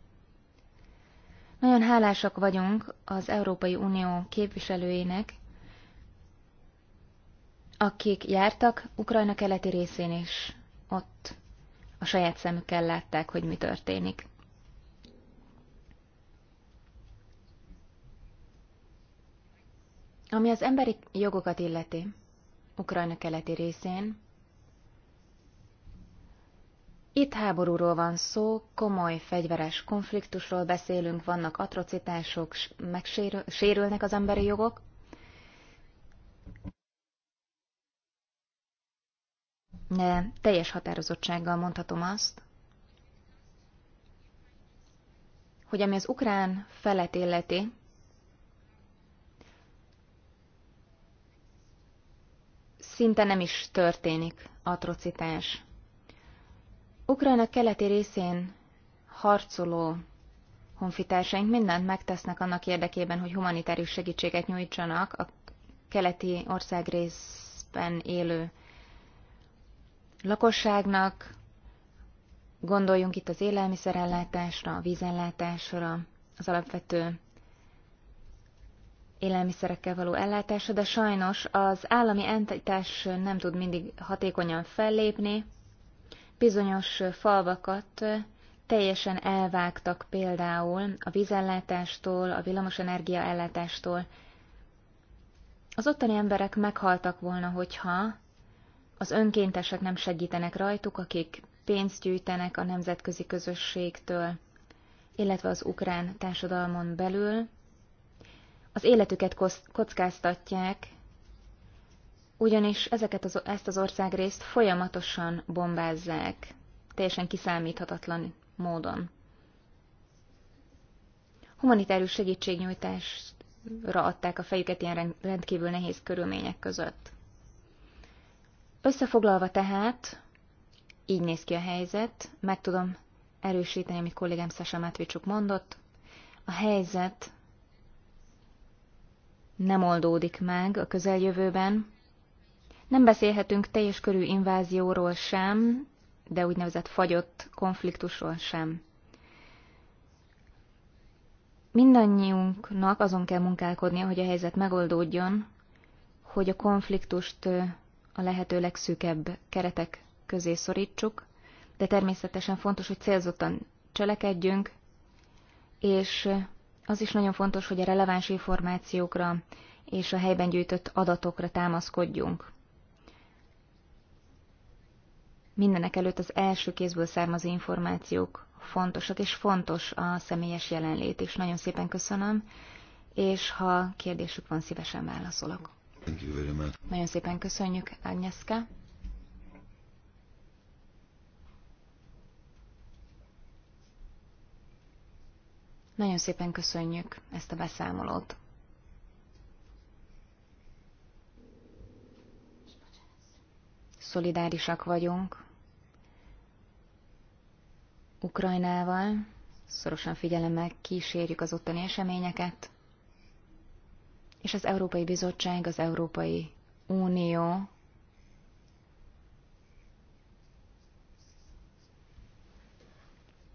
C: Nagyon hálásak vagyunk az Európai Unió képviselőinek, akik jártak Ukrajna keleti részén is, ott a saját szemükkel látták, hogy mi történik. Ami az emberi jogokat illeti, Ukrajna keleti részén, itt háborúról van szó, komoly fegyveres konfliktusról beszélünk, vannak atrocitások, megsérülnek az emberi jogok. De teljes határozottsággal mondhatom azt, hogy ami az ukrán felet illeti, szinte nem is történik atrocitás. Ukrajna keleti részén harcoló honfitársaink mindent megtesznek annak érdekében, hogy humanitárius segítséget nyújtsanak a keleti országrészben élő lakosságnak. Gondoljunk itt az élelmiszerellátásra, a vízellátásra, az alapvető élelmiszerekkel való ellátásra, de sajnos az állami entitás nem tud mindig hatékonyan fellépni, Bizonyos falvakat teljesen elvágtak például a vízellátástól, a villamosenergia ellátástól. Az ottani emberek meghaltak volna, hogyha az önkéntesek nem segítenek rajtuk, akik pénzt gyűjtenek a nemzetközi közösségtől, illetve az ukrán társadalmon belül. Az életüket kockáztatják ugyanis ezeket az, ezt az országrészt folyamatosan bombázzák, teljesen kiszámíthatatlan módon. Humanitárius segítségnyújtásra adták a fejüket ilyen rendkívül nehéz körülmények között. Összefoglalva tehát, így néz ki a helyzet, meg tudom erősíteni, amit kollégám Sasa Matvicsuk mondott, a helyzet nem oldódik meg a közeljövőben, nem beszélhetünk teljes körű invázióról sem, de úgynevezett fagyott konfliktusról sem. Mindannyiunknak azon kell munkálkodnia, hogy a helyzet megoldódjon, hogy a konfliktust a lehető legszűkebb keretek közé szorítsuk, de természetesen fontos, hogy célzottan cselekedjünk, és az is nagyon fontos, hogy a releváns információkra és a helyben gyűjtött adatokra támaszkodjunk. Mindenek előtt az első kézből származó információk fontosak, és fontos a személyes jelenlét is. Nagyon szépen köszönöm, és ha kérdésük van, szívesen válaszolok. Nagyon szépen köszönjük, Agnieszka. Nagyon szépen köszönjük ezt a beszámolót. Szolidárisak vagyunk Ukrajnával, szorosan figyelemmel kísérjük az ottani eseményeket, és az Európai Bizottság, az Európai Unió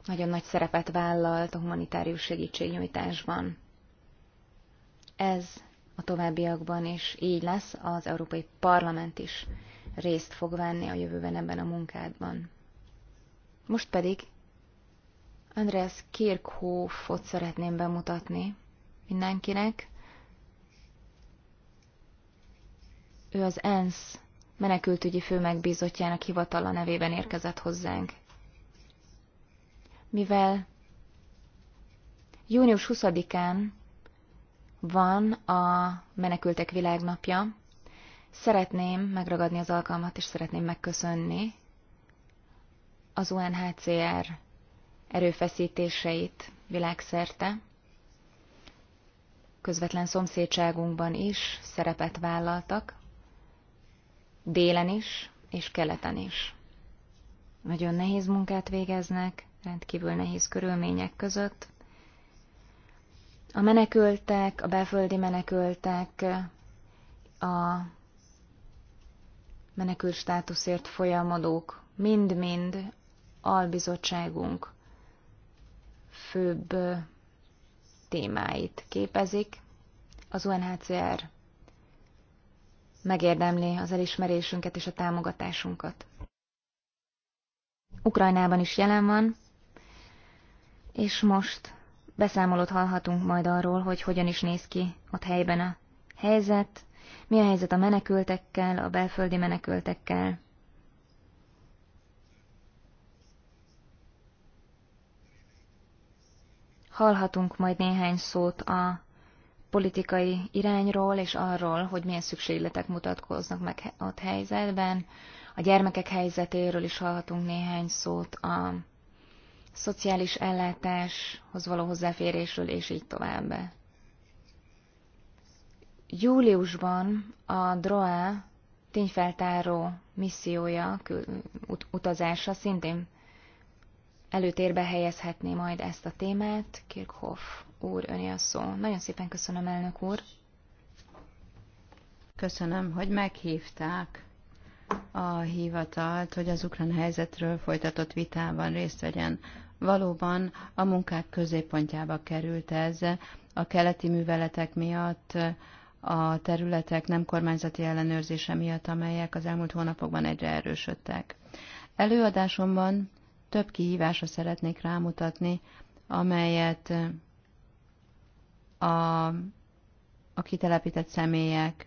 C: nagyon nagy szerepet vállalt a humanitárius segítségnyújtásban. Ez a továbbiakban is így lesz, az Európai Parlament is részt fog venni a jövőben ebben a munkádban. Most pedig Andreas Kirchhoffot szeretném bemutatni mindenkinek. Ő az ENSZ menekültügyi főmegbízottjának hivatala nevében érkezett hozzánk. Mivel június 20-án van a Menekültek Világnapja, szeretném megragadni az alkalmat, és szeretném megköszönni az UNHCR erőfeszítéseit világszerte. Közvetlen szomszédságunkban is szerepet vállaltak, délen is és keleten is. Nagyon nehéz munkát végeznek, rendkívül nehéz körülmények között. A menekültek, a belföldi menekültek, a menekült státuszért folyamodók mind-mind albizottságunk főbb témáit képezik. Az UNHCR megérdemli az elismerésünket és a támogatásunkat. Ukrajnában is jelen van, és most beszámolót hallhatunk majd arról, hogy hogyan is néz ki ott helyben a helyzet, mi a helyzet a menekültekkel, a belföldi menekültekkel, hallhatunk majd néhány szót a politikai irányról és arról, hogy milyen szükségletek mutatkoznak meg ott helyzetben. A gyermekek helyzetéről is hallhatunk néhány szót a szociális ellátáshoz való hozzáférésről, és így tovább. Júliusban a DROA tényfeltáró missziója, utazása szintén előtérbe helyezhetné majd ezt a témát. Kirchhoff úr, öné a szó. Nagyon
B: szépen köszönöm, elnök úr. Köszönöm, hogy meghívták a hivatalt, hogy az ukrán helyzetről folytatott vitában részt vegyen. Valóban a munkák középpontjába került ez. A keleti műveletek miatt a területek nem kormányzati ellenőrzése miatt, amelyek az elmúlt hónapokban egyre erősödtek. Előadásomban több kihívásra szeretnék rámutatni, amelyet a, a kitelepített személyek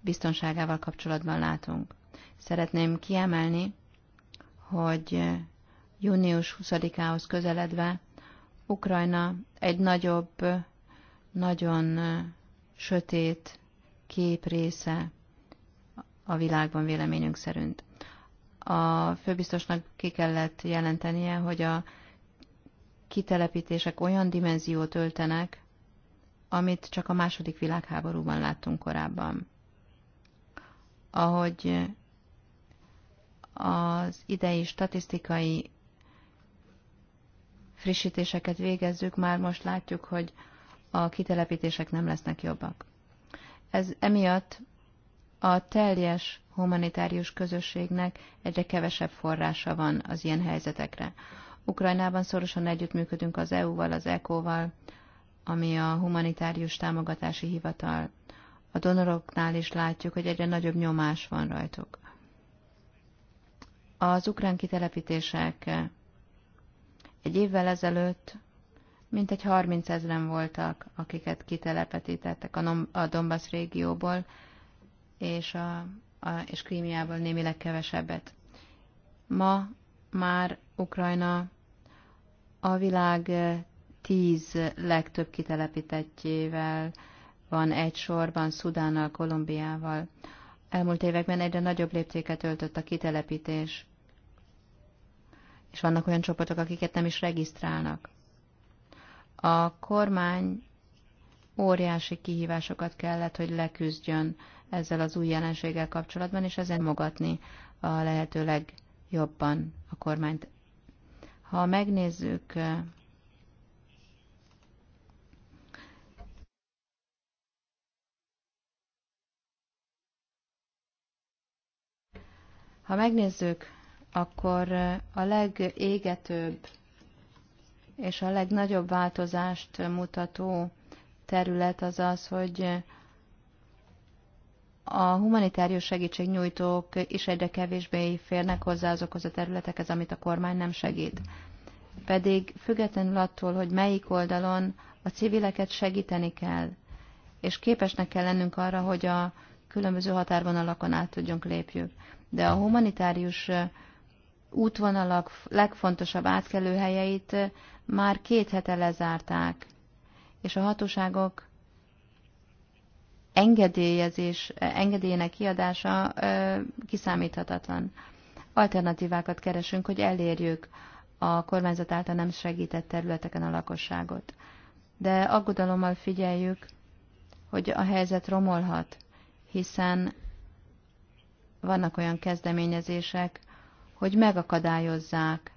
B: biztonságával kapcsolatban látunk. Szeretném kiemelni, hogy június 20-ához közeledve Ukrajna egy nagyobb, nagyon sötét kép része a világban véleményünk szerint a főbiztosnak ki kellett jelentenie, hogy a kitelepítések olyan dimenziót öltenek, amit csak a második világháborúban láttunk korábban. Ahogy az idei statisztikai frissítéseket végezzük, már most látjuk, hogy a kitelepítések nem lesznek jobbak. Ez emiatt a teljes humanitárius közösségnek egyre kevesebb forrása van az ilyen helyzetekre. Ukrajnában szorosan együttműködünk az EU-val, az ECO-val, ami a humanitárius támogatási hivatal. A donoroknál is látjuk, hogy egyre nagyobb nyomás van rajtuk. Az ukrán kitelepítések egy évvel ezelőtt mintegy 30 ezeren voltak, akiket kitelepítettek a Donbass régióból, és, a, a, és Krímiából némileg kevesebbet. Ma már Ukrajna a világ eh, tíz legtöbb kitelepítettjével van egy sorban, Szudánnal, Kolumbiával. Elmúlt években egyre nagyobb léptéket öltött a kitelepítés, és vannak olyan csoportok, akiket nem is regisztrálnak. A kormány óriási kihívásokat kellett, hogy leküzdjön ezzel az új jelenséggel kapcsolatban, és ezen mogatni a lehető legjobban a kormányt. Ha megnézzük Ha megnézzük, akkor a legégetőbb és a legnagyobb változást mutató terület az az, hogy a humanitárius segítségnyújtók is egyre kevésbé férnek hozzá azokhoz a területekhez, amit a kormány nem segít. Pedig függetlenül attól, hogy melyik oldalon a civileket segíteni kell, és képesnek kell lennünk arra, hogy a különböző határvonalakon át tudjunk lépjük. De a humanitárius útvonalak legfontosabb átkelőhelyeit már két hete lezárták, és a hatóságok engedélyezés, engedélyének kiadása kiszámíthatatlan. Alternatívákat keresünk, hogy elérjük a kormányzat által nem segített területeken a lakosságot. De aggodalommal figyeljük, hogy a helyzet romolhat, hiszen vannak olyan kezdeményezések, hogy megakadályozzák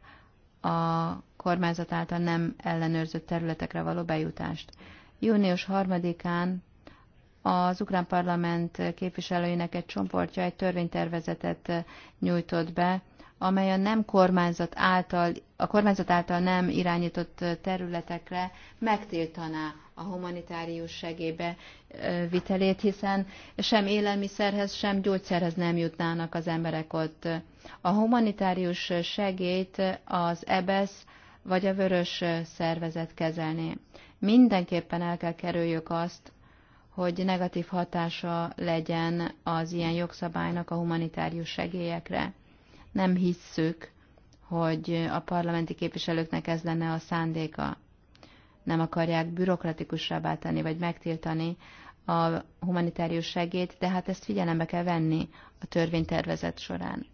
B: a kormányzat által nem ellenőrzött területekre való bejutást. Június 3-án az ukrán parlament képviselőinek egy csoportja egy törvénytervezetet nyújtott be, amely a nem kormányzat által, a kormányzat által nem irányított területekre megtiltaná a humanitárius segélybe vitelét, hiszen sem élelmiszerhez, sem gyógyszerhez nem jutnának az emberek ott. A humanitárius segélyt az EBESZ vagy a vörös szervezet kezelné. Mindenképpen el kell kerüljük azt, hogy negatív hatása legyen az ilyen jogszabálynak a humanitárius segélyekre. Nem hisszük, hogy a parlamenti képviselőknek ez lenne a szándéka. Nem akarják bürokratikusabbá tenni vagy megtiltani a humanitárius segélyt, de hát ezt figyelembe kell venni a törvénytervezet során.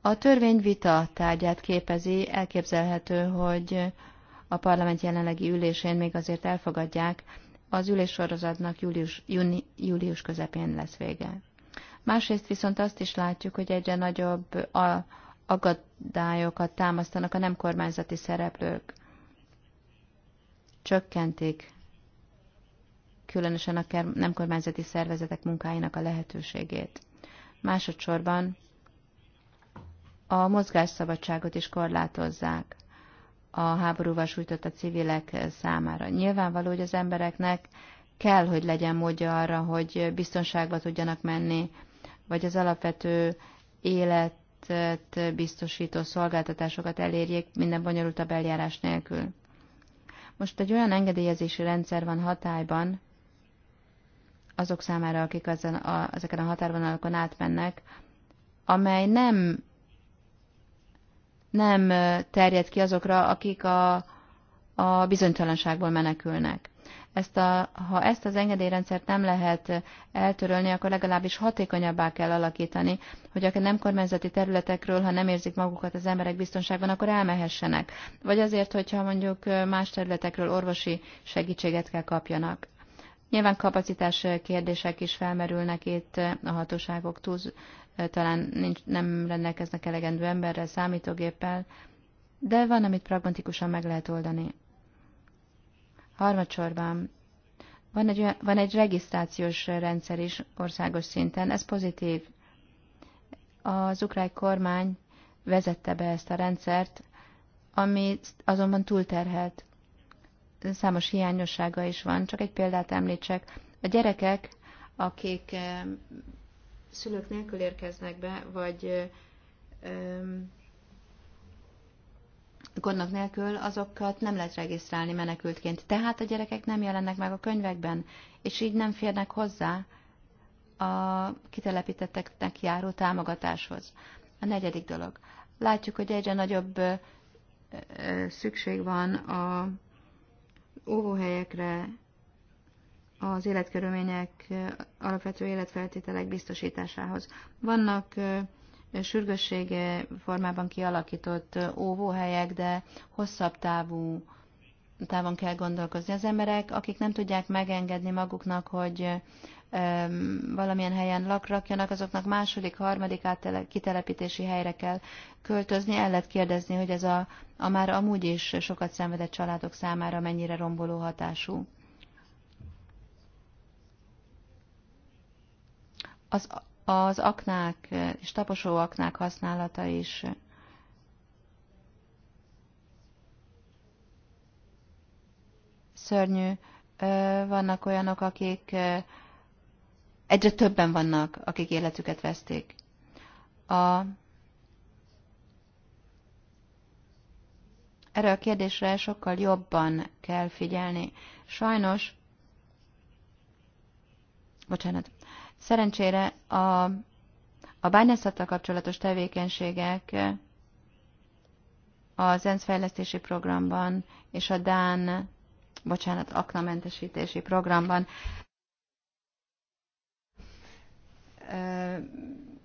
B: A törvény vita tárgyát képezi, elképzelhető, hogy a parlament jelenlegi ülésén még azért elfogadják, az üléssorozatnak július, júni, július közepén lesz vége. Másrészt viszont azt is látjuk, hogy egyre nagyobb a, agadályokat támasztanak a nem kormányzati szereplők. Csökkentik különösen a nem kormányzati szervezetek munkáinak a lehetőségét. Másodszorban a mozgásszabadságot is korlátozzák a háborúval sújtott a civilek számára. Nyilvánvaló, hogy az embereknek kell, hogy legyen módja arra, hogy biztonságba tudjanak menni, vagy az alapvető életet biztosító szolgáltatásokat elérjék minden bonyolultabb eljárás nélkül. Most egy olyan engedélyezési rendszer van hatályban, azok számára, akik ezen a, ezeken a határvonalakon átmennek, amely nem nem terjed ki azokra, akik a, a bizonytalanságból menekülnek. Ezt a, ha ezt az engedélyrendszert nem lehet eltörölni, akkor legalábbis hatékonyabbá kell alakítani, hogy akár nem kormányzati területekről, ha nem érzik magukat az emberek biztonságban, akkor elmehessenek. Vagy azért, hogyha mondjuk más területekről orvosi segítséget kell kapjanak. Nyilván kapacitás kérdések is felmerülnek itt a hatóságok túl, Eh, talán nincs, nem rendelkeznek elegendő emberrel, számítógéppel, de van, amit pragmatikusan meg lehet oldani. Harmadsorban van egy, olyan, van egy regisztrációs rendszer is országos szinten, ez pozitív. Az ukrán kormány vezette be ezt a rendszert, ami azonban túlterhelt. Számos hiányossága is van, csak egy példát említsek. A gyerekek, akik eh, szülők nélkül érkeznek be, vagy gondok nélkül, azokat nem lehet regisztrálni menekültként. Tehát a gyerekek nem jelennek meg a könyvekben, és így nem férnek hozzá a kitelepítetteknek járó támogatáshoz. A negyedik dolog. Látjuk, hogy egyre nagyobb szükség van a óvóhelyekre, az életkörülmények, alapvető életfeltételek biztosításához. Vannak sürgősség formában kialakított óvóhelyek, de hosszabb távú távon kell gondolkozni. Az emberek, akik nem tudják megengedni maguknak, hogy valamilyen helyen lakrakjanak, azoknak második, harmadik áttele, kitelepítési helyre kell költözni. El lehet kérdezni, hogy ez a, a már amúgy is sokat szenvedett családok számára mennyire romboló hatású. Az, az aknák és taposó aknák használata is szörnyű. Vannak olyanok, akik egyre többen vannak, akik életüket veszték. A Erre a kérdésre sokkal jobban kell figyelni. Sajnos, bocsánat, Szerencsére a, a bányászattal kapcsolatos tevékenységek az ENSZ fejlesztési programban és a Dán, bocsánat, aknamentesítési programban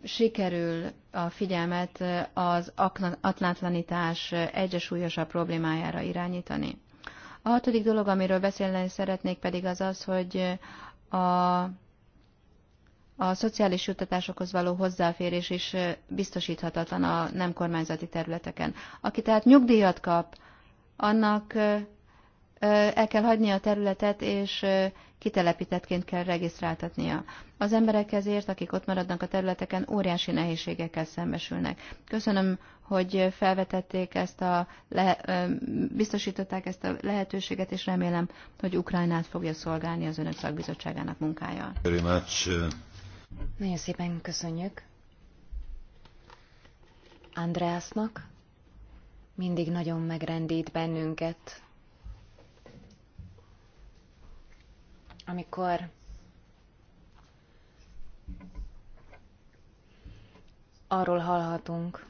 B: sikerül a figyelmet az atlantlanítás egyre súlyosabb problémájára irányítani. A hatodik dolog, amiről beszélni szeretnék pedig az az, hogy a a szociális juttatásokhoz való hozzáférés is biztosíthatatlan a nem kormányzati területeken. Aki tehát nyugdíjat kap, annak el kell hagynia a területet, és kitelepítettként kell regisztráltatnia. Az emberek ezért, akik ott maradnak a területeken, óriási nehézségekkel szembesülnek. Köszönöm, hogy felvetették ezt a, le, biztosították ezt a lehetőséget, és remélem, hogy Ukrajnát fogja szolgálni az Önök szakbizottságának munkája. Nagyon szépen köszönjük
C: Andreasnak. Mindig nagyon megrendít bennünket, amikor arról hallhatunk,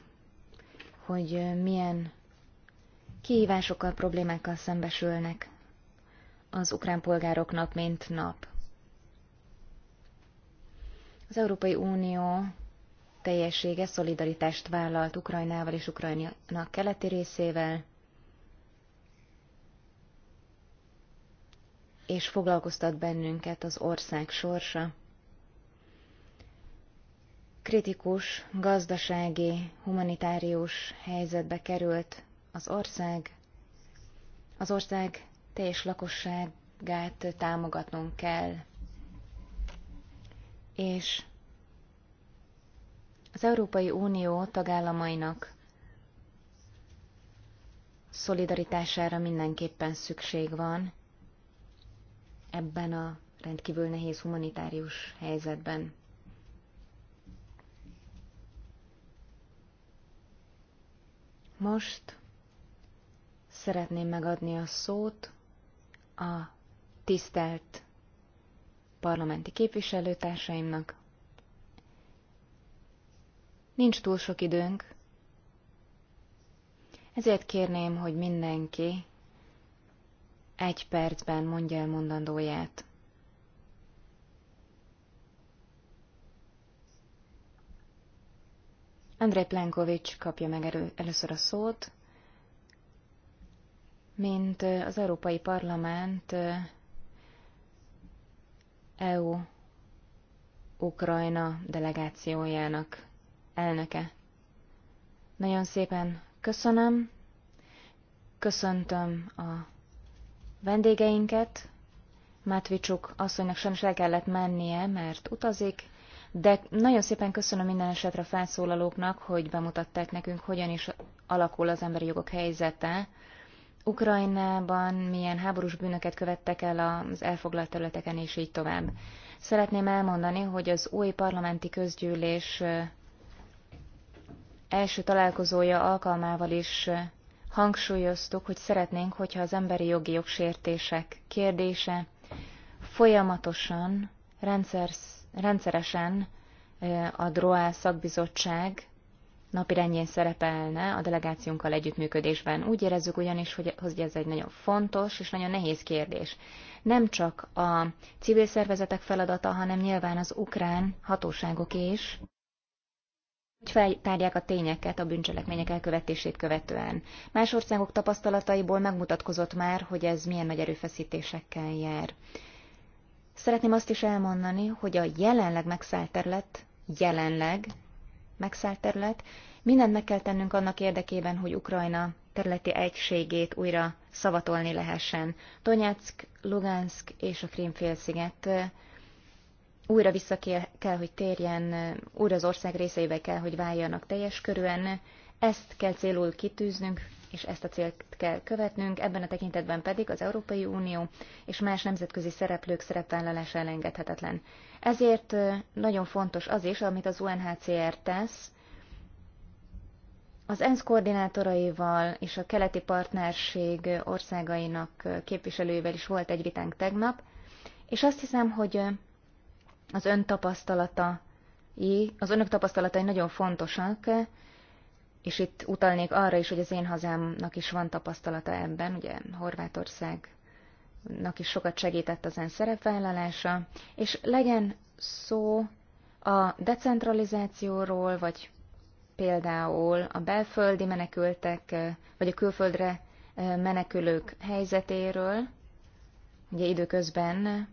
C: hogy milyen kihívásokkal, problémákkal szembesülnek az ukrán polgárok nap mint nap. Az Európai Unió teljessége szolidaritást vállalt Ukrajnával és Ukrajna keleti részével, és foglalkoztat bennünket az ország sorsa. Kritikus, gazdasági, humanitárius helyzetbe került az ország. Az ország teljes lakosságát támogatnunk kell és az Európai Unió tagállamainak szolidaritására mindenképpen szükség van ebben a rendkívül nehéz humanitárius helyzetben. Most szeretném megadni a szót a tisztelt parlamenti képviselőtársaimnak. Nincs túl sok időnk, ezért kérném, hogy mindenki egy percben mondja el mondandóját. André Plenkovics kapja meg elő, először a szót, mint az Európai Parlament EU Ukrajna delegációjának elnöke. Nagyon szépen köszönöm, köszöntöm a vendégeinket, Mátvicsuk asszonynak sem se kellett mennie, mert utazik, de nagyon szépen köszönöm minden esetre a felszólalóknak, hogy bemutatták nekünk, hogyan is alakul az emberi jogok helyzete Ukrajnában milyen háborús bűnöket követtek el az elfoglalt területeken, és így tovább. Szeretném elmondani, hogy az új parlamenti közgyűlés első találkozója alkalmával is hangsúlyoztuk, hogy szeretnénk, hogyha az emberi jogi jogsértések kérdése folyamatosan, rendszer, rendszeresen a DROA szakbizottság rendjén szerepelne a delegációnkkal együttműködésben. Úgy érezzük ugyanis, hogy, hogy ez egy nagyon fontos és nagyon nehéz kérdés. Nem csak a civil szervezetek feladata, hanem nyilván az ukrán hatóságok is, hogy feltárják a tényeket a bűncselekmények elkövetését követően. Más országok tapasztalataiból megmutatkozott már, hogy ez milyen nagy erőfeszítésekkel jár. Szeretném azt is elmondani, hogy a jelenleg megszállt terület jelenleg megszállt terület. Mindent meg kell tennünk annak érdekében, hogy Ukrajna területi egységét újra szavatolni lehessen. Donetsk, Lugansk és a Krímfélsziget újra vissza kell, hogy térjen, újra az ország részeibe kell, hogy váljanak teljes körűen. Ezt kell célul kitűznünk, és ezt a célt kell követnünk, ebben a tekintetben pedig az Európai Unió és más nemzetközi szereplők szerepvállalása elengedhetetlen. Ezért nagyon fontos az is, amit az UNHCR tesz, az ENSZ koordinátoraival és a keleti partnerség országainak képviselőivel is volt egy vitánk tegnap, és azt hiszem, hogy az ön tapasztalata, az önök tapasztalatai nagyon fontosak, és itt utalnék arra is, hogy az én hazámnak is van tapasztalata ebben, ugye Horvátországnak is sokat segített az en szerepvállalása, és legyen szó a decentralizációról, vagy például a belföldi menekültek, vagy a külföldre menekülők helyzetéről, ugye időközben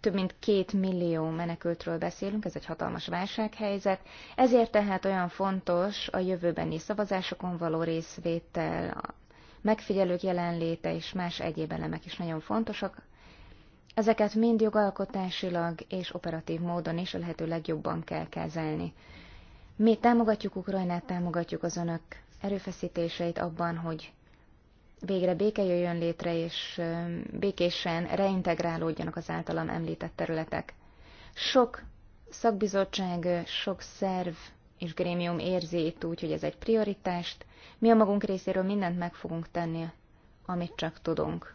C: több mint két millió menekültről beszélünk, ez egy hatalmas válsághelyzet, ezért tehát olyan fontos a jövőbeni szavazásokon való részvétel, a megfigyelők jelenléte és más egyéb elemek is nagyon fontosak. Ezeket mind jogalkotásilag és operatív módon is a lehető legjobban kell kezelni. Mi támogatjuk Ukrajnát, támogatjuk az önök erőfeszítéseit abban, hogy végre béke jöjjön létre, és békésen reintegrálódjanak az általam említett területek. Sok szakbizottság, sok szerv és grémium érzi itt úgy, hogy ez egy prioritást. Mi a magunk részéről mindent meg fogunk tenni, amit csak tudunk.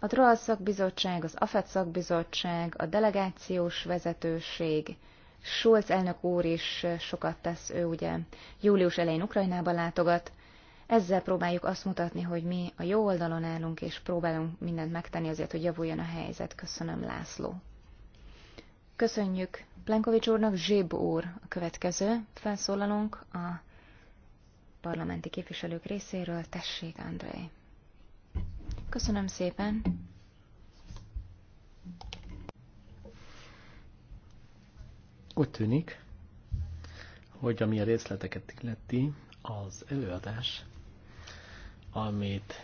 C: A DROA szakbizottság, az AFET szakbizottság, a delegációs vezetőség, Schulz elnök úr is sokat tesz, ő ugye július elején Ukrajnába látogat, ezzel próbáljuk azt mutatni, hogy mi a jó oldalon állunk, és próbálunk mindent megtenni azért, hogy javuljon a helyzet. Köszönöm, László. Köszönjük Plenkovics úrnak, Zsib úr a következő Felszólalunk a parlamenti képviselők részéről. Tessék, Andrei. Köszönöm szépen.
A: Úgy tűnik, hogy ami a részleteket illeti, az előadás amit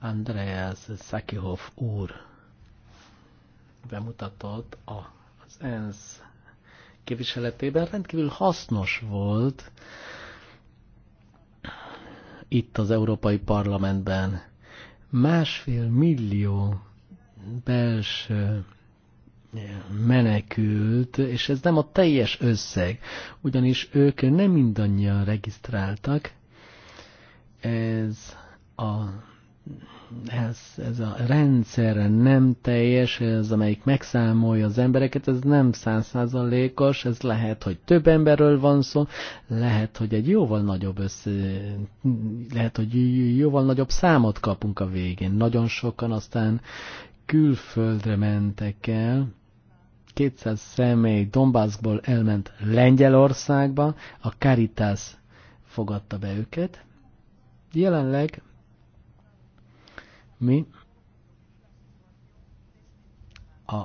A: Andreas Szakihoff úr bemutatott az ENSZ képviseletében rendkívül hasznos volt itt az Európai Parlamentben. Másfél millió belső menekült, és ez nem a teljes összeg, ugyanis ők nem mindannyian regisztráltak. Ez a, ez, ez a rendszer nem teljes, ez amelyik megszámolja az embereket, ez nem százszázalékos, ez lehet, hogy több emberről van szó, lehet, hogy egy jóval nagyobb össze, lehet, hogy jóval nagyobb számot kapunk a végén. Nagyon sokan aztán külföldre mentek el, 200 személy Dombászból elment Lengyelországba, a Caritas fogadta be őket. Jelenleg mi a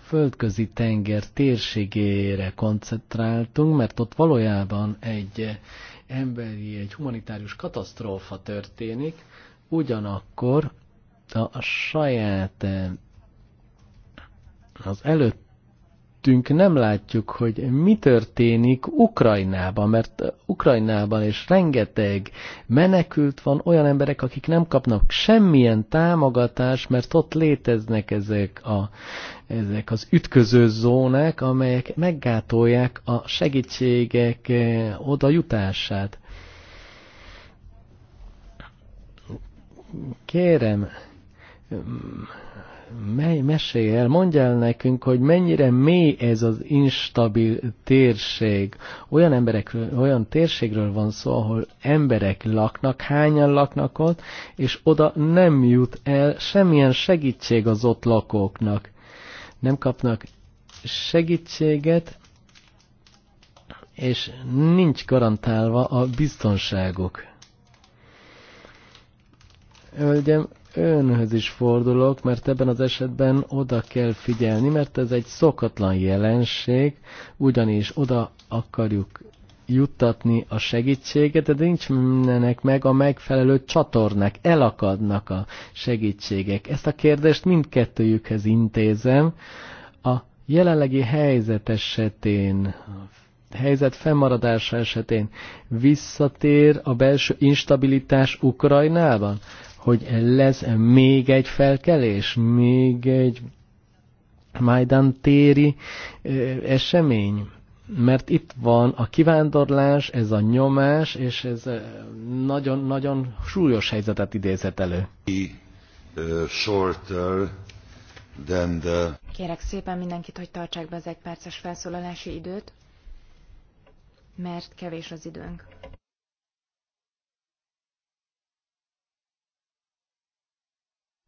A: földközi tenger térségére koncentráltunk, mert ott valójában egy eh, emberi, egy humanitárius katasztrófa történik, ugyanakkor a saját eh, az előtt előttünk nem látjuk, hogy mi történik Ukrajnában, mert Ukrajnában is rengeteg menekült van, olyan emberek, akik nem kapnak semmilyen támogatást, mert ott léteznek ezek, a, ezek az ütköző zónák, amelyek meggátolják a segítségek eh, oda jutását. Kérem, mm, mely, mesélj el, mondj el nekünk, hogy mennyire mély ez az instabil térség. Olyan, emberekről, olyan térségről van szó, ahol emberek laknak, hányan laknak ott, és oda nem jut el semmilyen segítség az ott lakóknak. Nem kapnak segítséget, és nincs garantálva a biztonságuk. Hölgyem, önhöz is fordulok, mert ebben az esetben oda kell figyelni, mert ez egy szokatlan jelenség, ugyanis oda akarjuk juttatni a segítséget, de nincs mindenek meg a megfelelő csatornák, elakadnak a segítségek. Ezt a kérdést mindkettőjükhez intézem. A jelenlegi helyzet esetén, helyzet fennmaradása esetén visszatér a belső instabilitás Ukrajnában? hogy lesz még egy felkelés, még egy Majdan téri esemény. Mert itt van a kivándorlás, ez a nyomás, és ez nagyon-nagyon súlyos helyzetet idézett elő.
C: Kérek szépen mindenkit, hogy tartsák be az egyperces felszólalási időt, mert kevés az időnk.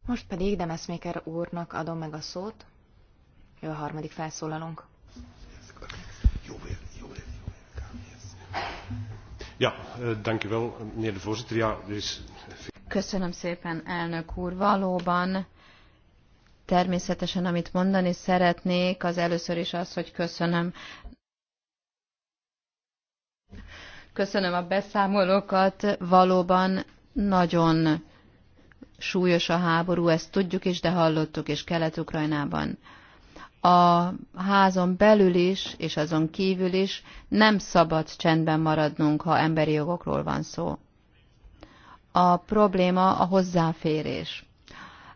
C: Most pedig Demeszméker úrnak adom meg a szót. Ő a harmadik felszólalónk.
D: Ja, eh, thank you well, meneer de voorzitter. Ja, er is...
B: Köszönöm szépen, elnök úr. Valóban természetesen, amit mondani szeretnék, az először is az, hogy köszönöm. Köszönöm a beszámolókat, valóban nagyon súlyos a háború, ezt tudjuk is, de hallottuk is Kelet-Ukrajnában. A házon belül is, és azon kívül is nem szabad csendben maradnunk, ha emberi jogokról van szó. A probléma a hozzáférés.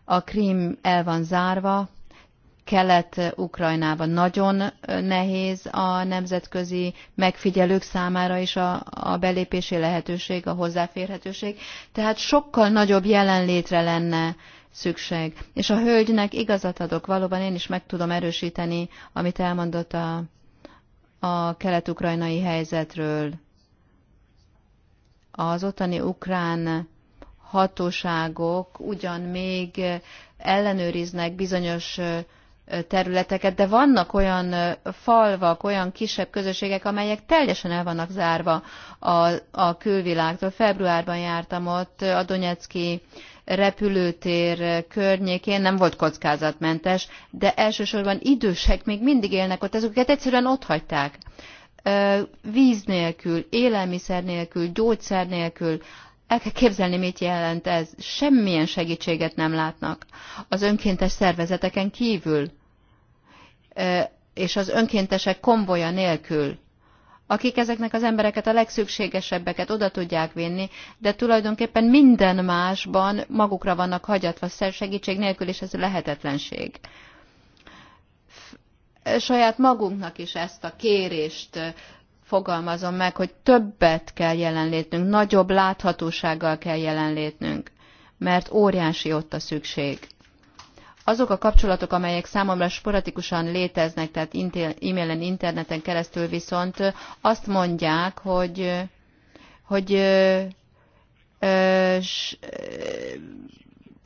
B: A krím el van zárva, Kelet-Ukrajnában. Nagyon nehéz a nemzetközi megfigyelők számára is a, a belépési lehetőség, a hozzáférhetőség. Tehát sokkal nagyobb jelenlétre lenne szükség. És a hölgynek igazat adok, valóban én is meg tudom erősíteni, amit elmondott a, a kelet-ukrajnai helyzetről. Az ottani ukrán hatóságok ugyan még ellenőriznek bizonyos területeket, de vannak olyan falvak, olyan kisebb közösségek, amelyek teljesen el vannak zárva a, a külvilágtól. Februárban jártam ott a Donetszki repülőtér környékén, nem volt kockázatmentes, de elsősorban idősek még mindig élnek ott, ezeket egyszerűen ott hagyták. Víz nélkül, élelmiszer nélkül, gyógyszer nélkül, el kell képzelni, mit jelent ez. Semmilyen segítséget nem látnak. Az önkéntes szervezeteken kívül és az önkéntesek konvoja nélkül, akik ezeknek az embereket a legszükségesebbeket oda tudják vinni, de tulajdonképpen minden másban magukra vannak hagyatva segítség nélkül, és ez lehetetlenség saját magunknak is ezt a kérést fogalmazom meg, hogy többet kell jelenlétnünk, nagyobb láthatósággal kell jelenlétnünk, mert óriási ott a szükség. Azok a kapcsolatok, amelyek számomra sporadikusan léteznek, tehát e-mailen, interneten keresztül viszont azt mondják, hogy, hogy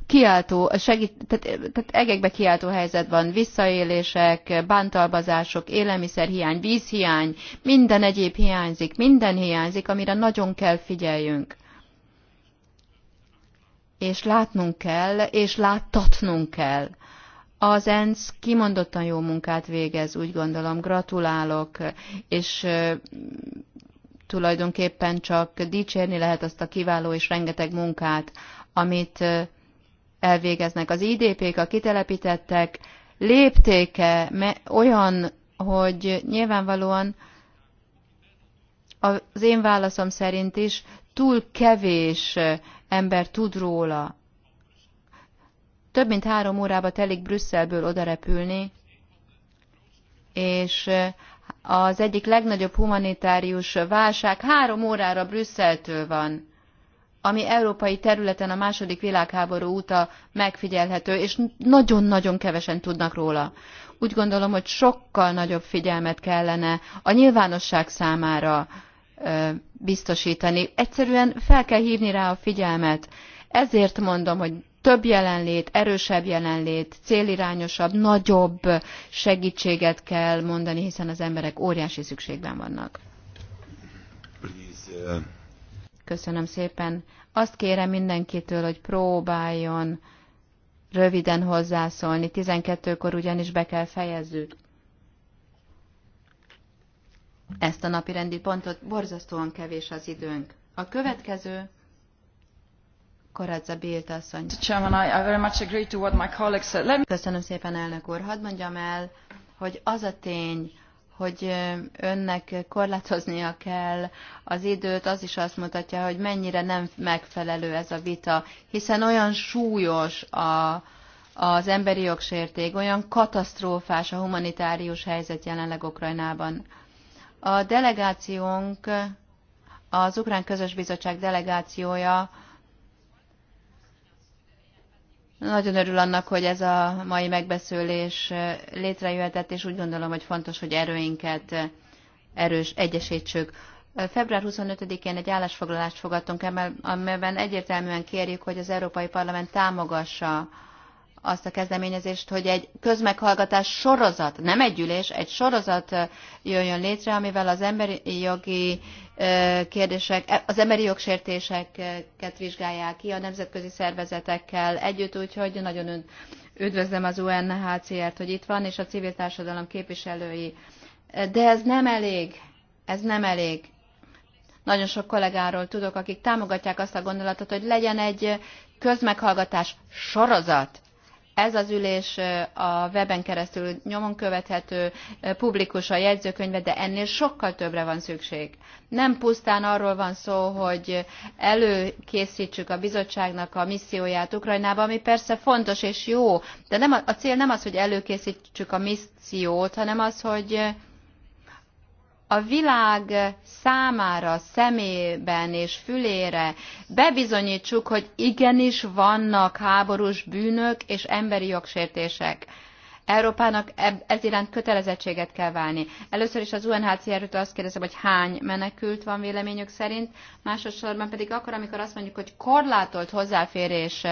B: kiáltó, segít, tehát, tehát egekbe kiáltó helyzet van, visszaélések, bántalmazások, élelmiszerhiány, vízhiány, minden egyéb hiányzik, minden hiányzik, amire nagyon kell figyeljünk és látnunk kell, és láttatnunk kell. Az ENSZ kimondottan jó munkát végez, úgy gondolom, gratulálok, és tulajdonképpen csak dicsérni lehet azt a kiváló és rengeteg munkát, amit elvégeznek. Az IDP-k, a kitelepítettek léptéke olyan, hogy nyilvánvalóan az én válaszom szerint is túl kevés ember tud róla. Több mint három órába telik Brüsszelből odarepülni, és az egyik legnagyobb humanitárius válság három órára Brüsszeltől van, ami európai területen a második világháború óta megfigyelhető, és nagyon-nagyon kevesen tudnak róla. Úgy gondolom, hogy sokkal nagyobb figyelmet kellene a nyilvánosság számára, biztosítani. Egyszerűen fel kell hívni rá a figyelmet. Ezért mondom, hogy több jelenlét, erősebb jelenlét, célirányosabb, nagyobb segítséget kell mondani, hiszen az emberek óriási szükségben vannak. Köszönöm szépen. Azt kérem mindenkitől, hogy próbáljon röviden hozzászólni. 12-kor ugyanis be kell fejezzük ezt a napi rendi pontot. Borzasztóan kevés az időnk. A következő Koradza Bélt asszony. Köszönöm szépen, elnök úr. Hadd mondjam el, hogy az a tény, hogy önnek korlátoznia kell az időt, az is azt mutatja, hogy mennyire nem megfelelő ez a vita, hiszen olyan súlyos a, az emberi jogsérték, olyan katasztrófás a humanitárius helyzet jelenleg Ukrajnában. A delegációnk, az Ukrán Közös Bizottság delegációja nagyon örül annak, hogy ez a mai megbeszélés létrejöhetett, és úgy gondolom, hogy fontos, hogy erőinket erős egyesítsük. Február 25-én egy állásfoglalást fogadtunk, amelyben egyértelműen kérjük, hogy az Európai Parlament támogassa azt a kezdeményezést, hogy egy közmeghallgatás sorozat, nem egy ülés, egy sorozat jöjjön létre, amivel az emberi jogi kérdések, e, az emberi jogsértéseket vizsgálják ki a nemzetközi szervezetekkel együtt, úgyhogy nagyon üdvözlöm az UNHCR-t, hogy itt van, és a civil társadalom képviselői. De ez nem elég, ez nem elég. Nagyon sok kollégáról tudok, akik támogatják azt a gondolatot, hogy legyen egy közmeghallgatás sorozat, ez az ülés a weben keresztül nyomon követhető, publikus a jegyzőkönyve, de ennél sokkal többre van szükség. Nem pusztán arról van szó, hogy előkészítsük a bizottságnak a misszióját Ukrajnába, ami persze fontos és jó, de nem, a cél nem az, hogy előkészítsük a missziót, hanem az, hogy a világ számára, szemében és fülére bebizonyítsuk, hogy igenis vannak háborús bűnök és emberi jogsértések Európának ez iránt kötelezettséget kell válni. Először is az UNHCR-től azt kérdezem, hogy hány menekült van véleményük szerint, másodszorban pedig akkor, amikor azt mondjuk, hogy korlátolt hozzáférés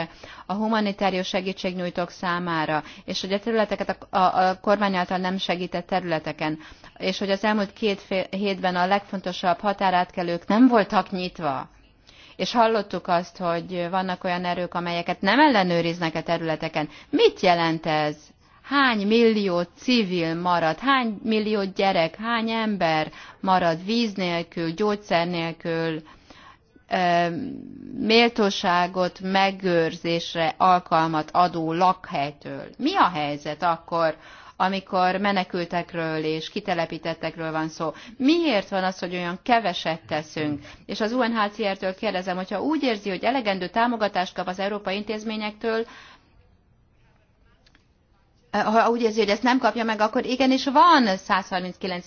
B: a humanitárius segítségnyújtók számára, és hogy a területeket a, a, a kormány által nem segített területeken, és hogy az elmúlt két fél, hétben a legfontosabb határátkelők nem voltak nyitva, és hallottuk azt, hogy vannak olyan erők, amelyeket nem ellenőriznek a területeken. Mit jelent ez? hány millió civil marad, hány millió gyerek, hány ember marad víz nélkül, gyógyszer nélkül, méltóságot megőrzésre alkalmat adó lakhelytől. Mi a helyzet akkor, amikor menekültekről és kitelepítettekről van szó. Miért van az, hogy olyan keveset teszünk? És az UNHCR-től kérdezem, hogyha úgy érzi, hogy elegendő támogatást kap az európai intézményektől, ha úgy érzi, hogy ezt nem kapja meg, akkor igenis van 139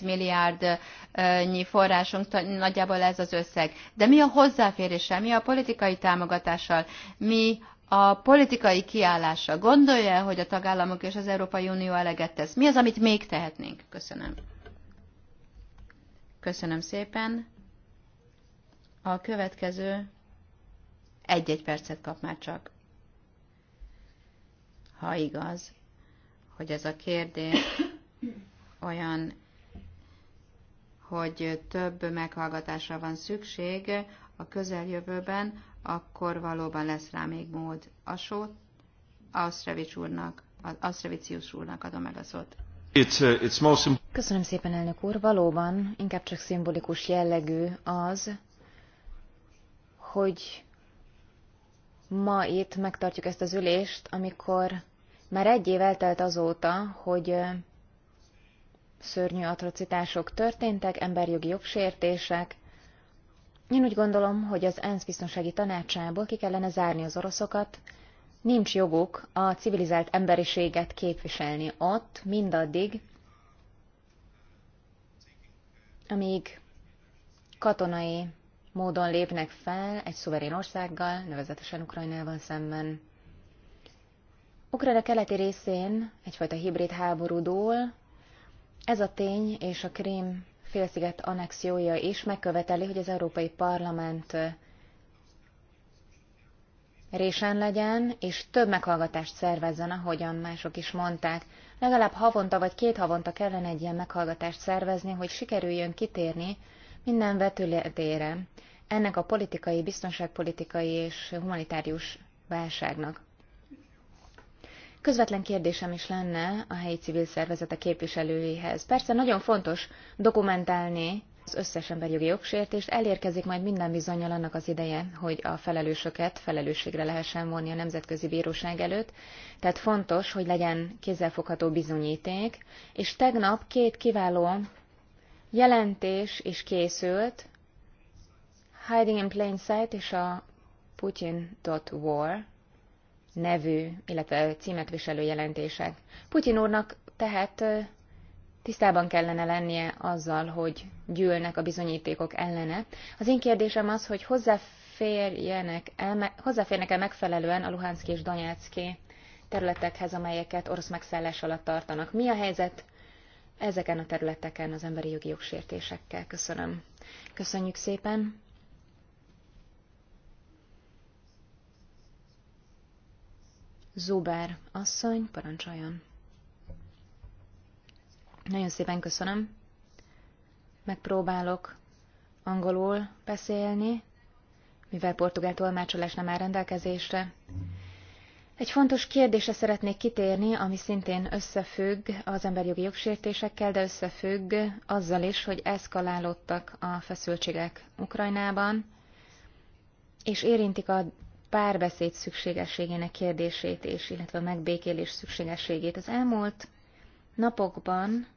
B: nyi forrásunk, nagyjából ez az összeg. De mi a hozzáféréssel, mi a politikai támogatással, mi a politikai kiállással? Gondolja, hogy a tagállamok és az Európai Unió eleget tesz? Mi az, amit még tehetnénk? Köszönöm. Köszönöm szépen. A következő egy-egy percet kap már csak. Ha igaz hogy ez a kérdés olyan, hogy több meghallgatásra van szükség a közeljövőben, akkor valóban lesz rá még mód. A sót Ausztrevics úrnak, Ausztrevicius úrnak adom meg a szót.
D: It's, uh, it's most...
C: Köszönöm szépen, elnök úr. Valóban inkább csak szimbolikus jellegű az, hogy ma itt megtartjuk ezt az ülést, amikor már egy év eltelt azóta, hogy szörnyű atrocitások történtek, emberjogi jogsértések. Én úgy gondolom, hogy az ENSZ biztonsági tanácsából ki kellene zárni az oroszokat, nincs joguk a civilizált emberiséget képviselni ott mindaddig, amíg katonai módon lépnek fel egy szuverén országgal, nevezetesen Ukrajnával szemben. Ukrajna keleti részén egyfajta hibrid háború dúl, ez a tény és a Krím félsziget annexiója is megköveteli, hogy az Európai Parlament résen legyen, és több meghallgatást szervezzen, ahogyan mások is mondták. Legalább havonta vagy két havonta kellene egy ilyen meghallgatást szervezni, hogy sikerüljön kitérni minden vetületére ennek a politikai, biztonságpolitikai és humanitárius válságnak. Közvetlen kérdésem is lenne a helyi civil szervezete képviselőihez. Persze nagyon fontos dokumentálni az összes emberjogi jogsértést, elérkezik majd minden bizonyal annak az ideje, hogy a felelősöket felelősségre lehessen vonni a Nemzetközi Bíróság előtt, tehát fontos, hogy legyen kézzelfogható bizonyíték, és tegnap két kiváló jelentés is készült, Hiding in Plain Sight és a Putin.war nevű, illetve címet viselő jelentések. Putyin úrnak tehát tisztában kellene lennie azzal, hogy gyűlnek a bizonyítékok ellene. Az én kérdésem az, hogy hozzáférjenek hozzáférnek-e megfelelően a Luhanszki és Donetszki területekhez, amelyeket orosz megszállás alatt tartanak. Mi a helyzet ezeken a területeken az emberi jogi jogsértésekkel? Köszönöm. Köszönjük szépen. Zuber asszony, parancsoljon. Nagyon szépen köszönöm. Megpróbálok angolul beszélni, mivel portugál tolmácsolás nem áll rendelkezésre. Egy fontos kérdésre szeretnék kitérni, ami szintén összefügg az emberjogi jogsértésekkel, de összefügg azzal is, hogy eszkalálódtak a feszültségek Ukrajnában, és érintik a párbeszéd szükségességének kérdését és, illetve a megbékélés szükségességét. Az elmúlt napokban,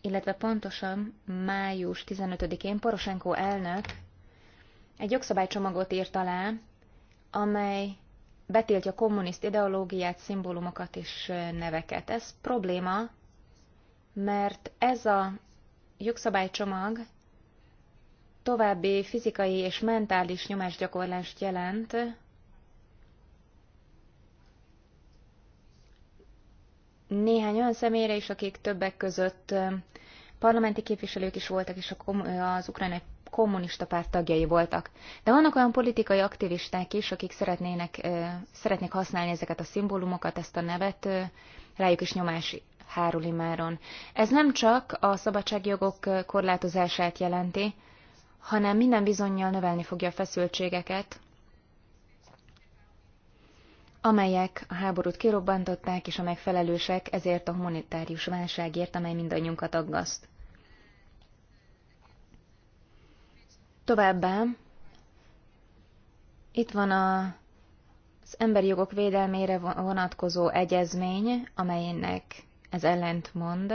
C: illetve pontosan május 15-én Poroshenko elnök egy jogszabálycsomagot írt alá, amely betiltja kommuniszt ideológiát, szimbólumokat és neveket. Ez probléma, mert ez a jogszabálycsomag további fizikai és mentális nyomásgyakorlást jelent néhány olyan személyre is, akik többek között parlamenti képviselők is voltak, és az ukrajnai kommunista párt tagjai voltak. De vannak olyan politikai aktivisták is, akik szeretnének, szeretnék használni ezeket a szimbólumokat, ezt a nevet, rájuk is nyomás hárul imáron. Ez nem csak a szabadságjogok korlátozását jelenti, hanem minden bizonyal növelni fogja a feszültségeket, amelyek a háborút kirobbantották, és amelyek felelősek ezért a humanitárius válságért, amely mindannyiunkat aggaszt. Továbbá itt van a, az emberi jogok védelmére vonatkozó egyezmény, amelynek ez ellentmond,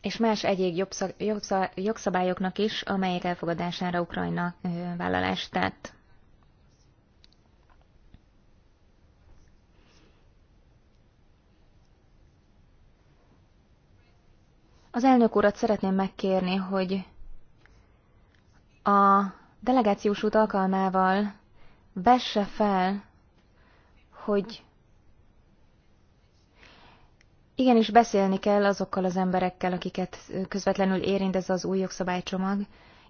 C: és más egyéb jogszabályoknak is, amelyek elfogadására Ukrajna vállalást tett. Az elnök urat szeretném megkérni, hogy a delegációs út alkalmával vesse fel, hogy igenis beszélni kell azokkal az emberekkel, akiket közvetlenül érint ez az új jogszabálycsomag,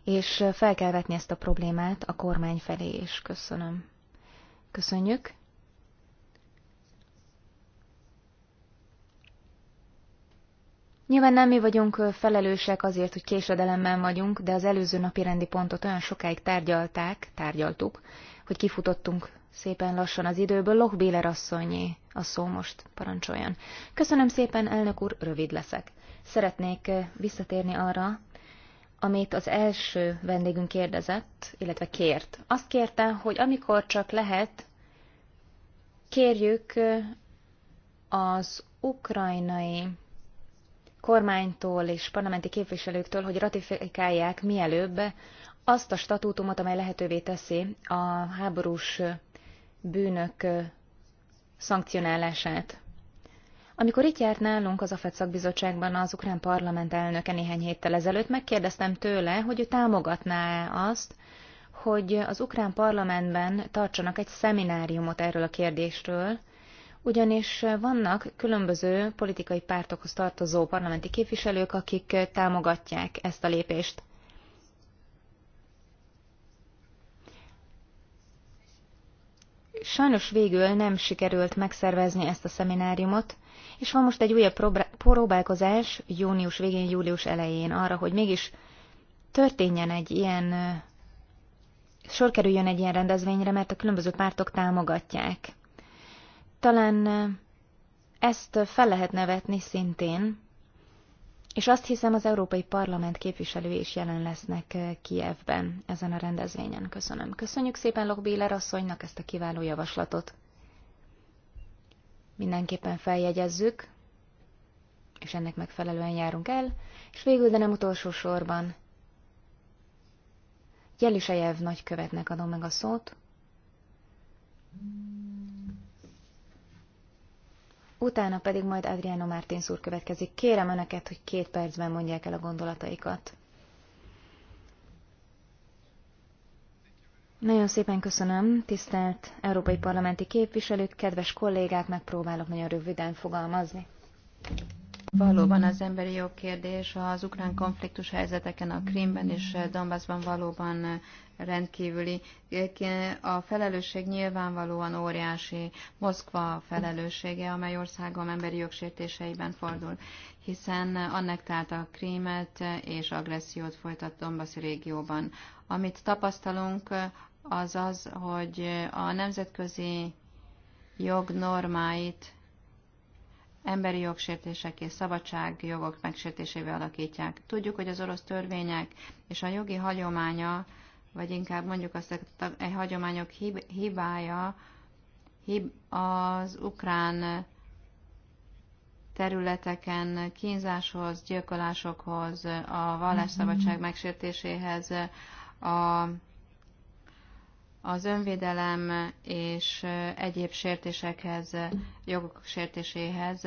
C: és fel kell vetni ezt a problémát a kormány felé is. Köszönöm. Köszönjük. Nyilván nem mi vagyunk felelősek azért, hogy késedelemben vagyunk, de az előző napi rendi pontot olyan sokáig tárgyalták, tárgyaltuk, hogy kifutottunk szépen lassan az időből. Loch Béler asszonyé a szó most, parancsoljon. Köszönöm szépen, elnök úr, rövid leszek. Szeretnék visszatérni arra, amit az első vendégünk kérdezett, illetve kért. Azt kérte, hogy amikor csak lehet, kérjük az ukrajnai kormánytól és parlamenti képviselőktől, hogy ratifikálják mielőbb azt a statútumot, amely lehetővé teszi a háborús bűnök szankcionálását. Amikor itt járt nálunk az AFET szakbizottságban az ukrán parlament elnöke néhány héttel ezelőtt, megkérdeztem tőle, hogy ő támogatná -e azt, hogy az ukrán parlamentben tartsanak egy szemináriumot erről a kérdésről, ugyanis vannak különböző politikai pártokhoz tartozó parlamenti képviselők, akik támogatják ezt a lépést. Sajnos végül nem sikerült megszervezni ezt a szemináriumot, és van most egy újabb próbálkozás június végén, július elején arra, hogy mégis történjen egy ilyen, sor kerüljön egy ilyen rendezvényre, mert a különböző pártok támogatják talán ezt fel lehet nevetni szintén, és azt hiszem az Európai Parlament képviselői is jelen lesznek Kijevben ezen a rendezvényen. Köszönöm. Köszönjük szépen Béler asszonynak ezt a kiváló javaslatot. Mindenképpen feljegyezzük, és ennek megfelelően járunk el, és végül, de nem utolsó sorban, Jelisejev nagykövetnek adom meg a szót, utána pedig majd Adriano Martins úr következik. Kérem önöket, hogy két percben mondják el a gondolataikat. Nagyon szépen köszönöm, tisztelt európai parlamenti képviselők, kedves kollégák, megpróbálok nagyon röviden
B: fogalmazni. Valóban az emberi jog kérdés az ukrán konfliktus helyzeteken, a Krimben és Donbassban valóban rendkívüli. A felelősség nyilvánvalóan óriási. Moszkva felelőssége, amely országom emberi jogsértéseiben fordul, hiszen annektált a krímet és agressziót folytat Dombaszi régióban. Amit tapasztalunk, az az, hogy a nemzetközi jog normáit emberi jogsértések és szabadságjogok megsértésével alakítják. Tudjuk, hogy az orosz törvények és a jogi hagyománya vagy inkább mondjuk azt, hogy a hagyományok hibája hib az ukrán területeken kínzáshoz, gyilkolásokhoz, a vallásszabadság mhm. megsértéséhez, a, az önvédelem és egyéb sértésekhez, jogok sértéséhez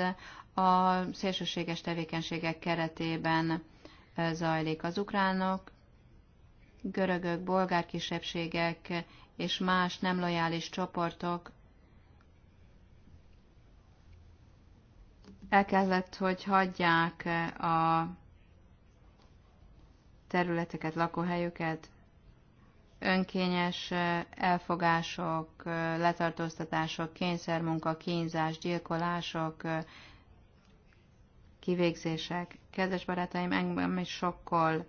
B: a szélsőséges tevékenységek keretében eh, zajlik. Az ukránok görögök, bolgár kisebbségek és más nem lojális csoportok el kellett, hogy hagyják a területeket, lakóhelyüket, önkényes elfogások, letartóztatások, kényszermunka, kínzás, gyilkolások, kivégzések. Kedves barátaim, engem is sokkal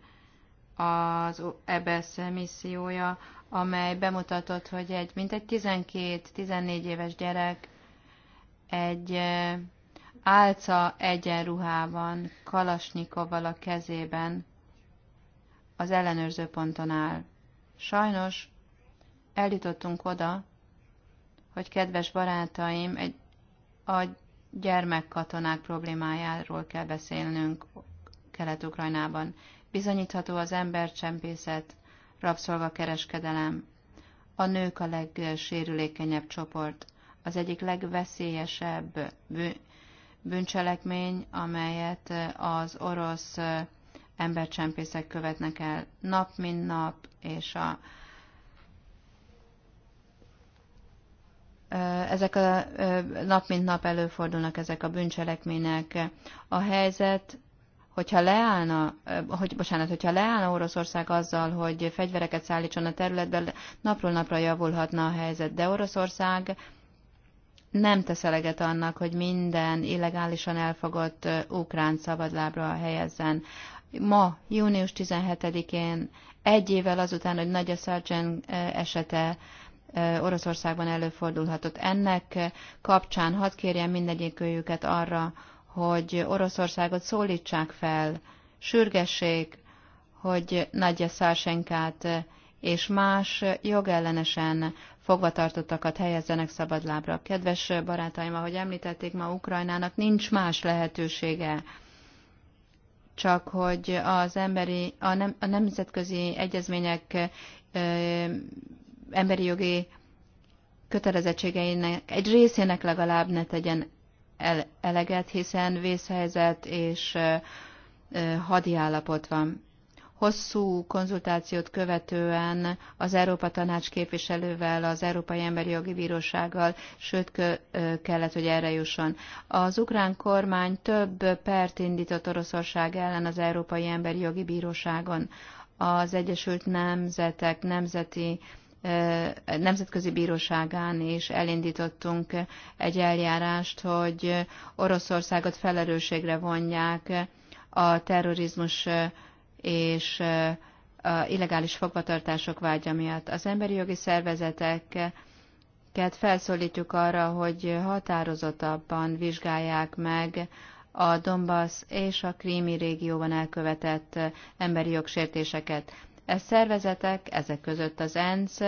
B: az EBS missziója, amely bemutatott, hogy egy mintegy 12-14 éves gyerek egy eh, álca egyenruhában, kalasnyikovval a kezében az ellenőrző ponton áll. Sajnos eljutottunk oda, hogy kedves barátaim, egy, a gyermekkatonák problémájáról kell beszélnünk Kelet-Ukrajnában. Bizonyítható az embercsempészet, rabszolgakereskedelem. A nők a legsérülékenyebb csoport. Az egyik legveszélyesebb bűncselekmény, amelyet az orosz embercsempészek követnek el nap mint nap, és a, ezek a nap mint nap előfordulnak ezek a bűncselekmények. A helyzet hogyha leállna, hogy, bocsánat, hogyha leállna Oroszország azzal, hogy fegyvereket szállítson a területbe, napról napra javulhatna a helyzet. De Oroszország nem tesz eleget annak, hogy minden illegálisan elfogott ukrán szabadlábra helyezzen. Ma, június 17-én, egy évvel azután, hogy Nagy Sargent esete Oroszországban előfordulhatott. Ennek kapcsán hadd kérjem mindegyikőjüket arra, hogy Oroszországot szólítsák fel, sürgessék, hogy Nagyja Szársenkát és más jogellenesen fogvatartottakat helyezzenek szabadlábra. Kedves barátaim, ahogy említették, ma Ukrajnának nincs más lehetősége, csak hogy az emberi, a, nem, a nemzetközi egyezmények ö, emberi jogi kötelezettségeinek egy részének legalább ne tegyen eleget, hiszen vészhelyzet és állapot van. Hosszú konzultációt követően az Európa Tanács képviselővel, az Európai Emberi Jogi Bírósággal, sőt kellett, hogy erre jusson. Az ukrán kormány több pert indított Oroszország ellen az Európai Emberi Jogi Bíróságon. Az Egyesült Nemzetek Nemzeti nemzetközi bíróságán is elindítottunk egy eljárást, hogy Oroszországot felelősségre vonják a terrorizmus és a illegális fogvatartások vágya miatt. Az emberi jogi szervezeteket felszólítjuk arra, hogy határozottabban vizsgálják meg a Donbass és a Krími régióban elkövetett emberi jogsértéseket e szervezetek, ezek között az ENSZ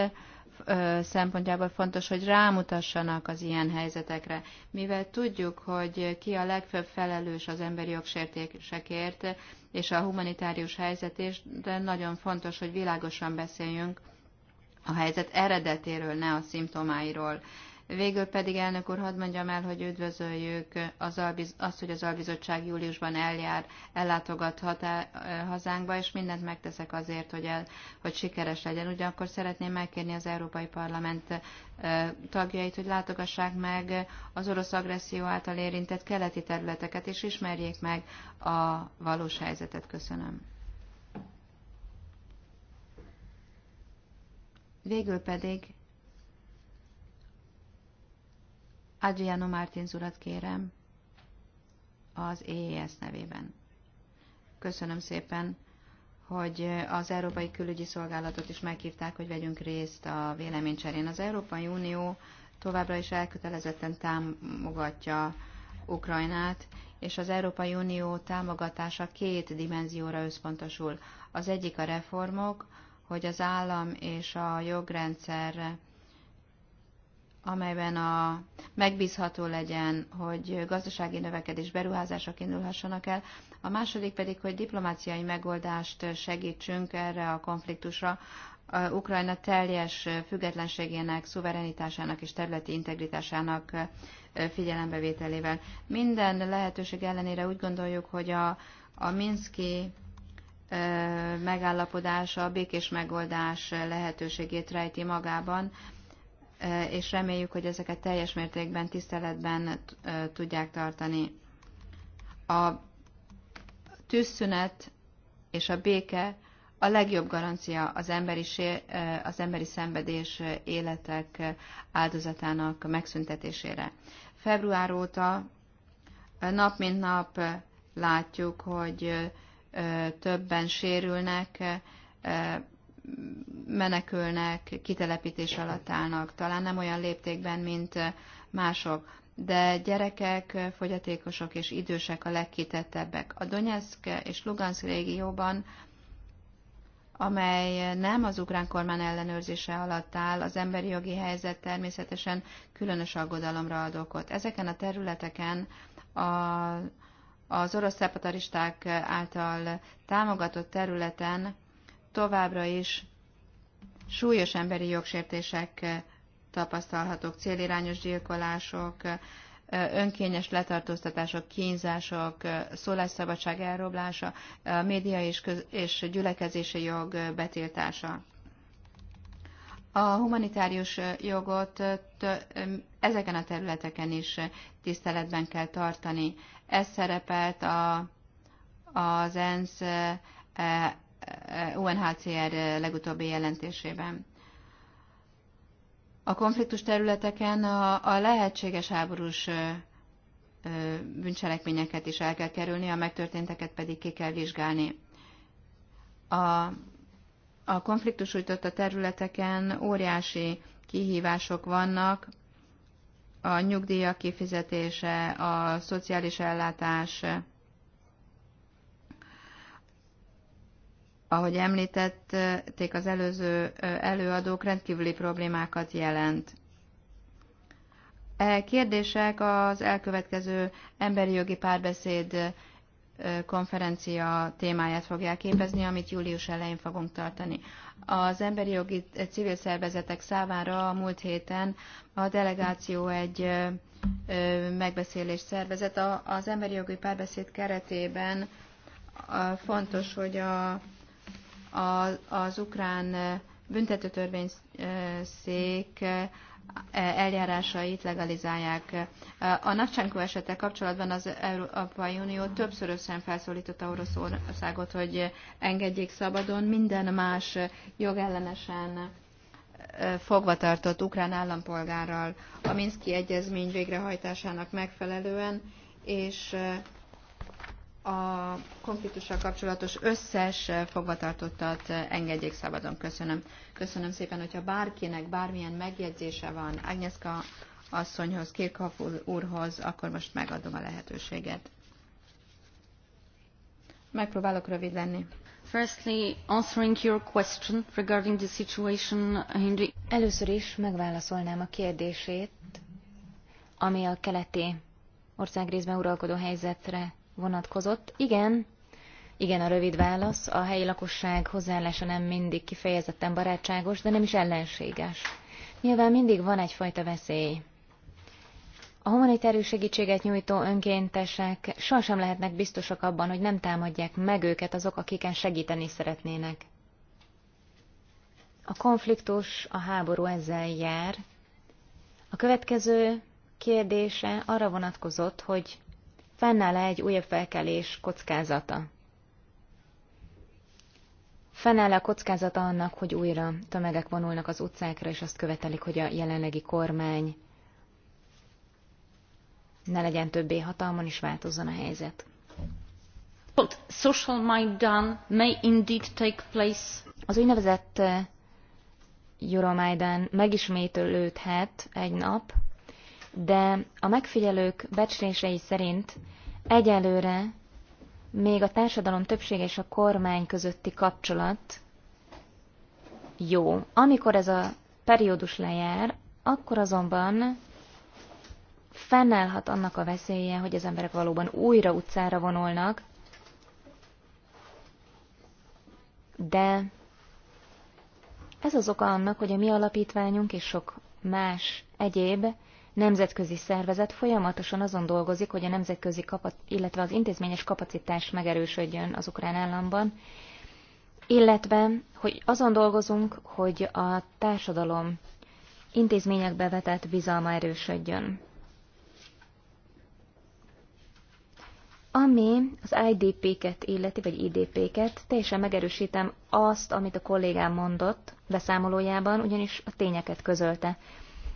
B: szempontjából fontos, hogy rámutassanak az ilyen helyzetekre, mivel tudjuk, hogy ki a legfőbb felelős az emberi jogsértésekért és a humanitárius helyzetért, de nagyon fontos, hogy világosan beszéljünk a helyzet eredetéről, ne a szimptomáiról. Végül pedig, elnök úr, hadd mondjam el, hogy üdvözöljük az, albiz, azt, hogy az albizottság júliusban eljár, ellátogat hazánkba, és mindent megteszek azért, hogy, el, hogy sikeres legyen. Ugyanakkor szeretném megkérni az Európai Parlament tagjait, hogy látogassák meg az orosz agresszió által érintett keleti területeket, és ismerjék meg a valós helyzetet. Köszönöm. Végül pedig Adriano Martins urat kérem az EES nevében. Köszönöm szépen, hogy az Európai Külügyi Szolgálatot is meghívták, hogy vegyünk részt a véleménycserén. Az Európai Unió továbbra is elkötelezetten támogatja Ukrajnát, és az Európai Unió támogatása két dimenzióra összpontosul. Az egyik a reformok, hogy az állam és a jogrendszer amelyben a megbízható legyen, hogy gazdasági növekedés beruházások indulhassanak el, a második pedig, hogy diplomáciai megoldást segítsünk erre a konfliktusra, a Ukrajna teljes függetlenségének, szuverenitásának és területi integritásának figyelembevételével. Minden lehetőség ellenére úgy gondoljuk, hogy a, a Minszki megállapodása a békés megoldás lehetőségét rejti magában, és reméljük, hogy ezeket teljes mértékben tiszteletben tudják tartani. A tűzszünet és a béke a legjobb garancia az emberi, az emberi szenvedés életek áldozatának megszüntetésére. Február óta nap mint nap látjuk, hogy többen sérülnek, menekülnek, kitelepítés alatt állnak, talán nem olyan léptékben, mint mások, de gyerekek, fogyatékosok és idősek a legkitettebbek. A Donetsk és Lugansk régióban, amely nem az ukrán kormány ellenőrzése alatt áll, az emberi jogi helyzet természetesen különös aggodalomra ad okot. Ezeken a területeken a, az orosz szepataristák által támogatott területen továbbra is súlyos emberi jogsértések eh, tapasztalhatók, célirányos gyilkolások, eh, önkényes letartóztatások, kínzások, eh, szólásszabadság elroblása, média és, köz- és gyülekezési jog betiltása. A humanitárius jogot ezeken a területeken is tiszteletben kell tartani. Ez szerepelt a, az ENSZ UNHCR eh, legutóbbi jelentésében. A konfliktus területeken a, a lehetséges háborús eh, eh, bűncselekményeket is el kell kerülni, a megtörténteket pedig ki kell vizsgálni. A, a konfliktus a területeken óriási kihívások vannak, a nyugdíjak kifizetése, a szociális ellátás, ahogy említették az előző előadók, rendkívüli problémákat jelent. E kérdések az elkövetkező emberi jogi párbeszéd konferencia témáját fogják képezni, amit július elején fogunk tartani. Az emberi jogi civil szervezetek számára a múlt héten a delegáció egy megbeszélést szervezett. Az emberi jogi párbeszéd keretében fontos, hogy a az, ukrán büntetőtörvényszék e, eljárásait legalizálják. A Navcsánkó esete kapcsolatban az Európai Unió többszörösen felszólította Oroszországot, hogy engedjék szabadon minden más jogellenesen fogvatartott ukrán állampolgárral a Minszki Egyezmény végrehajtásának megfelelően, és a konfliktussal kapcsolatos összes fogvatartottat engedjék szabadon. Köszönöm. Köszönöm szépen, hogyha bárkinek bármilyen megjegyzése van Agnieszka asszonyhoz, Kirkhoff úrhoz, akkor most megadom a lehetőséget. Megpróbálok rövid lenni. Firstly, answering your question regarding the situation in the... Először is
C: megválaszolnám a kérdését, ami a keleti országrészben uralkodó helyzetre vonatkozott. Igen, igen a rövid válasz. A helyi lakosság hozzáállása nem mindig kifejezetten barátságos, de nem is ellenséges. Nyilván mindig van egyfajta veszély. A humanitárius segítséget nyújtó önkéntesek sohasem lehetnek biztosak abban, hogy nem támadják meg őket azok, akiken segíteni szeretnének. A konfliktus, a háború ezzel jár. A következő kérdése arra vonatkozott, hogy fennáll-e egy újabb felkelés kockázata? Fennáll a kockázata annak, hogy újra tömegek vonulnak az utcákra, és azt követelik, hogy a jelenlegi kormány ne legyen többé hatalmon, és változzon a helyzet. Social Maidan may indeed take place. Az úgynevezett eh, Euromaidan megismétlődhet egy nap, de a megfigyelők becslései szerint egyelőre még a társadalom többsége és a kormány közötti kapcsolat jó. Amikor ez a periódus lejár, akkor azonban fennállhat annak a veszélye, hogy az emberek valóban újra utcára vonulnak, de ez az oka annak, hogy a mi alapítványunk és sok más egyéb nemzetközi szervezet folyamatosan azon dolgozik, hogy a nemzetközi, kapac- illetve az intézményes kapacitás megerősödjön az ukrán államban, illetve, hogy azon dolgozunk, hogy a társadalom intézményekbe vetett bizalma erősödjön. Ami az IDP-ket illeti, vagy IDP-ket, teljesen megerősítem azt, amit a kollégám mondott beszámolójában, ugyanis a tényeket közölte.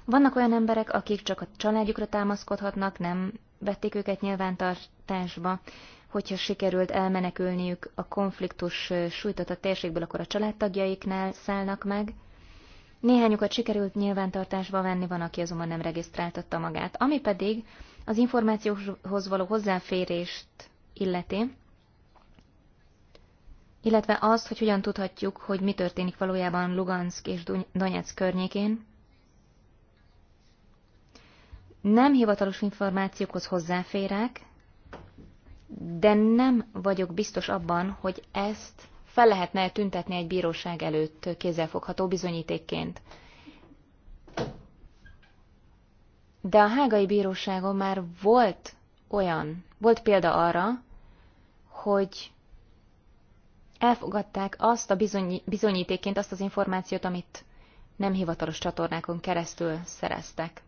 C: Vannak olyan emberek, akik csak a családjukra támaszkodhatnak, nem vették őket nyilvántartásba, hogyha sikerült elmenekülniük a konfliktus sújtott a térségből, akkor a családtagjaiknál szállnak meg. Néhányukat sikerült nyilvántartásba venni, van, aki azonban nem regisztráltatta magát. Ami pedig az információhoz való hozzáférést illeti, illetve azt, hogy hogyan tudhatjuk, hogy mi történik valójában Lugansk és Donetsk környékén, nem hivatalos információkhoz hozzáférek, de nem vagyok biztos abban, hogy ezt fel lehetne tüntetni egy bíróság előtt kézzelfogható bizonyítékként. De a hágai bíróságon már volt olyan, volt példa arra, hogy elfogadták azt a bizony, bizonyítékként azt az információt, amit nem hivatalos csatornákon keresztül szereztek.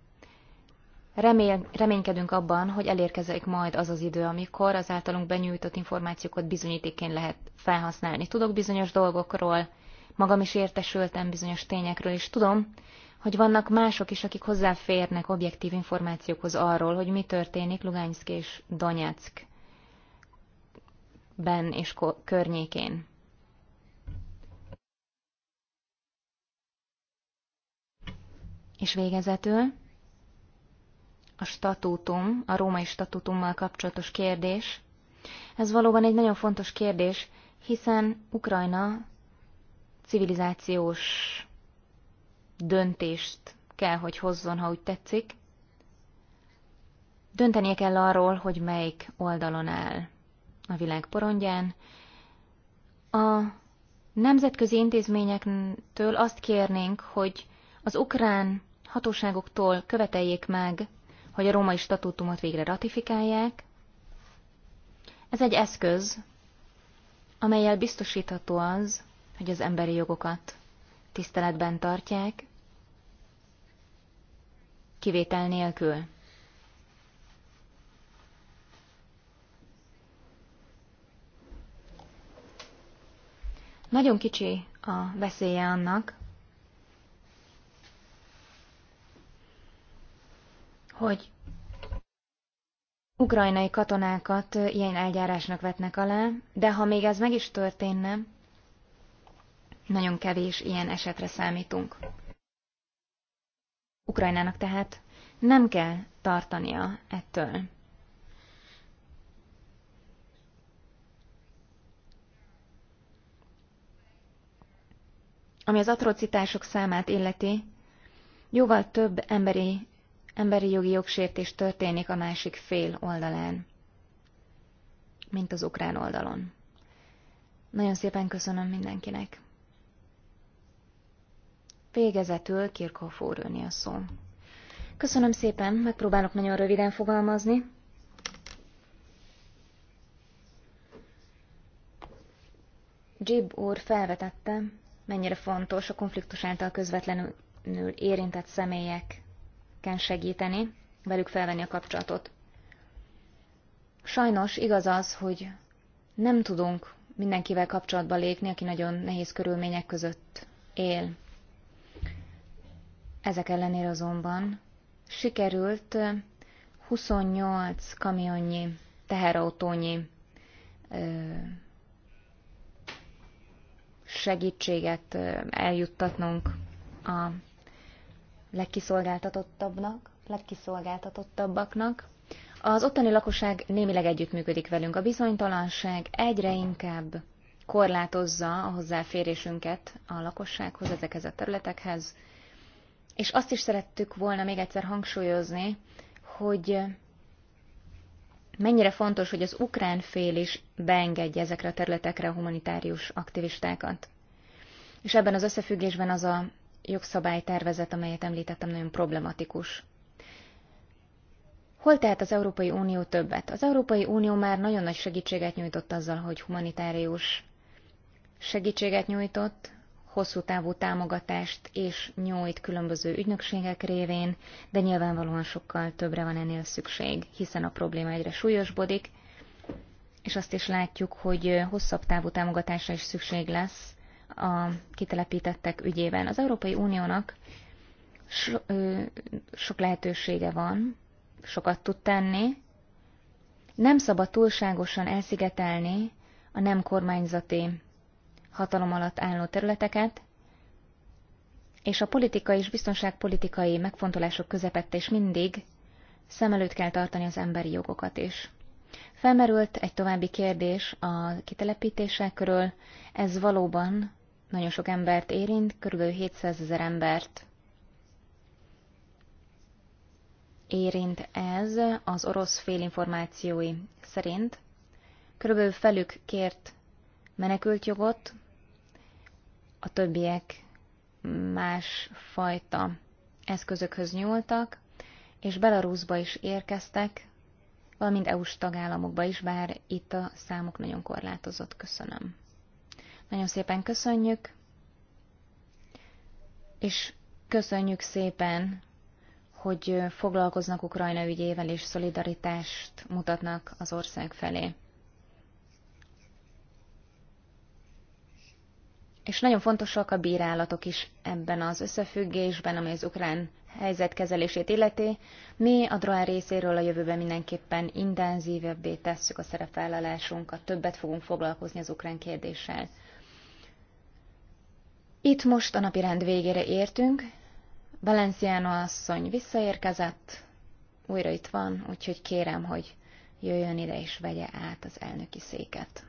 C: Remél, reménykedünk abban, hogy elérkezik majd az az idő, amikor az általunk benyújtott információkat bizonyítékként lehet felhasználni. Tudok bizonyos dolgokról, magam is értesültem bizonyos tényekről, és tudom, hogy vannak mások is, akik hozzáférnek objektív információkhoz arról, hogy mi történik Lugansk és Donetsk ben és környékén. És végezetül a statútum, a római statútummal kapcsolatos kérdés. Ez valóban egy nagyon fontos kérdés, hiszen Ukrajna civilizációs döntést kell, hogy hozzon, ha úgy tetszik. Döntenie kell arról, hogy melyik oldalon áll a világ porondján. A nemzetközi intézményektől azt kérnénk, hogy az ukrán hatóságoktól követeljék meg hogy a római statútumot végre ratifikálják. Ez egy eszköz, amelyel biztosítható az, hogy az emberi jogokat tiszteletben tartják, kivétel nélkül. Nagyon kicsi a veszélye annak, hogy ukrajnai katonákat ilyen eljárásnak vetnek alá, de ha még ez meg is történne, nagyon kevés ilyen esetre számítunk. Ukrajnának tehát nem kell tartania ettől. Ami az atrocitások számát illeti, jóval több emberi emberi jogi jogsértés történik a másik fél oldalán, mint az ukrán oldalon. Nagyon szépen köszönöm mindenkinek. Végezetül Kirchhoff úr a szó. Köszönöm szépen, megpróbálok nagyon röviden fogalmazni. Jib úr felvetette, mennyire fontos a konfliktus által közvetlenül érintett személyek kell segíteni, velük felvenni a kapcsolatot. Sajnos igaz az, hogy nem tudunk mindenkivel kapcsolatba lépni, aki nagyon nehéz körülmények között él. Ezek ellenére azonban sikerült 28 kamionnyi, teherautónyi segítséget eljuttatnunk a legkiszolgáltatottabbnak, legkiszolgáltatottabbaknak. Az ottani lakosság némileg együttműködik velünk. A bizonytalanság egyre inkább korlátozza a hozzáférésünket a lakossághoz, ezekhez a területekhez. És azt is szerettük volna még egyszer hangsúlyozni, hogy mennyire fontos, hogy az ukrán fél is beengedje ezekre a területekre a humanitárius aktivistákat. És ebben az összefüggésben az a jogszabálytervezet, amelyet említettem, nagyon problematikus. Hol tehet az Európai Unió többet? Az Európai Unió már nagyon nagy segítséget nyújtott azzal, hogy humanitárius segítséget nyújtott, hosszú távú támogatást és nyújt különböző ügynökségek révén, de nyilvánvalóan sokkal többre van ennél szükség, hiszen a probléma egyre súlyosbodik, és azt is látjuk, hogy hosszabb távú támogatásra is szükség lesz a kitelepítettek ügyében. Az Európai Uniónak so, ö, sok lehetősége van, sokat tud tenni. Nem szabad túlságosan elszigetelni a nem kormányzati hatalom alatt álló területeket, és a politikai és biztonságpolitikai megfontolások közepette is mindig szem előtt kell tartani az emberi jogokat is. Felmerült egy további kérdés a kitelepítésekről. Ez valóban nagyon sok embert érint, körülbelül 700 ezer embert érint ez az orosz félinformációi szerint. Körülbelül felük kért menekült jogot, a többiek másfajta eszközökhöz nyúltak, és Belarusba is érkeztek, valamint EU-s tagállamokba is, bár itt a számok nagyon korlátozott. Köszönöm. Nagyon szépen köszönjük, és köszönjük szépen, hogy foglalkoznak Ukrajna ügyével és szolidaritást mutatnak az ország felé. és nagyon fontosak a bírálatok is ebben az összefüggésben, ami az ukrán helyzet kezelését illeti. Mi a Droán részéről a jövőben mindenképpen intenzívebbé tesszük a szerepvállalásunkat, többet fogunk foglalkozni az ukrán kérdéssel. Itt most a napi rend végére értünk. Valenciano asszony visszaérkezett, újra itt van, úgyhogy kérem, hogy jöjjön ide és vegye át az elnöki széket.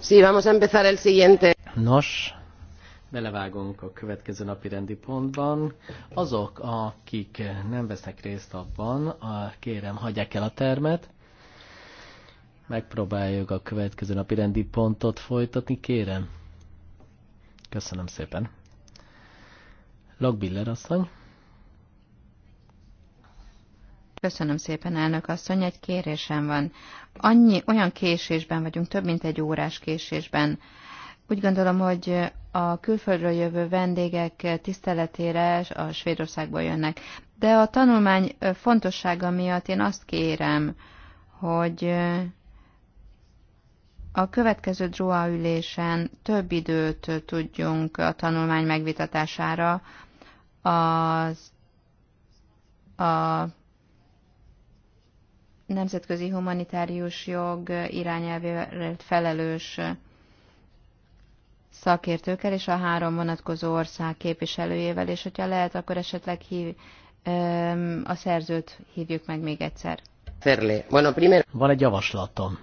E: Sí, vamos a empezar el siguiente. Nos,
A: belevágunk a következő napi rendi pontban. Azok, akik nem vesznek részt abban, kérem, hagyják el a termet. Megpróbáljuk a következő napi rendi pontot folytatni, kérem. Köszönöm szépen. Logbiller asszony.
B: Köszönöm szépen, elnök asszony, egy kérésem van. Annyi, olyan késésben vagyunk, több mint egy órás késésben. Úgy gondolom, hogy a külföldről jövő vendégek tiszteletére a Svédországból jönnek. De a tanulmány fontossága miatt én azt kérem, hogy a következő DROA ülésen több időt tudjunk a tanulmány megvitatására az a nemzetközi humanitárius jog irányelvéért felelős szakértőkkel és a három vonatkozó ország képviselőjével, és hogyha lehet, akkor esetleg hív, a szerzőt hívjuk meg még egyszer.
E: Van egy javaslatom.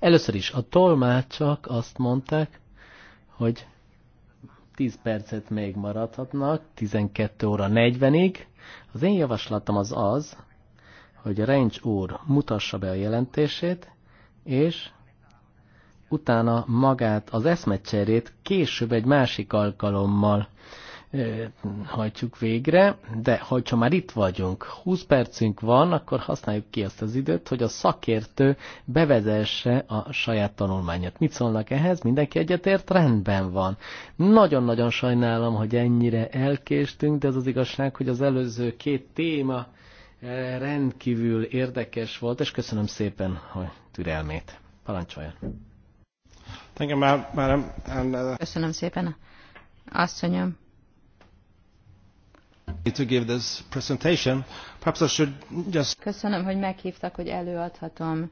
A: Először is a tolmácsok azt mondták, hogy 10 percet még maradhatnak, 12 óra 40-ig. Az én javaslatom az az, hogy Rencs úr mutassa be a jelentését, és utána magát az eszmecserét később egy másik alkalommal ö, hajtjuk végre, de hogyha már itt vagyunk, 20 percünk van, akkor használjuk ki azt az időt, hogy a szakértő bevezesse a saját tanulmányát. Mit szólnak ehhez? Mindenki egyetért? Rendben van. Nagyon-nagyon sajnálom, hogy ennyire elkéstünk, de az az igazság, hogy az előző két téma rendkívül érdekes volt, és köszönöm szépen a türelmét. Parancsoljon! Uh, köszönöm szépen,
B: asszonyom!
D: To give this presentation. Perhaps I should just...
B: Köszönöm, hogy meghívtak, hogy előadhatom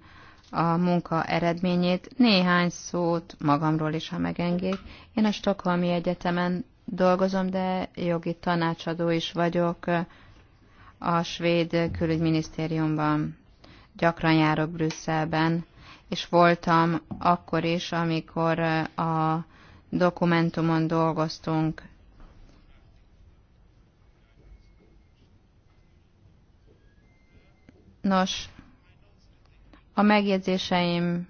B: a munka eredményét. Néhány szót magamról is, ha megengedik. Én a Stockholmi Egyetemen dolgozom, de jogi tanácsadó is vagyok a svéd külügyminisztériumban. Gyakran járok Brüsszelben, és voltam akkor is, amikor eh, a dokumentumon dolgoztunk. Nos, a megjegyzéseimet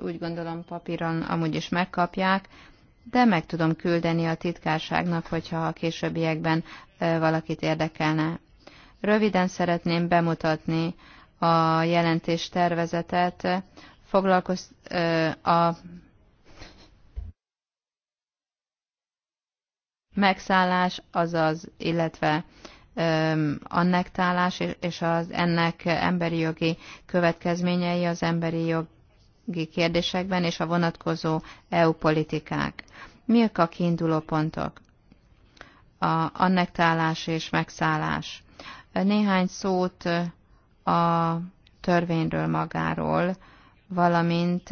B: úgy gondolom papíron amúgy is megkapják, de meg tudom küldeni a titkárságnak, hogyha a későbbiekben eh, valakit érdekelne. Röviden szeretném bemutatni a jelentés tervezetet. Foglalkoz, a megszállás, azaz, illetve annektálás és az ennek emberi jogi következményei az emberi jogi kérdésekben és a vonatkozó EU politikák. Mik a kiinduló pontok? A annektálás és megszállás. Néhány szót a törvényről magáról, valamint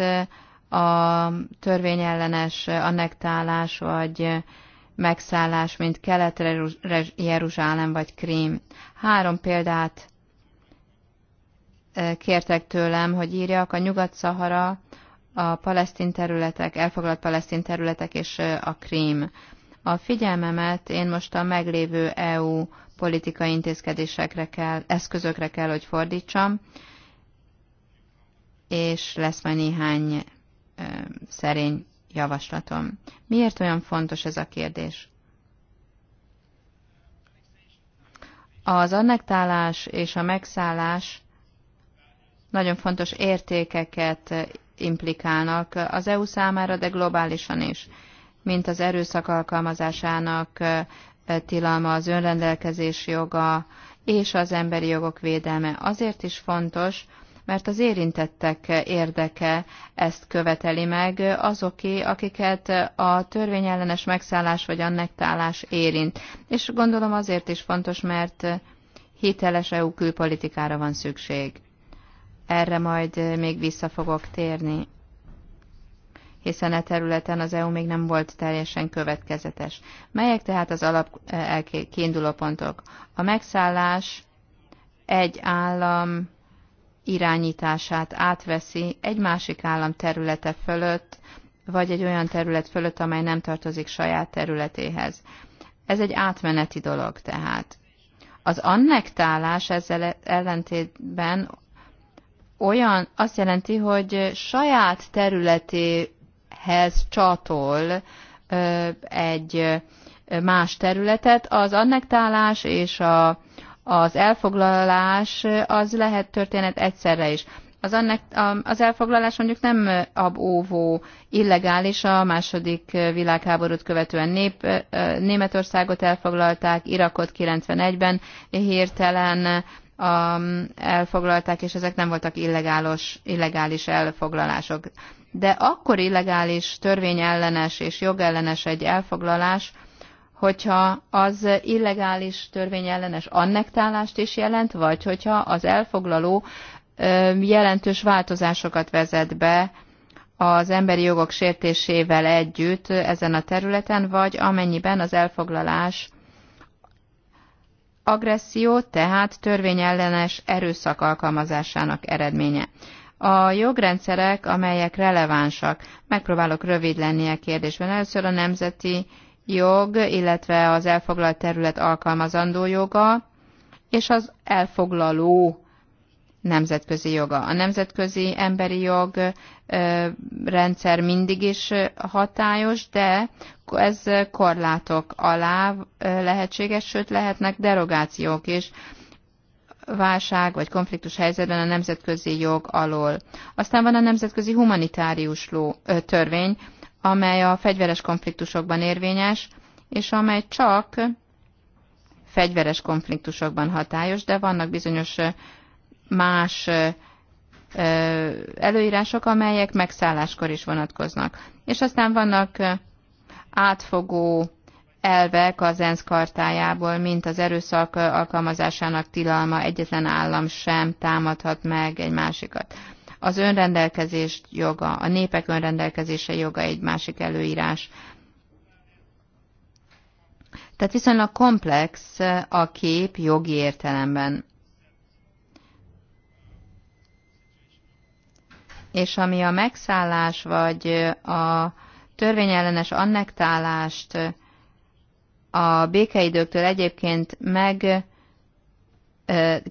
B: a törvényellenes annektálás vagy megszállás, mint Kelet-Jeruzsálem vagy Krím. Három példát kértek tőlem, hogy írjak a Nyugat-Szahara, a palesztin területek, elfoglalt palesztin területek és a Krím. A figyelmemet én most a meglévő EU politikai intézkedésekre kell, eszközökre kell, hogy fordítsam, és lesz majd néhány szerény javaslatom. Miért olyan fontos ez a kérdés? Az annektálás és a megszállás nagyon fontos értékeket implikálnak az EU számára, de globálisan is, mint az erőszak alkalmazásának tilalma, az önrendelkezés joga és az emberi jogok védelme azért is fontos, mert az érintettek érdeke ezt követeli meg, azoké, akiket a törvényellenes megszállás vagy annektálás érint. És gondolom azért is fontos, mert hiteles EU külpolitikára van szükség. Erre majd még vissza fogok térni hiszen e területen az EU még nem volt teljesen következetes. Melyek tehát az alap e, kiindulópontok? pontok? A megszállás egy állam irányítását átveszi egy másik állam területe fölött, vagy egy olyan terület fölött, amely nem tartozik saját területéhez. Ez egy átmeneti dolog tehát. Az annektálás ezzel ellentétben olyan, azt jelenti, hogy saját területé területhez csatol egy más területet, az annektálás és a, az elfoglalás az lehet történet egyszerre is. Az, annek, az elfoglalás mondjuk nem abóvó illegális, a második világháborút követően nép, Németországot elfoglalták, Irakot 91-ben hirtelen elfoglalták, és ezek nem voltak illegálos, illegális elfoglalások de akkor illegális, törvényellenes és jogellenes egy elfoglalás, hogyha az illegális, törvényellenes annektálást is jelent, vagy hogyha az elfoglaló jelentős változásokat vezet be az emberi jogok sértésével együtt ezen a területen, vagy amennyiben az elfoglalás agresszió, tehát törvényellenes erőszak alkalmazásának eredménye a jogrendszerek, amelyek relevánsak. Megpróbálok rövid lenni a kérdésben. Először a nemzeti jog, illetve az elfoglalt terület alkalmazandó joga, és az elfoglaló nemzetközi joga. A nemzetközi emberi jog rendszer mindig is hatályos, de ez korlátok alá lehetséges, sőt lehetnek derogációk is válság vagy konfliktus helyzetben a nemzetközi jog alól. Aztán van a nemzetközi humanitárius ló, ö, törvény, amely a fegyveres konfliktusokban érvényes, és amely csak fegyveres konfliktusokban hatályos, de vannak bizonyos más előírások, amelyek megszálláskor is vonatkoznak. És aztán vannak átfogó elvek az ENSZ kartájából, mint az erőszak alkalmazásának tilalma, egyetlen állam sem támadhat meg egy másikat. Az önrendelkezés joga, a népek önrendelkezése joga egy másik előírás. Tehát viszonylag komplex a kép jogi értelemben. És ami a megszállás vagy a törvényellenes annektálást a békeidőktől egyébként meg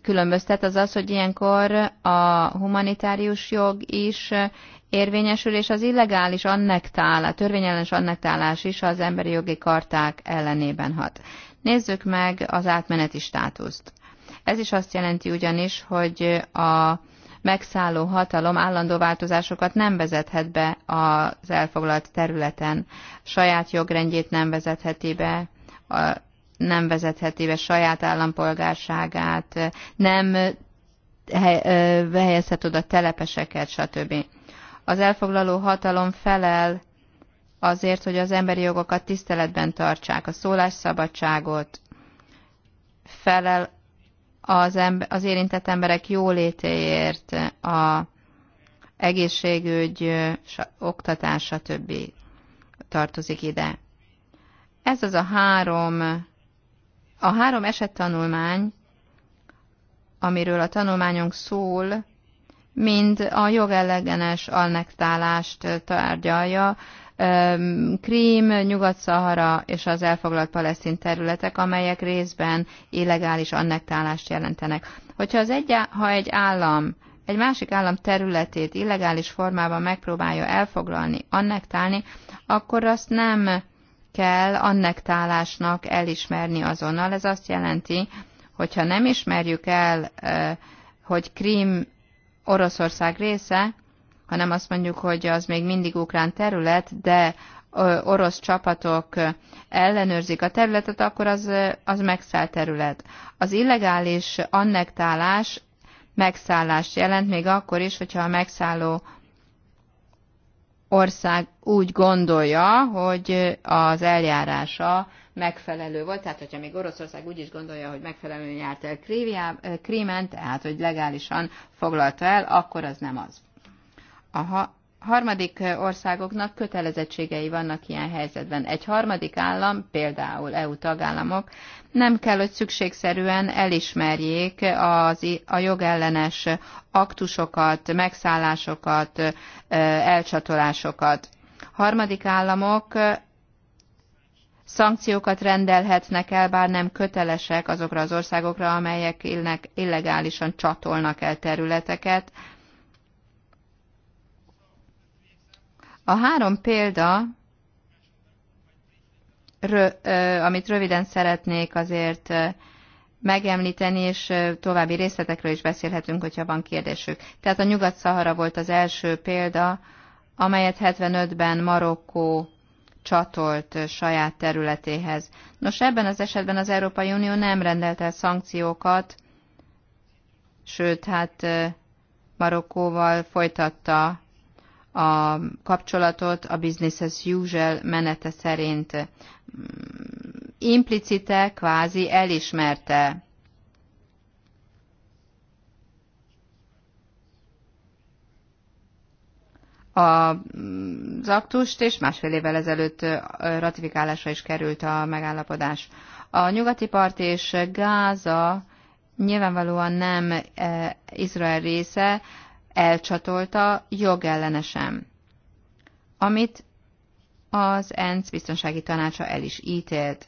B: különböztet, az az, hogy ilyenkor a humanitárius jog is érvényesül, és az illegális annektálás, törvényellenes annektálás is az emberi jogi karták ellenében hat. Nézzük meg az átmeneti státuszt. Ez is azt jelenti ugyanis, hogy a megszálló hatalom állandó változásokat nem vezethet be az elfoglalt területen, saját jogrendjét nem vezetheti be, nem vezetheti be saját állampolgárságát, nem helyezhet oda telepeseket, stb. Az elfoglaló hatalom felel azért, hogy az emberi jogokat tiszteletben tartsák, a szólásszabadságot, felel az, ember, az érintett emberek jólétéért, a egészségügy, oktatás, stb. tartozik ide. Ez az a három, a három esettanulmány, amiről a tanulmányunk szól, mind a jogellegenes annektálást tárgyalja, Krím, Nyugat-Szahara és az elfoglalt palesztin területek, amelyek részben illegális annektálást jelentenek. Hogyha az egy, ha egy állam egy másik állam területét illegális formában megpróbálja elfoglalni, annektálni, akkor azt nem kell annektálásnak elismerni azonnal. Ez azt jelenti, hogyha nem ismerjük el, hogy Krím Oroszország része, hanem azt mondjuk, hogy az még mindig ukrán terület, de orosz csapatok ellenőrzik a területet, akkor az, az megszáll terület. Az illegális annektálás megszállást jelent, még akkor is, hogyha a megszálló ország úgy gondolja, hogy az eljárása megfelelő volt, tehát hogyha még Oroszország úgy is gondolja, hogy megfelelően járt el eh, Krímen, tehát hogy legálisan foglalta el, akkor az nem az. Aha, harmadik országoknak kötelezettségei vannak ilyen helyzetben. Egy harmadik állam, például EU tagállamok, nem kell, hogy szükségszerűen elismerjék az, a jogellenes aktusokat, megszállásokat, elcsatolásokat. Harmadik államok szankciókat rendelhetnek el, bár nem kötelesek azokra az országokra, amelyek illegálisan csatolnak el területeket, A három példa, rö, amit röviden szeretnék azért megemlíteni, és további részletekről is beszélhetünk, hogyha van kérdésük. Tehát a Nyugat-Szahara volt az első példa, amelyet 75-ben Marokkó csatolt saját területéhez. Nos, ebben az esetben az Európai Unió nem rendelt el szankciókat, sőt, hát Marokkóval folytatta a kapcsolatot a business as usual menete szerint mm, implicite, kvázi elismerte az aktust, és másfél évvel ezelőtt ratifikálásra is került a megállapodás. A nyugati part és Gáza nyilvánvalóan nem Izrael része, elcsatolta jogellenesen, amit az ENSZ biztonsági tanácsa el is ítélt.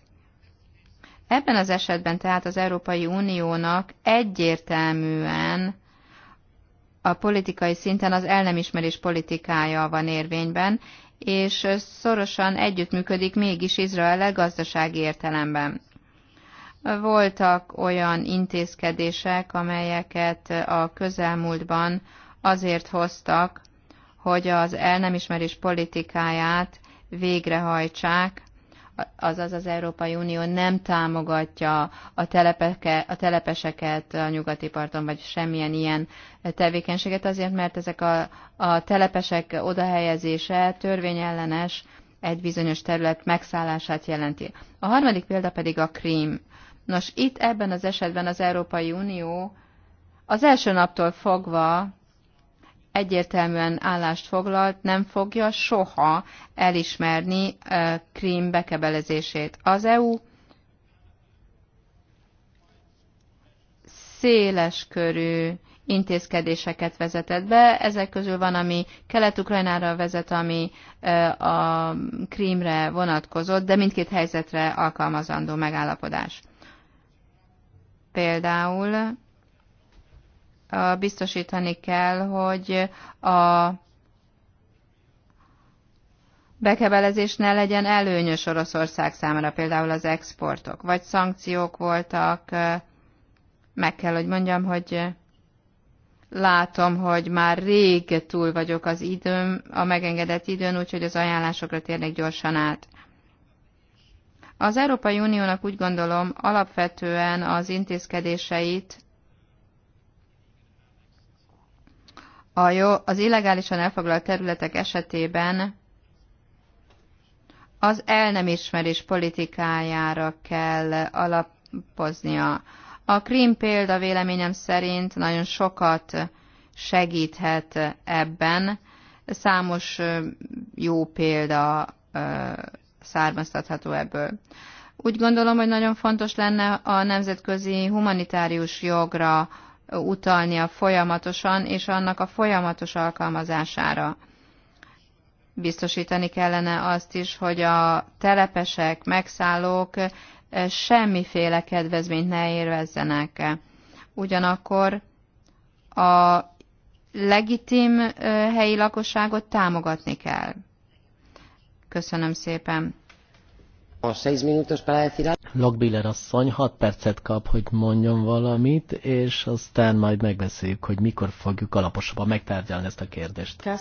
B: Ebben az esetben tehát az Európai Uniónak egyértelműen a politikai szinten az el nem ismerés politikája van érvényben, és szorosan együttműködik mégis Izrael gazdasági értelemben. Voltak olyan intézkedések, amelyeket a közelmúltban azért hoztak, hogy az el nem ismerés politikáját végrehajtsák, azaz az Európai Unió nem támogatja a, telepeke, a telepeseket a nyugati parton, vagy semmilyen ilyen tevékenységet, azért mert ezek a, a telepesek odahelyezése törvényellenes egy bizonyos terület megszállását jelenti. A harmadik példa pedig a krím. Nos, itt ebben az esetben az Európai Unió az első naptól fogva egyértelműen állást foglalt, nem fogja soha elismerni Krím bekebelezését. Az EU széleskörű intézkedéseket vezetett be. Ezek közül van, ami Kelet-Ukrajnára vezet, ami a Krímre vonatkozott, de mindkét helyzetre alkalmazandó megállapodás. Például biztosítani kell, hogy a bekebelezés ne legyen előnyös Oroszország számára, például az exportok, vagy szankciók voltak, meg kell, hogy mondjam, hogy látom, hogy már rég túl vagyok az időm, a megengedett időn, úgyhogy az ajánlásokra térnek gyorsan át. Az Európai Uniónak úgy gondolom alapvetően az intézkedéseit A jó, az illegálisan elfoglalt területek esetében az el nem ismerés politikájára kell alapoznia. A Krím példa véleményem szerint nagyon sokat segíthet ebben. Számos jó példa származtatható ebből. Úgy gondolom, hogy nagyon fontos lenne a nemzetközi humanitárius jogra utalnia folyamatosan, és annak a folyamatos alkalmazására. Biztosítani kellene azt is, hogy a telepesek, megszállók eh, semmiféle kedvezményt ne érvezzenek. Ugyanakkor a legitim eh, helyi lakosságot támogatni kell. Köszönöm szépen
A: a Logbiller asszony 6 percet kap, hogy mondjon valamit, és aztán majd megbeszéljük, hogy mikor fogjuk alaposabban megtárgyalni ezt a kérdést.
E: E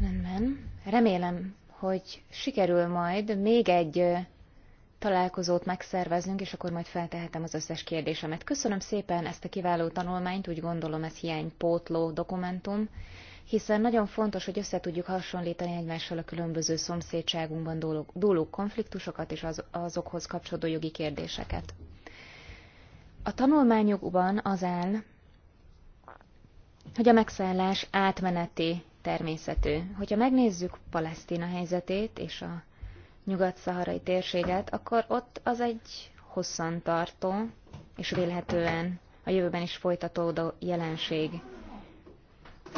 C: Rendben. Remélem, hogy sikerül majd még egy találkozót megszerveznünk, és akkor majd feltehetem az összes kérdésemet. Köszönöm szépen ezt a kiváló tanulmányt, úgy gondolom ez hiánypótló dokumentum, hiszen nagyon fontos, hogy össze tudjuk hasonlítani egymással a különböző szomszédságunkban dóló, konfliktusokat és az, azokhoz kapcsolódó jogi kérdéseket. A tanulmányokban az áll, hogy a megszállás átmeneti természetű. Hogyha megnézzük Palesztina helyzetét és a nyugat-szaharai térséget, akkor ott az egy hosszantartó és vélhetően a jövőben is folytatódó jelenség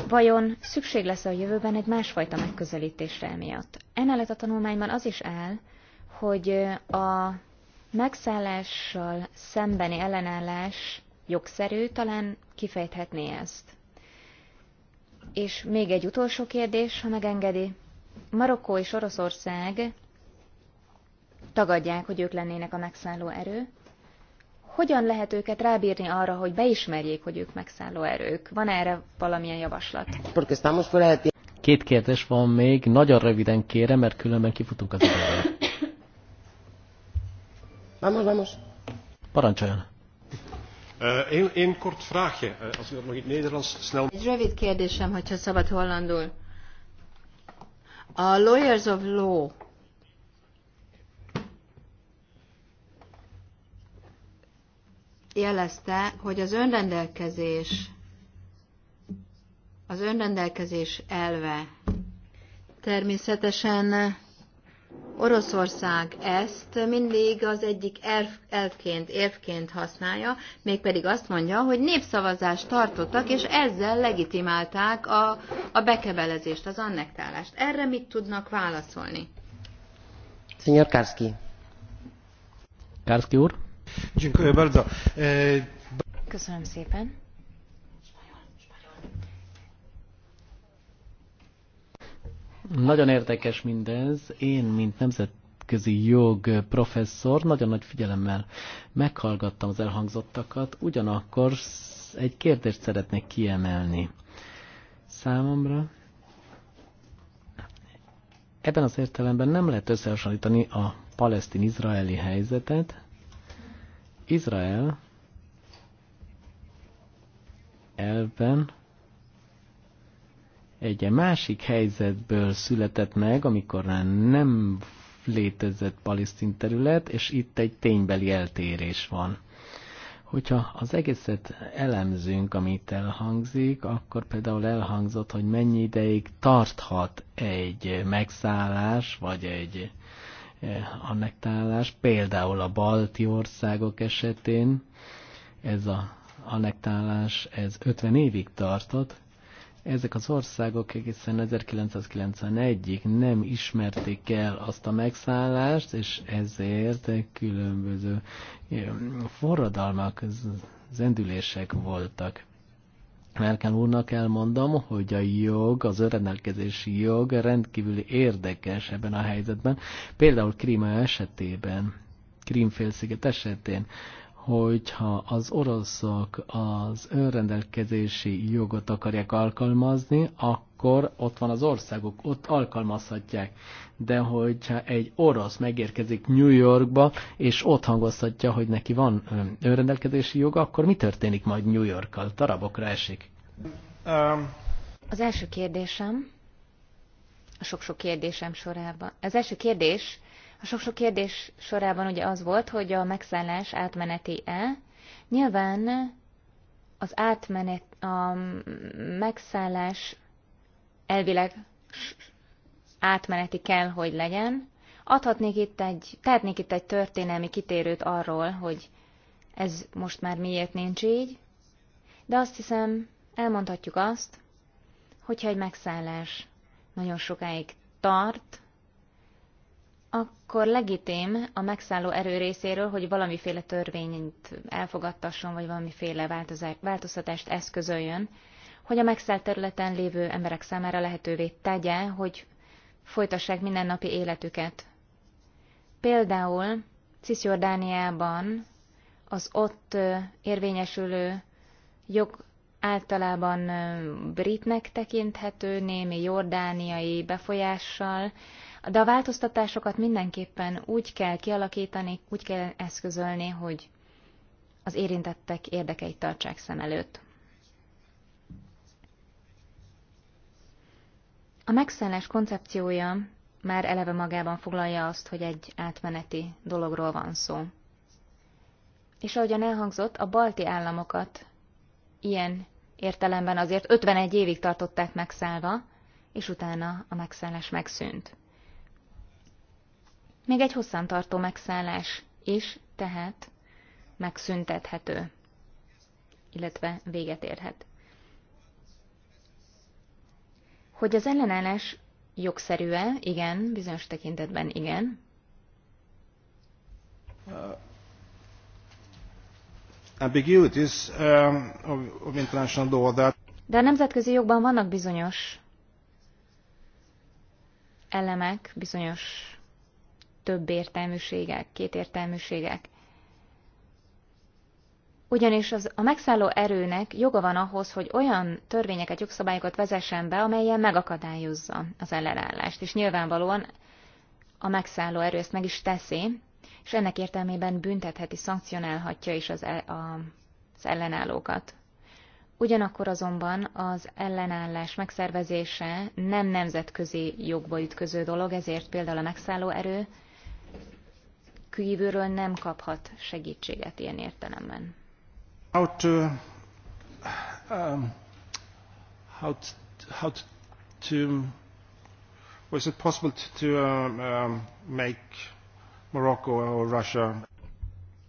C: Vajon szükség lesz a jövőben egy másfajta megközelítésre emiatt? Emellett a tanulmányban az is áll, hogy a megszállással szembeni ellenállás jogszerű, talán kifejthetné ezt. És még egy utolsó kérdés, ha megengedi. Marokkó és Oroszország tagadják, hogy ők lennének a megszálló erő, hogyan lehet őket rábírni arra, hogy beismerjék, hogy ők megszálló erők? Van -e erre valamilyen javaslat?
A: Két kérdés van még, nagyon röviden kérem, mert különben kifutunk az időből. Vamos, vamos. Parancsoljon.
D: Eh, én, én kort vraagje, uh, eh, als u Nederlands snel... Egy
B: rövid kérdésem, hogyha szabad hollandul. A Lawyers of Law jelezte, hogy az önrendelkezés, az önrendelkezés elve természetesen Oroszország ezt mindig az egyik elf, elfként, érvként használja, mégpedig azt mondja, hogy népszavazást tartottak, és ezzel legitimálták a, a bekebelezést, az annektálást. Erre mit tudnak válaszolni?
A: Szenyor Kárszki. Kárszki úr?
C: Köszönöm szépen.
A: Nagyon érdekes mindez. Én, mint nemzetközi jog professzor, nagyon nagy figyelemmel meghallgattam az elhangzottakat, ugyanakkor egy kérdést szeretnék kiemelni. Számomra ebben az értelemben nem lehet összehasonlítani a palesztin-izraeli helyzetet, Izrael elben egy -e másik helyzetből született meg, amikor már nem létezett palisztin terület, és itt egy ténybeli eltérés van. Hogyha az egészet elemzünk, amit elhangzik, akkor például elhangzott, hogy mennyi ideig tarthat egy megszállás, vagy egy annektálás, például a balti országok esetén ez a annektálás ez 50 évig tartott, ezek az országok egészen 1991-ig nem ismerték el azt a megszállást, és ezért különböző forradalmak, zendülések voltak. Merkel úrnak elmondom, hogy a jog, az önrendelkezési jog rendkívül érdekes ebben a helyzetben. Például Krima esetében, Krímfélsziget esetén, hogyha az oroszok az önrendelkezési jogot akarják alkalmazni, akkor ott van az országok, ott alkalmazhatják. De hogyha egy orosz megérkezik New Yorkba, és ott hangoztatja, hogy neki van önrendelkezési joga, akkor mi történik majd New Yorkkal? Tarabokra esik.
C: Um. Az első kérdésem, a sok-sok kérdésem sorában. Az első kérdés a sok-sok kérdés sorában ugye az volt, hogy a megszállás átmeneti-e. Nyilván az átmenet, a megszállás elvileg átmeneti kell, hogy legyen. Adhatnék itt egy, tehetnék itt egy történelmi kitérőt arról, hogy ez most már miért nincs így, de azt hiszem, elmondhatjuk azt, hogyha egy megszállás nagyon sokáig tart, akkor legitim a megszálló erő részéről, hogy valamiféle törvényt elfogadtasson, vagy valamiféle változtatást eszközöljön, hogy a megszállt területen lévő emberek számára lehetővé tegye, hogy folytassák mindennapi életüket. Például Cisjordániában az ott érvényesülő jog általában britnek tekinthető, némi jordániai befolyással, de a változtatásokat mindenképpen úgy kell kialakítani, úgy kell eszközölni, hogy az érintettek érdekeit tartsák szem előtt. A megszállás koncepciója már eleve magában foglalja azt, hogy egy átmeneti dologról van szó. És ahogyan elhangzott, a balti államokat ilyen értelemben azért 51 évig tartották megszállva, és utána a megszállás megszűnt még egy hosszantartó megszállás is, tehát megszüntethető, illetve véget érhet. Hogy az ellenállás jogszerű-e? Igen, bizonyos tekintetben igen.
D: Uh, ambiguities um, of, international law
C: De a nemzetközi jogban vannak bizonyos elemek, bizonyos több értelműségek, két értelműségek. Ugyanis az, a megszálló erőnek joga van ahhoz, hogy olyan törvényeket, jogszabályokat vezessen be, amelyen megakadályozza az ellenállást. És nyilvánvalóan a megszálló erő ezt meg is teszi, és ennek értelmében büntetheti, szankcionálhatja is az, el, a, az ellenállókat. Ugyanakkor azonban az ellenállás megszervezése nem nemzetközi jogba ütköző dolog, ezért például a megszálló erő kívülről nem kaphat segítséget ilyen értelemben.
D: How to, um, how to, how to, was it possible to, to um, um, make Morocco or Russia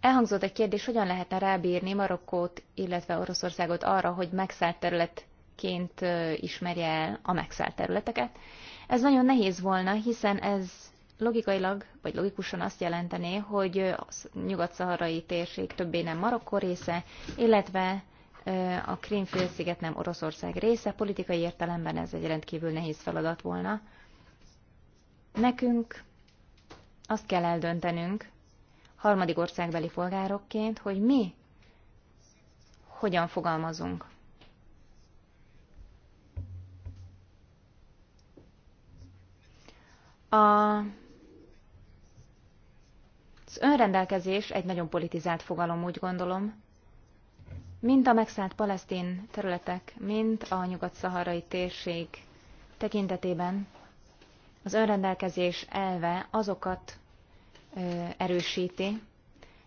C: Elhangzott egy kérdés, hogyan lehetne rábírni Marokkót, illetve Oroszországot arra, hogy megszállt területként ismerje el a megszállt területeket. Ez nagyon nehéz volna, hiszen ez logikailag, vagy logikusan azt jelentené, hogy a nyugat-szaharai térség többé nem Marokkó része, illetve a Krímfélsziget nem Oroszország része. Politikai értelemben ez egy rendkívül nehéz feladat volna. Nekünk azt kell eldöntenünk, harmadik országbeli polgárokként, hogy mi hogyan fogalmazunk. A az önrendelkezés egy nagyon politizált fogalom, úgy gondolom. Mint a megszállt palesztin területek, mint a nyugat-szaharai térség tekintetében az önrendelkezés elve azokat ö, erősíti,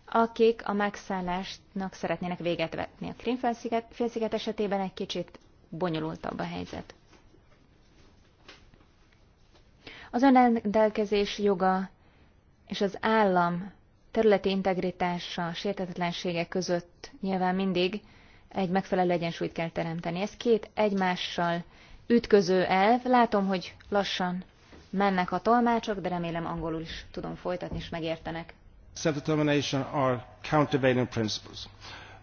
C: akik a megszállásnak szeretnének véget vetni. A Krímfélsziget esetében egy kicsit bonyolultabb a helyzet. Az önrendelkezés joga és az állam területi integritása, sértetetlensége között nyilván mindig egy megfelelő egyensúlyt kell teremteni. Ez két egymással ütköző elv. Látom, hogy lassan mennek a tolmácsok, de remélem angolul is tudom folytatni, és megértenek.
D: Self-determination are countervailing principles.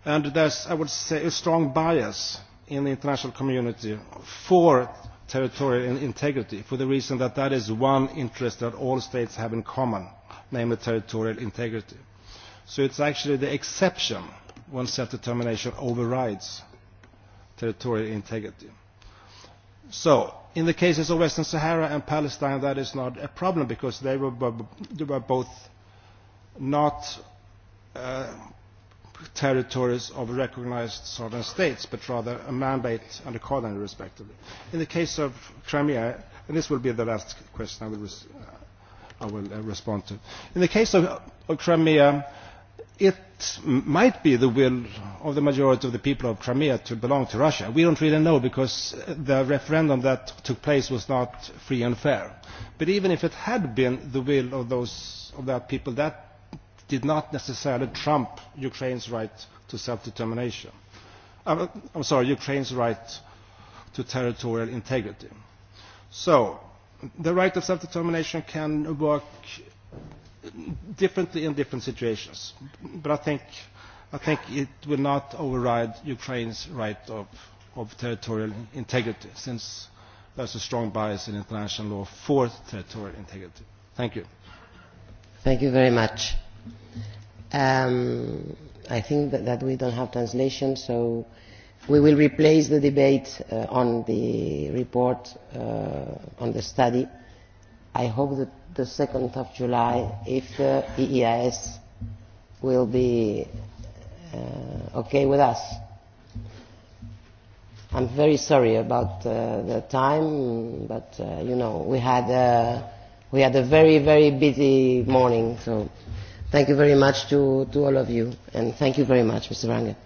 D: And there's, I would say, a strong bias in the international community for territorial integrity, for the reason that that is one interest that all states have in common namely territorial integrity. So it's actually the exception when self-determination overrides territorial integrity. So, in the cases of Western Sahara and Palestine, that is not a problem because they were, they were both not uh, territories of recognized sovereign states, but rather a mandate and a colony, respectively. In the case of Crimea, and this will be the last question I will I will uh, respond to. In the case of, of Crimea, it might be the will of the majority of the people of Crimea to belong to Russia. We don't really know because the referendum that took place was not free and fair. But even if it had been the will of, those, of that people, that did not necessarily trump Ukraine's right to self-determination. I'm, uh, I'm sorry, Ukraine's right to territorial integrity. So, the right of self-determination can work differently in different situations. But I think, I think it will not override Ukraine's right of, of territorial integrity, since there's a strong bias in international law for territorial integrity. Thank you. Thank you
E: very much. Um, I think that, that we don't have translation, so we will replace the debate uh, on the report uh, on the study i hope that the 2nd of july if the eeas will be uh, okay with us i'm very sorry about uh, the time but uh, you know we had uh, we had a very very busy morning so thank you very much to, to all of you and thank you very much mr Range.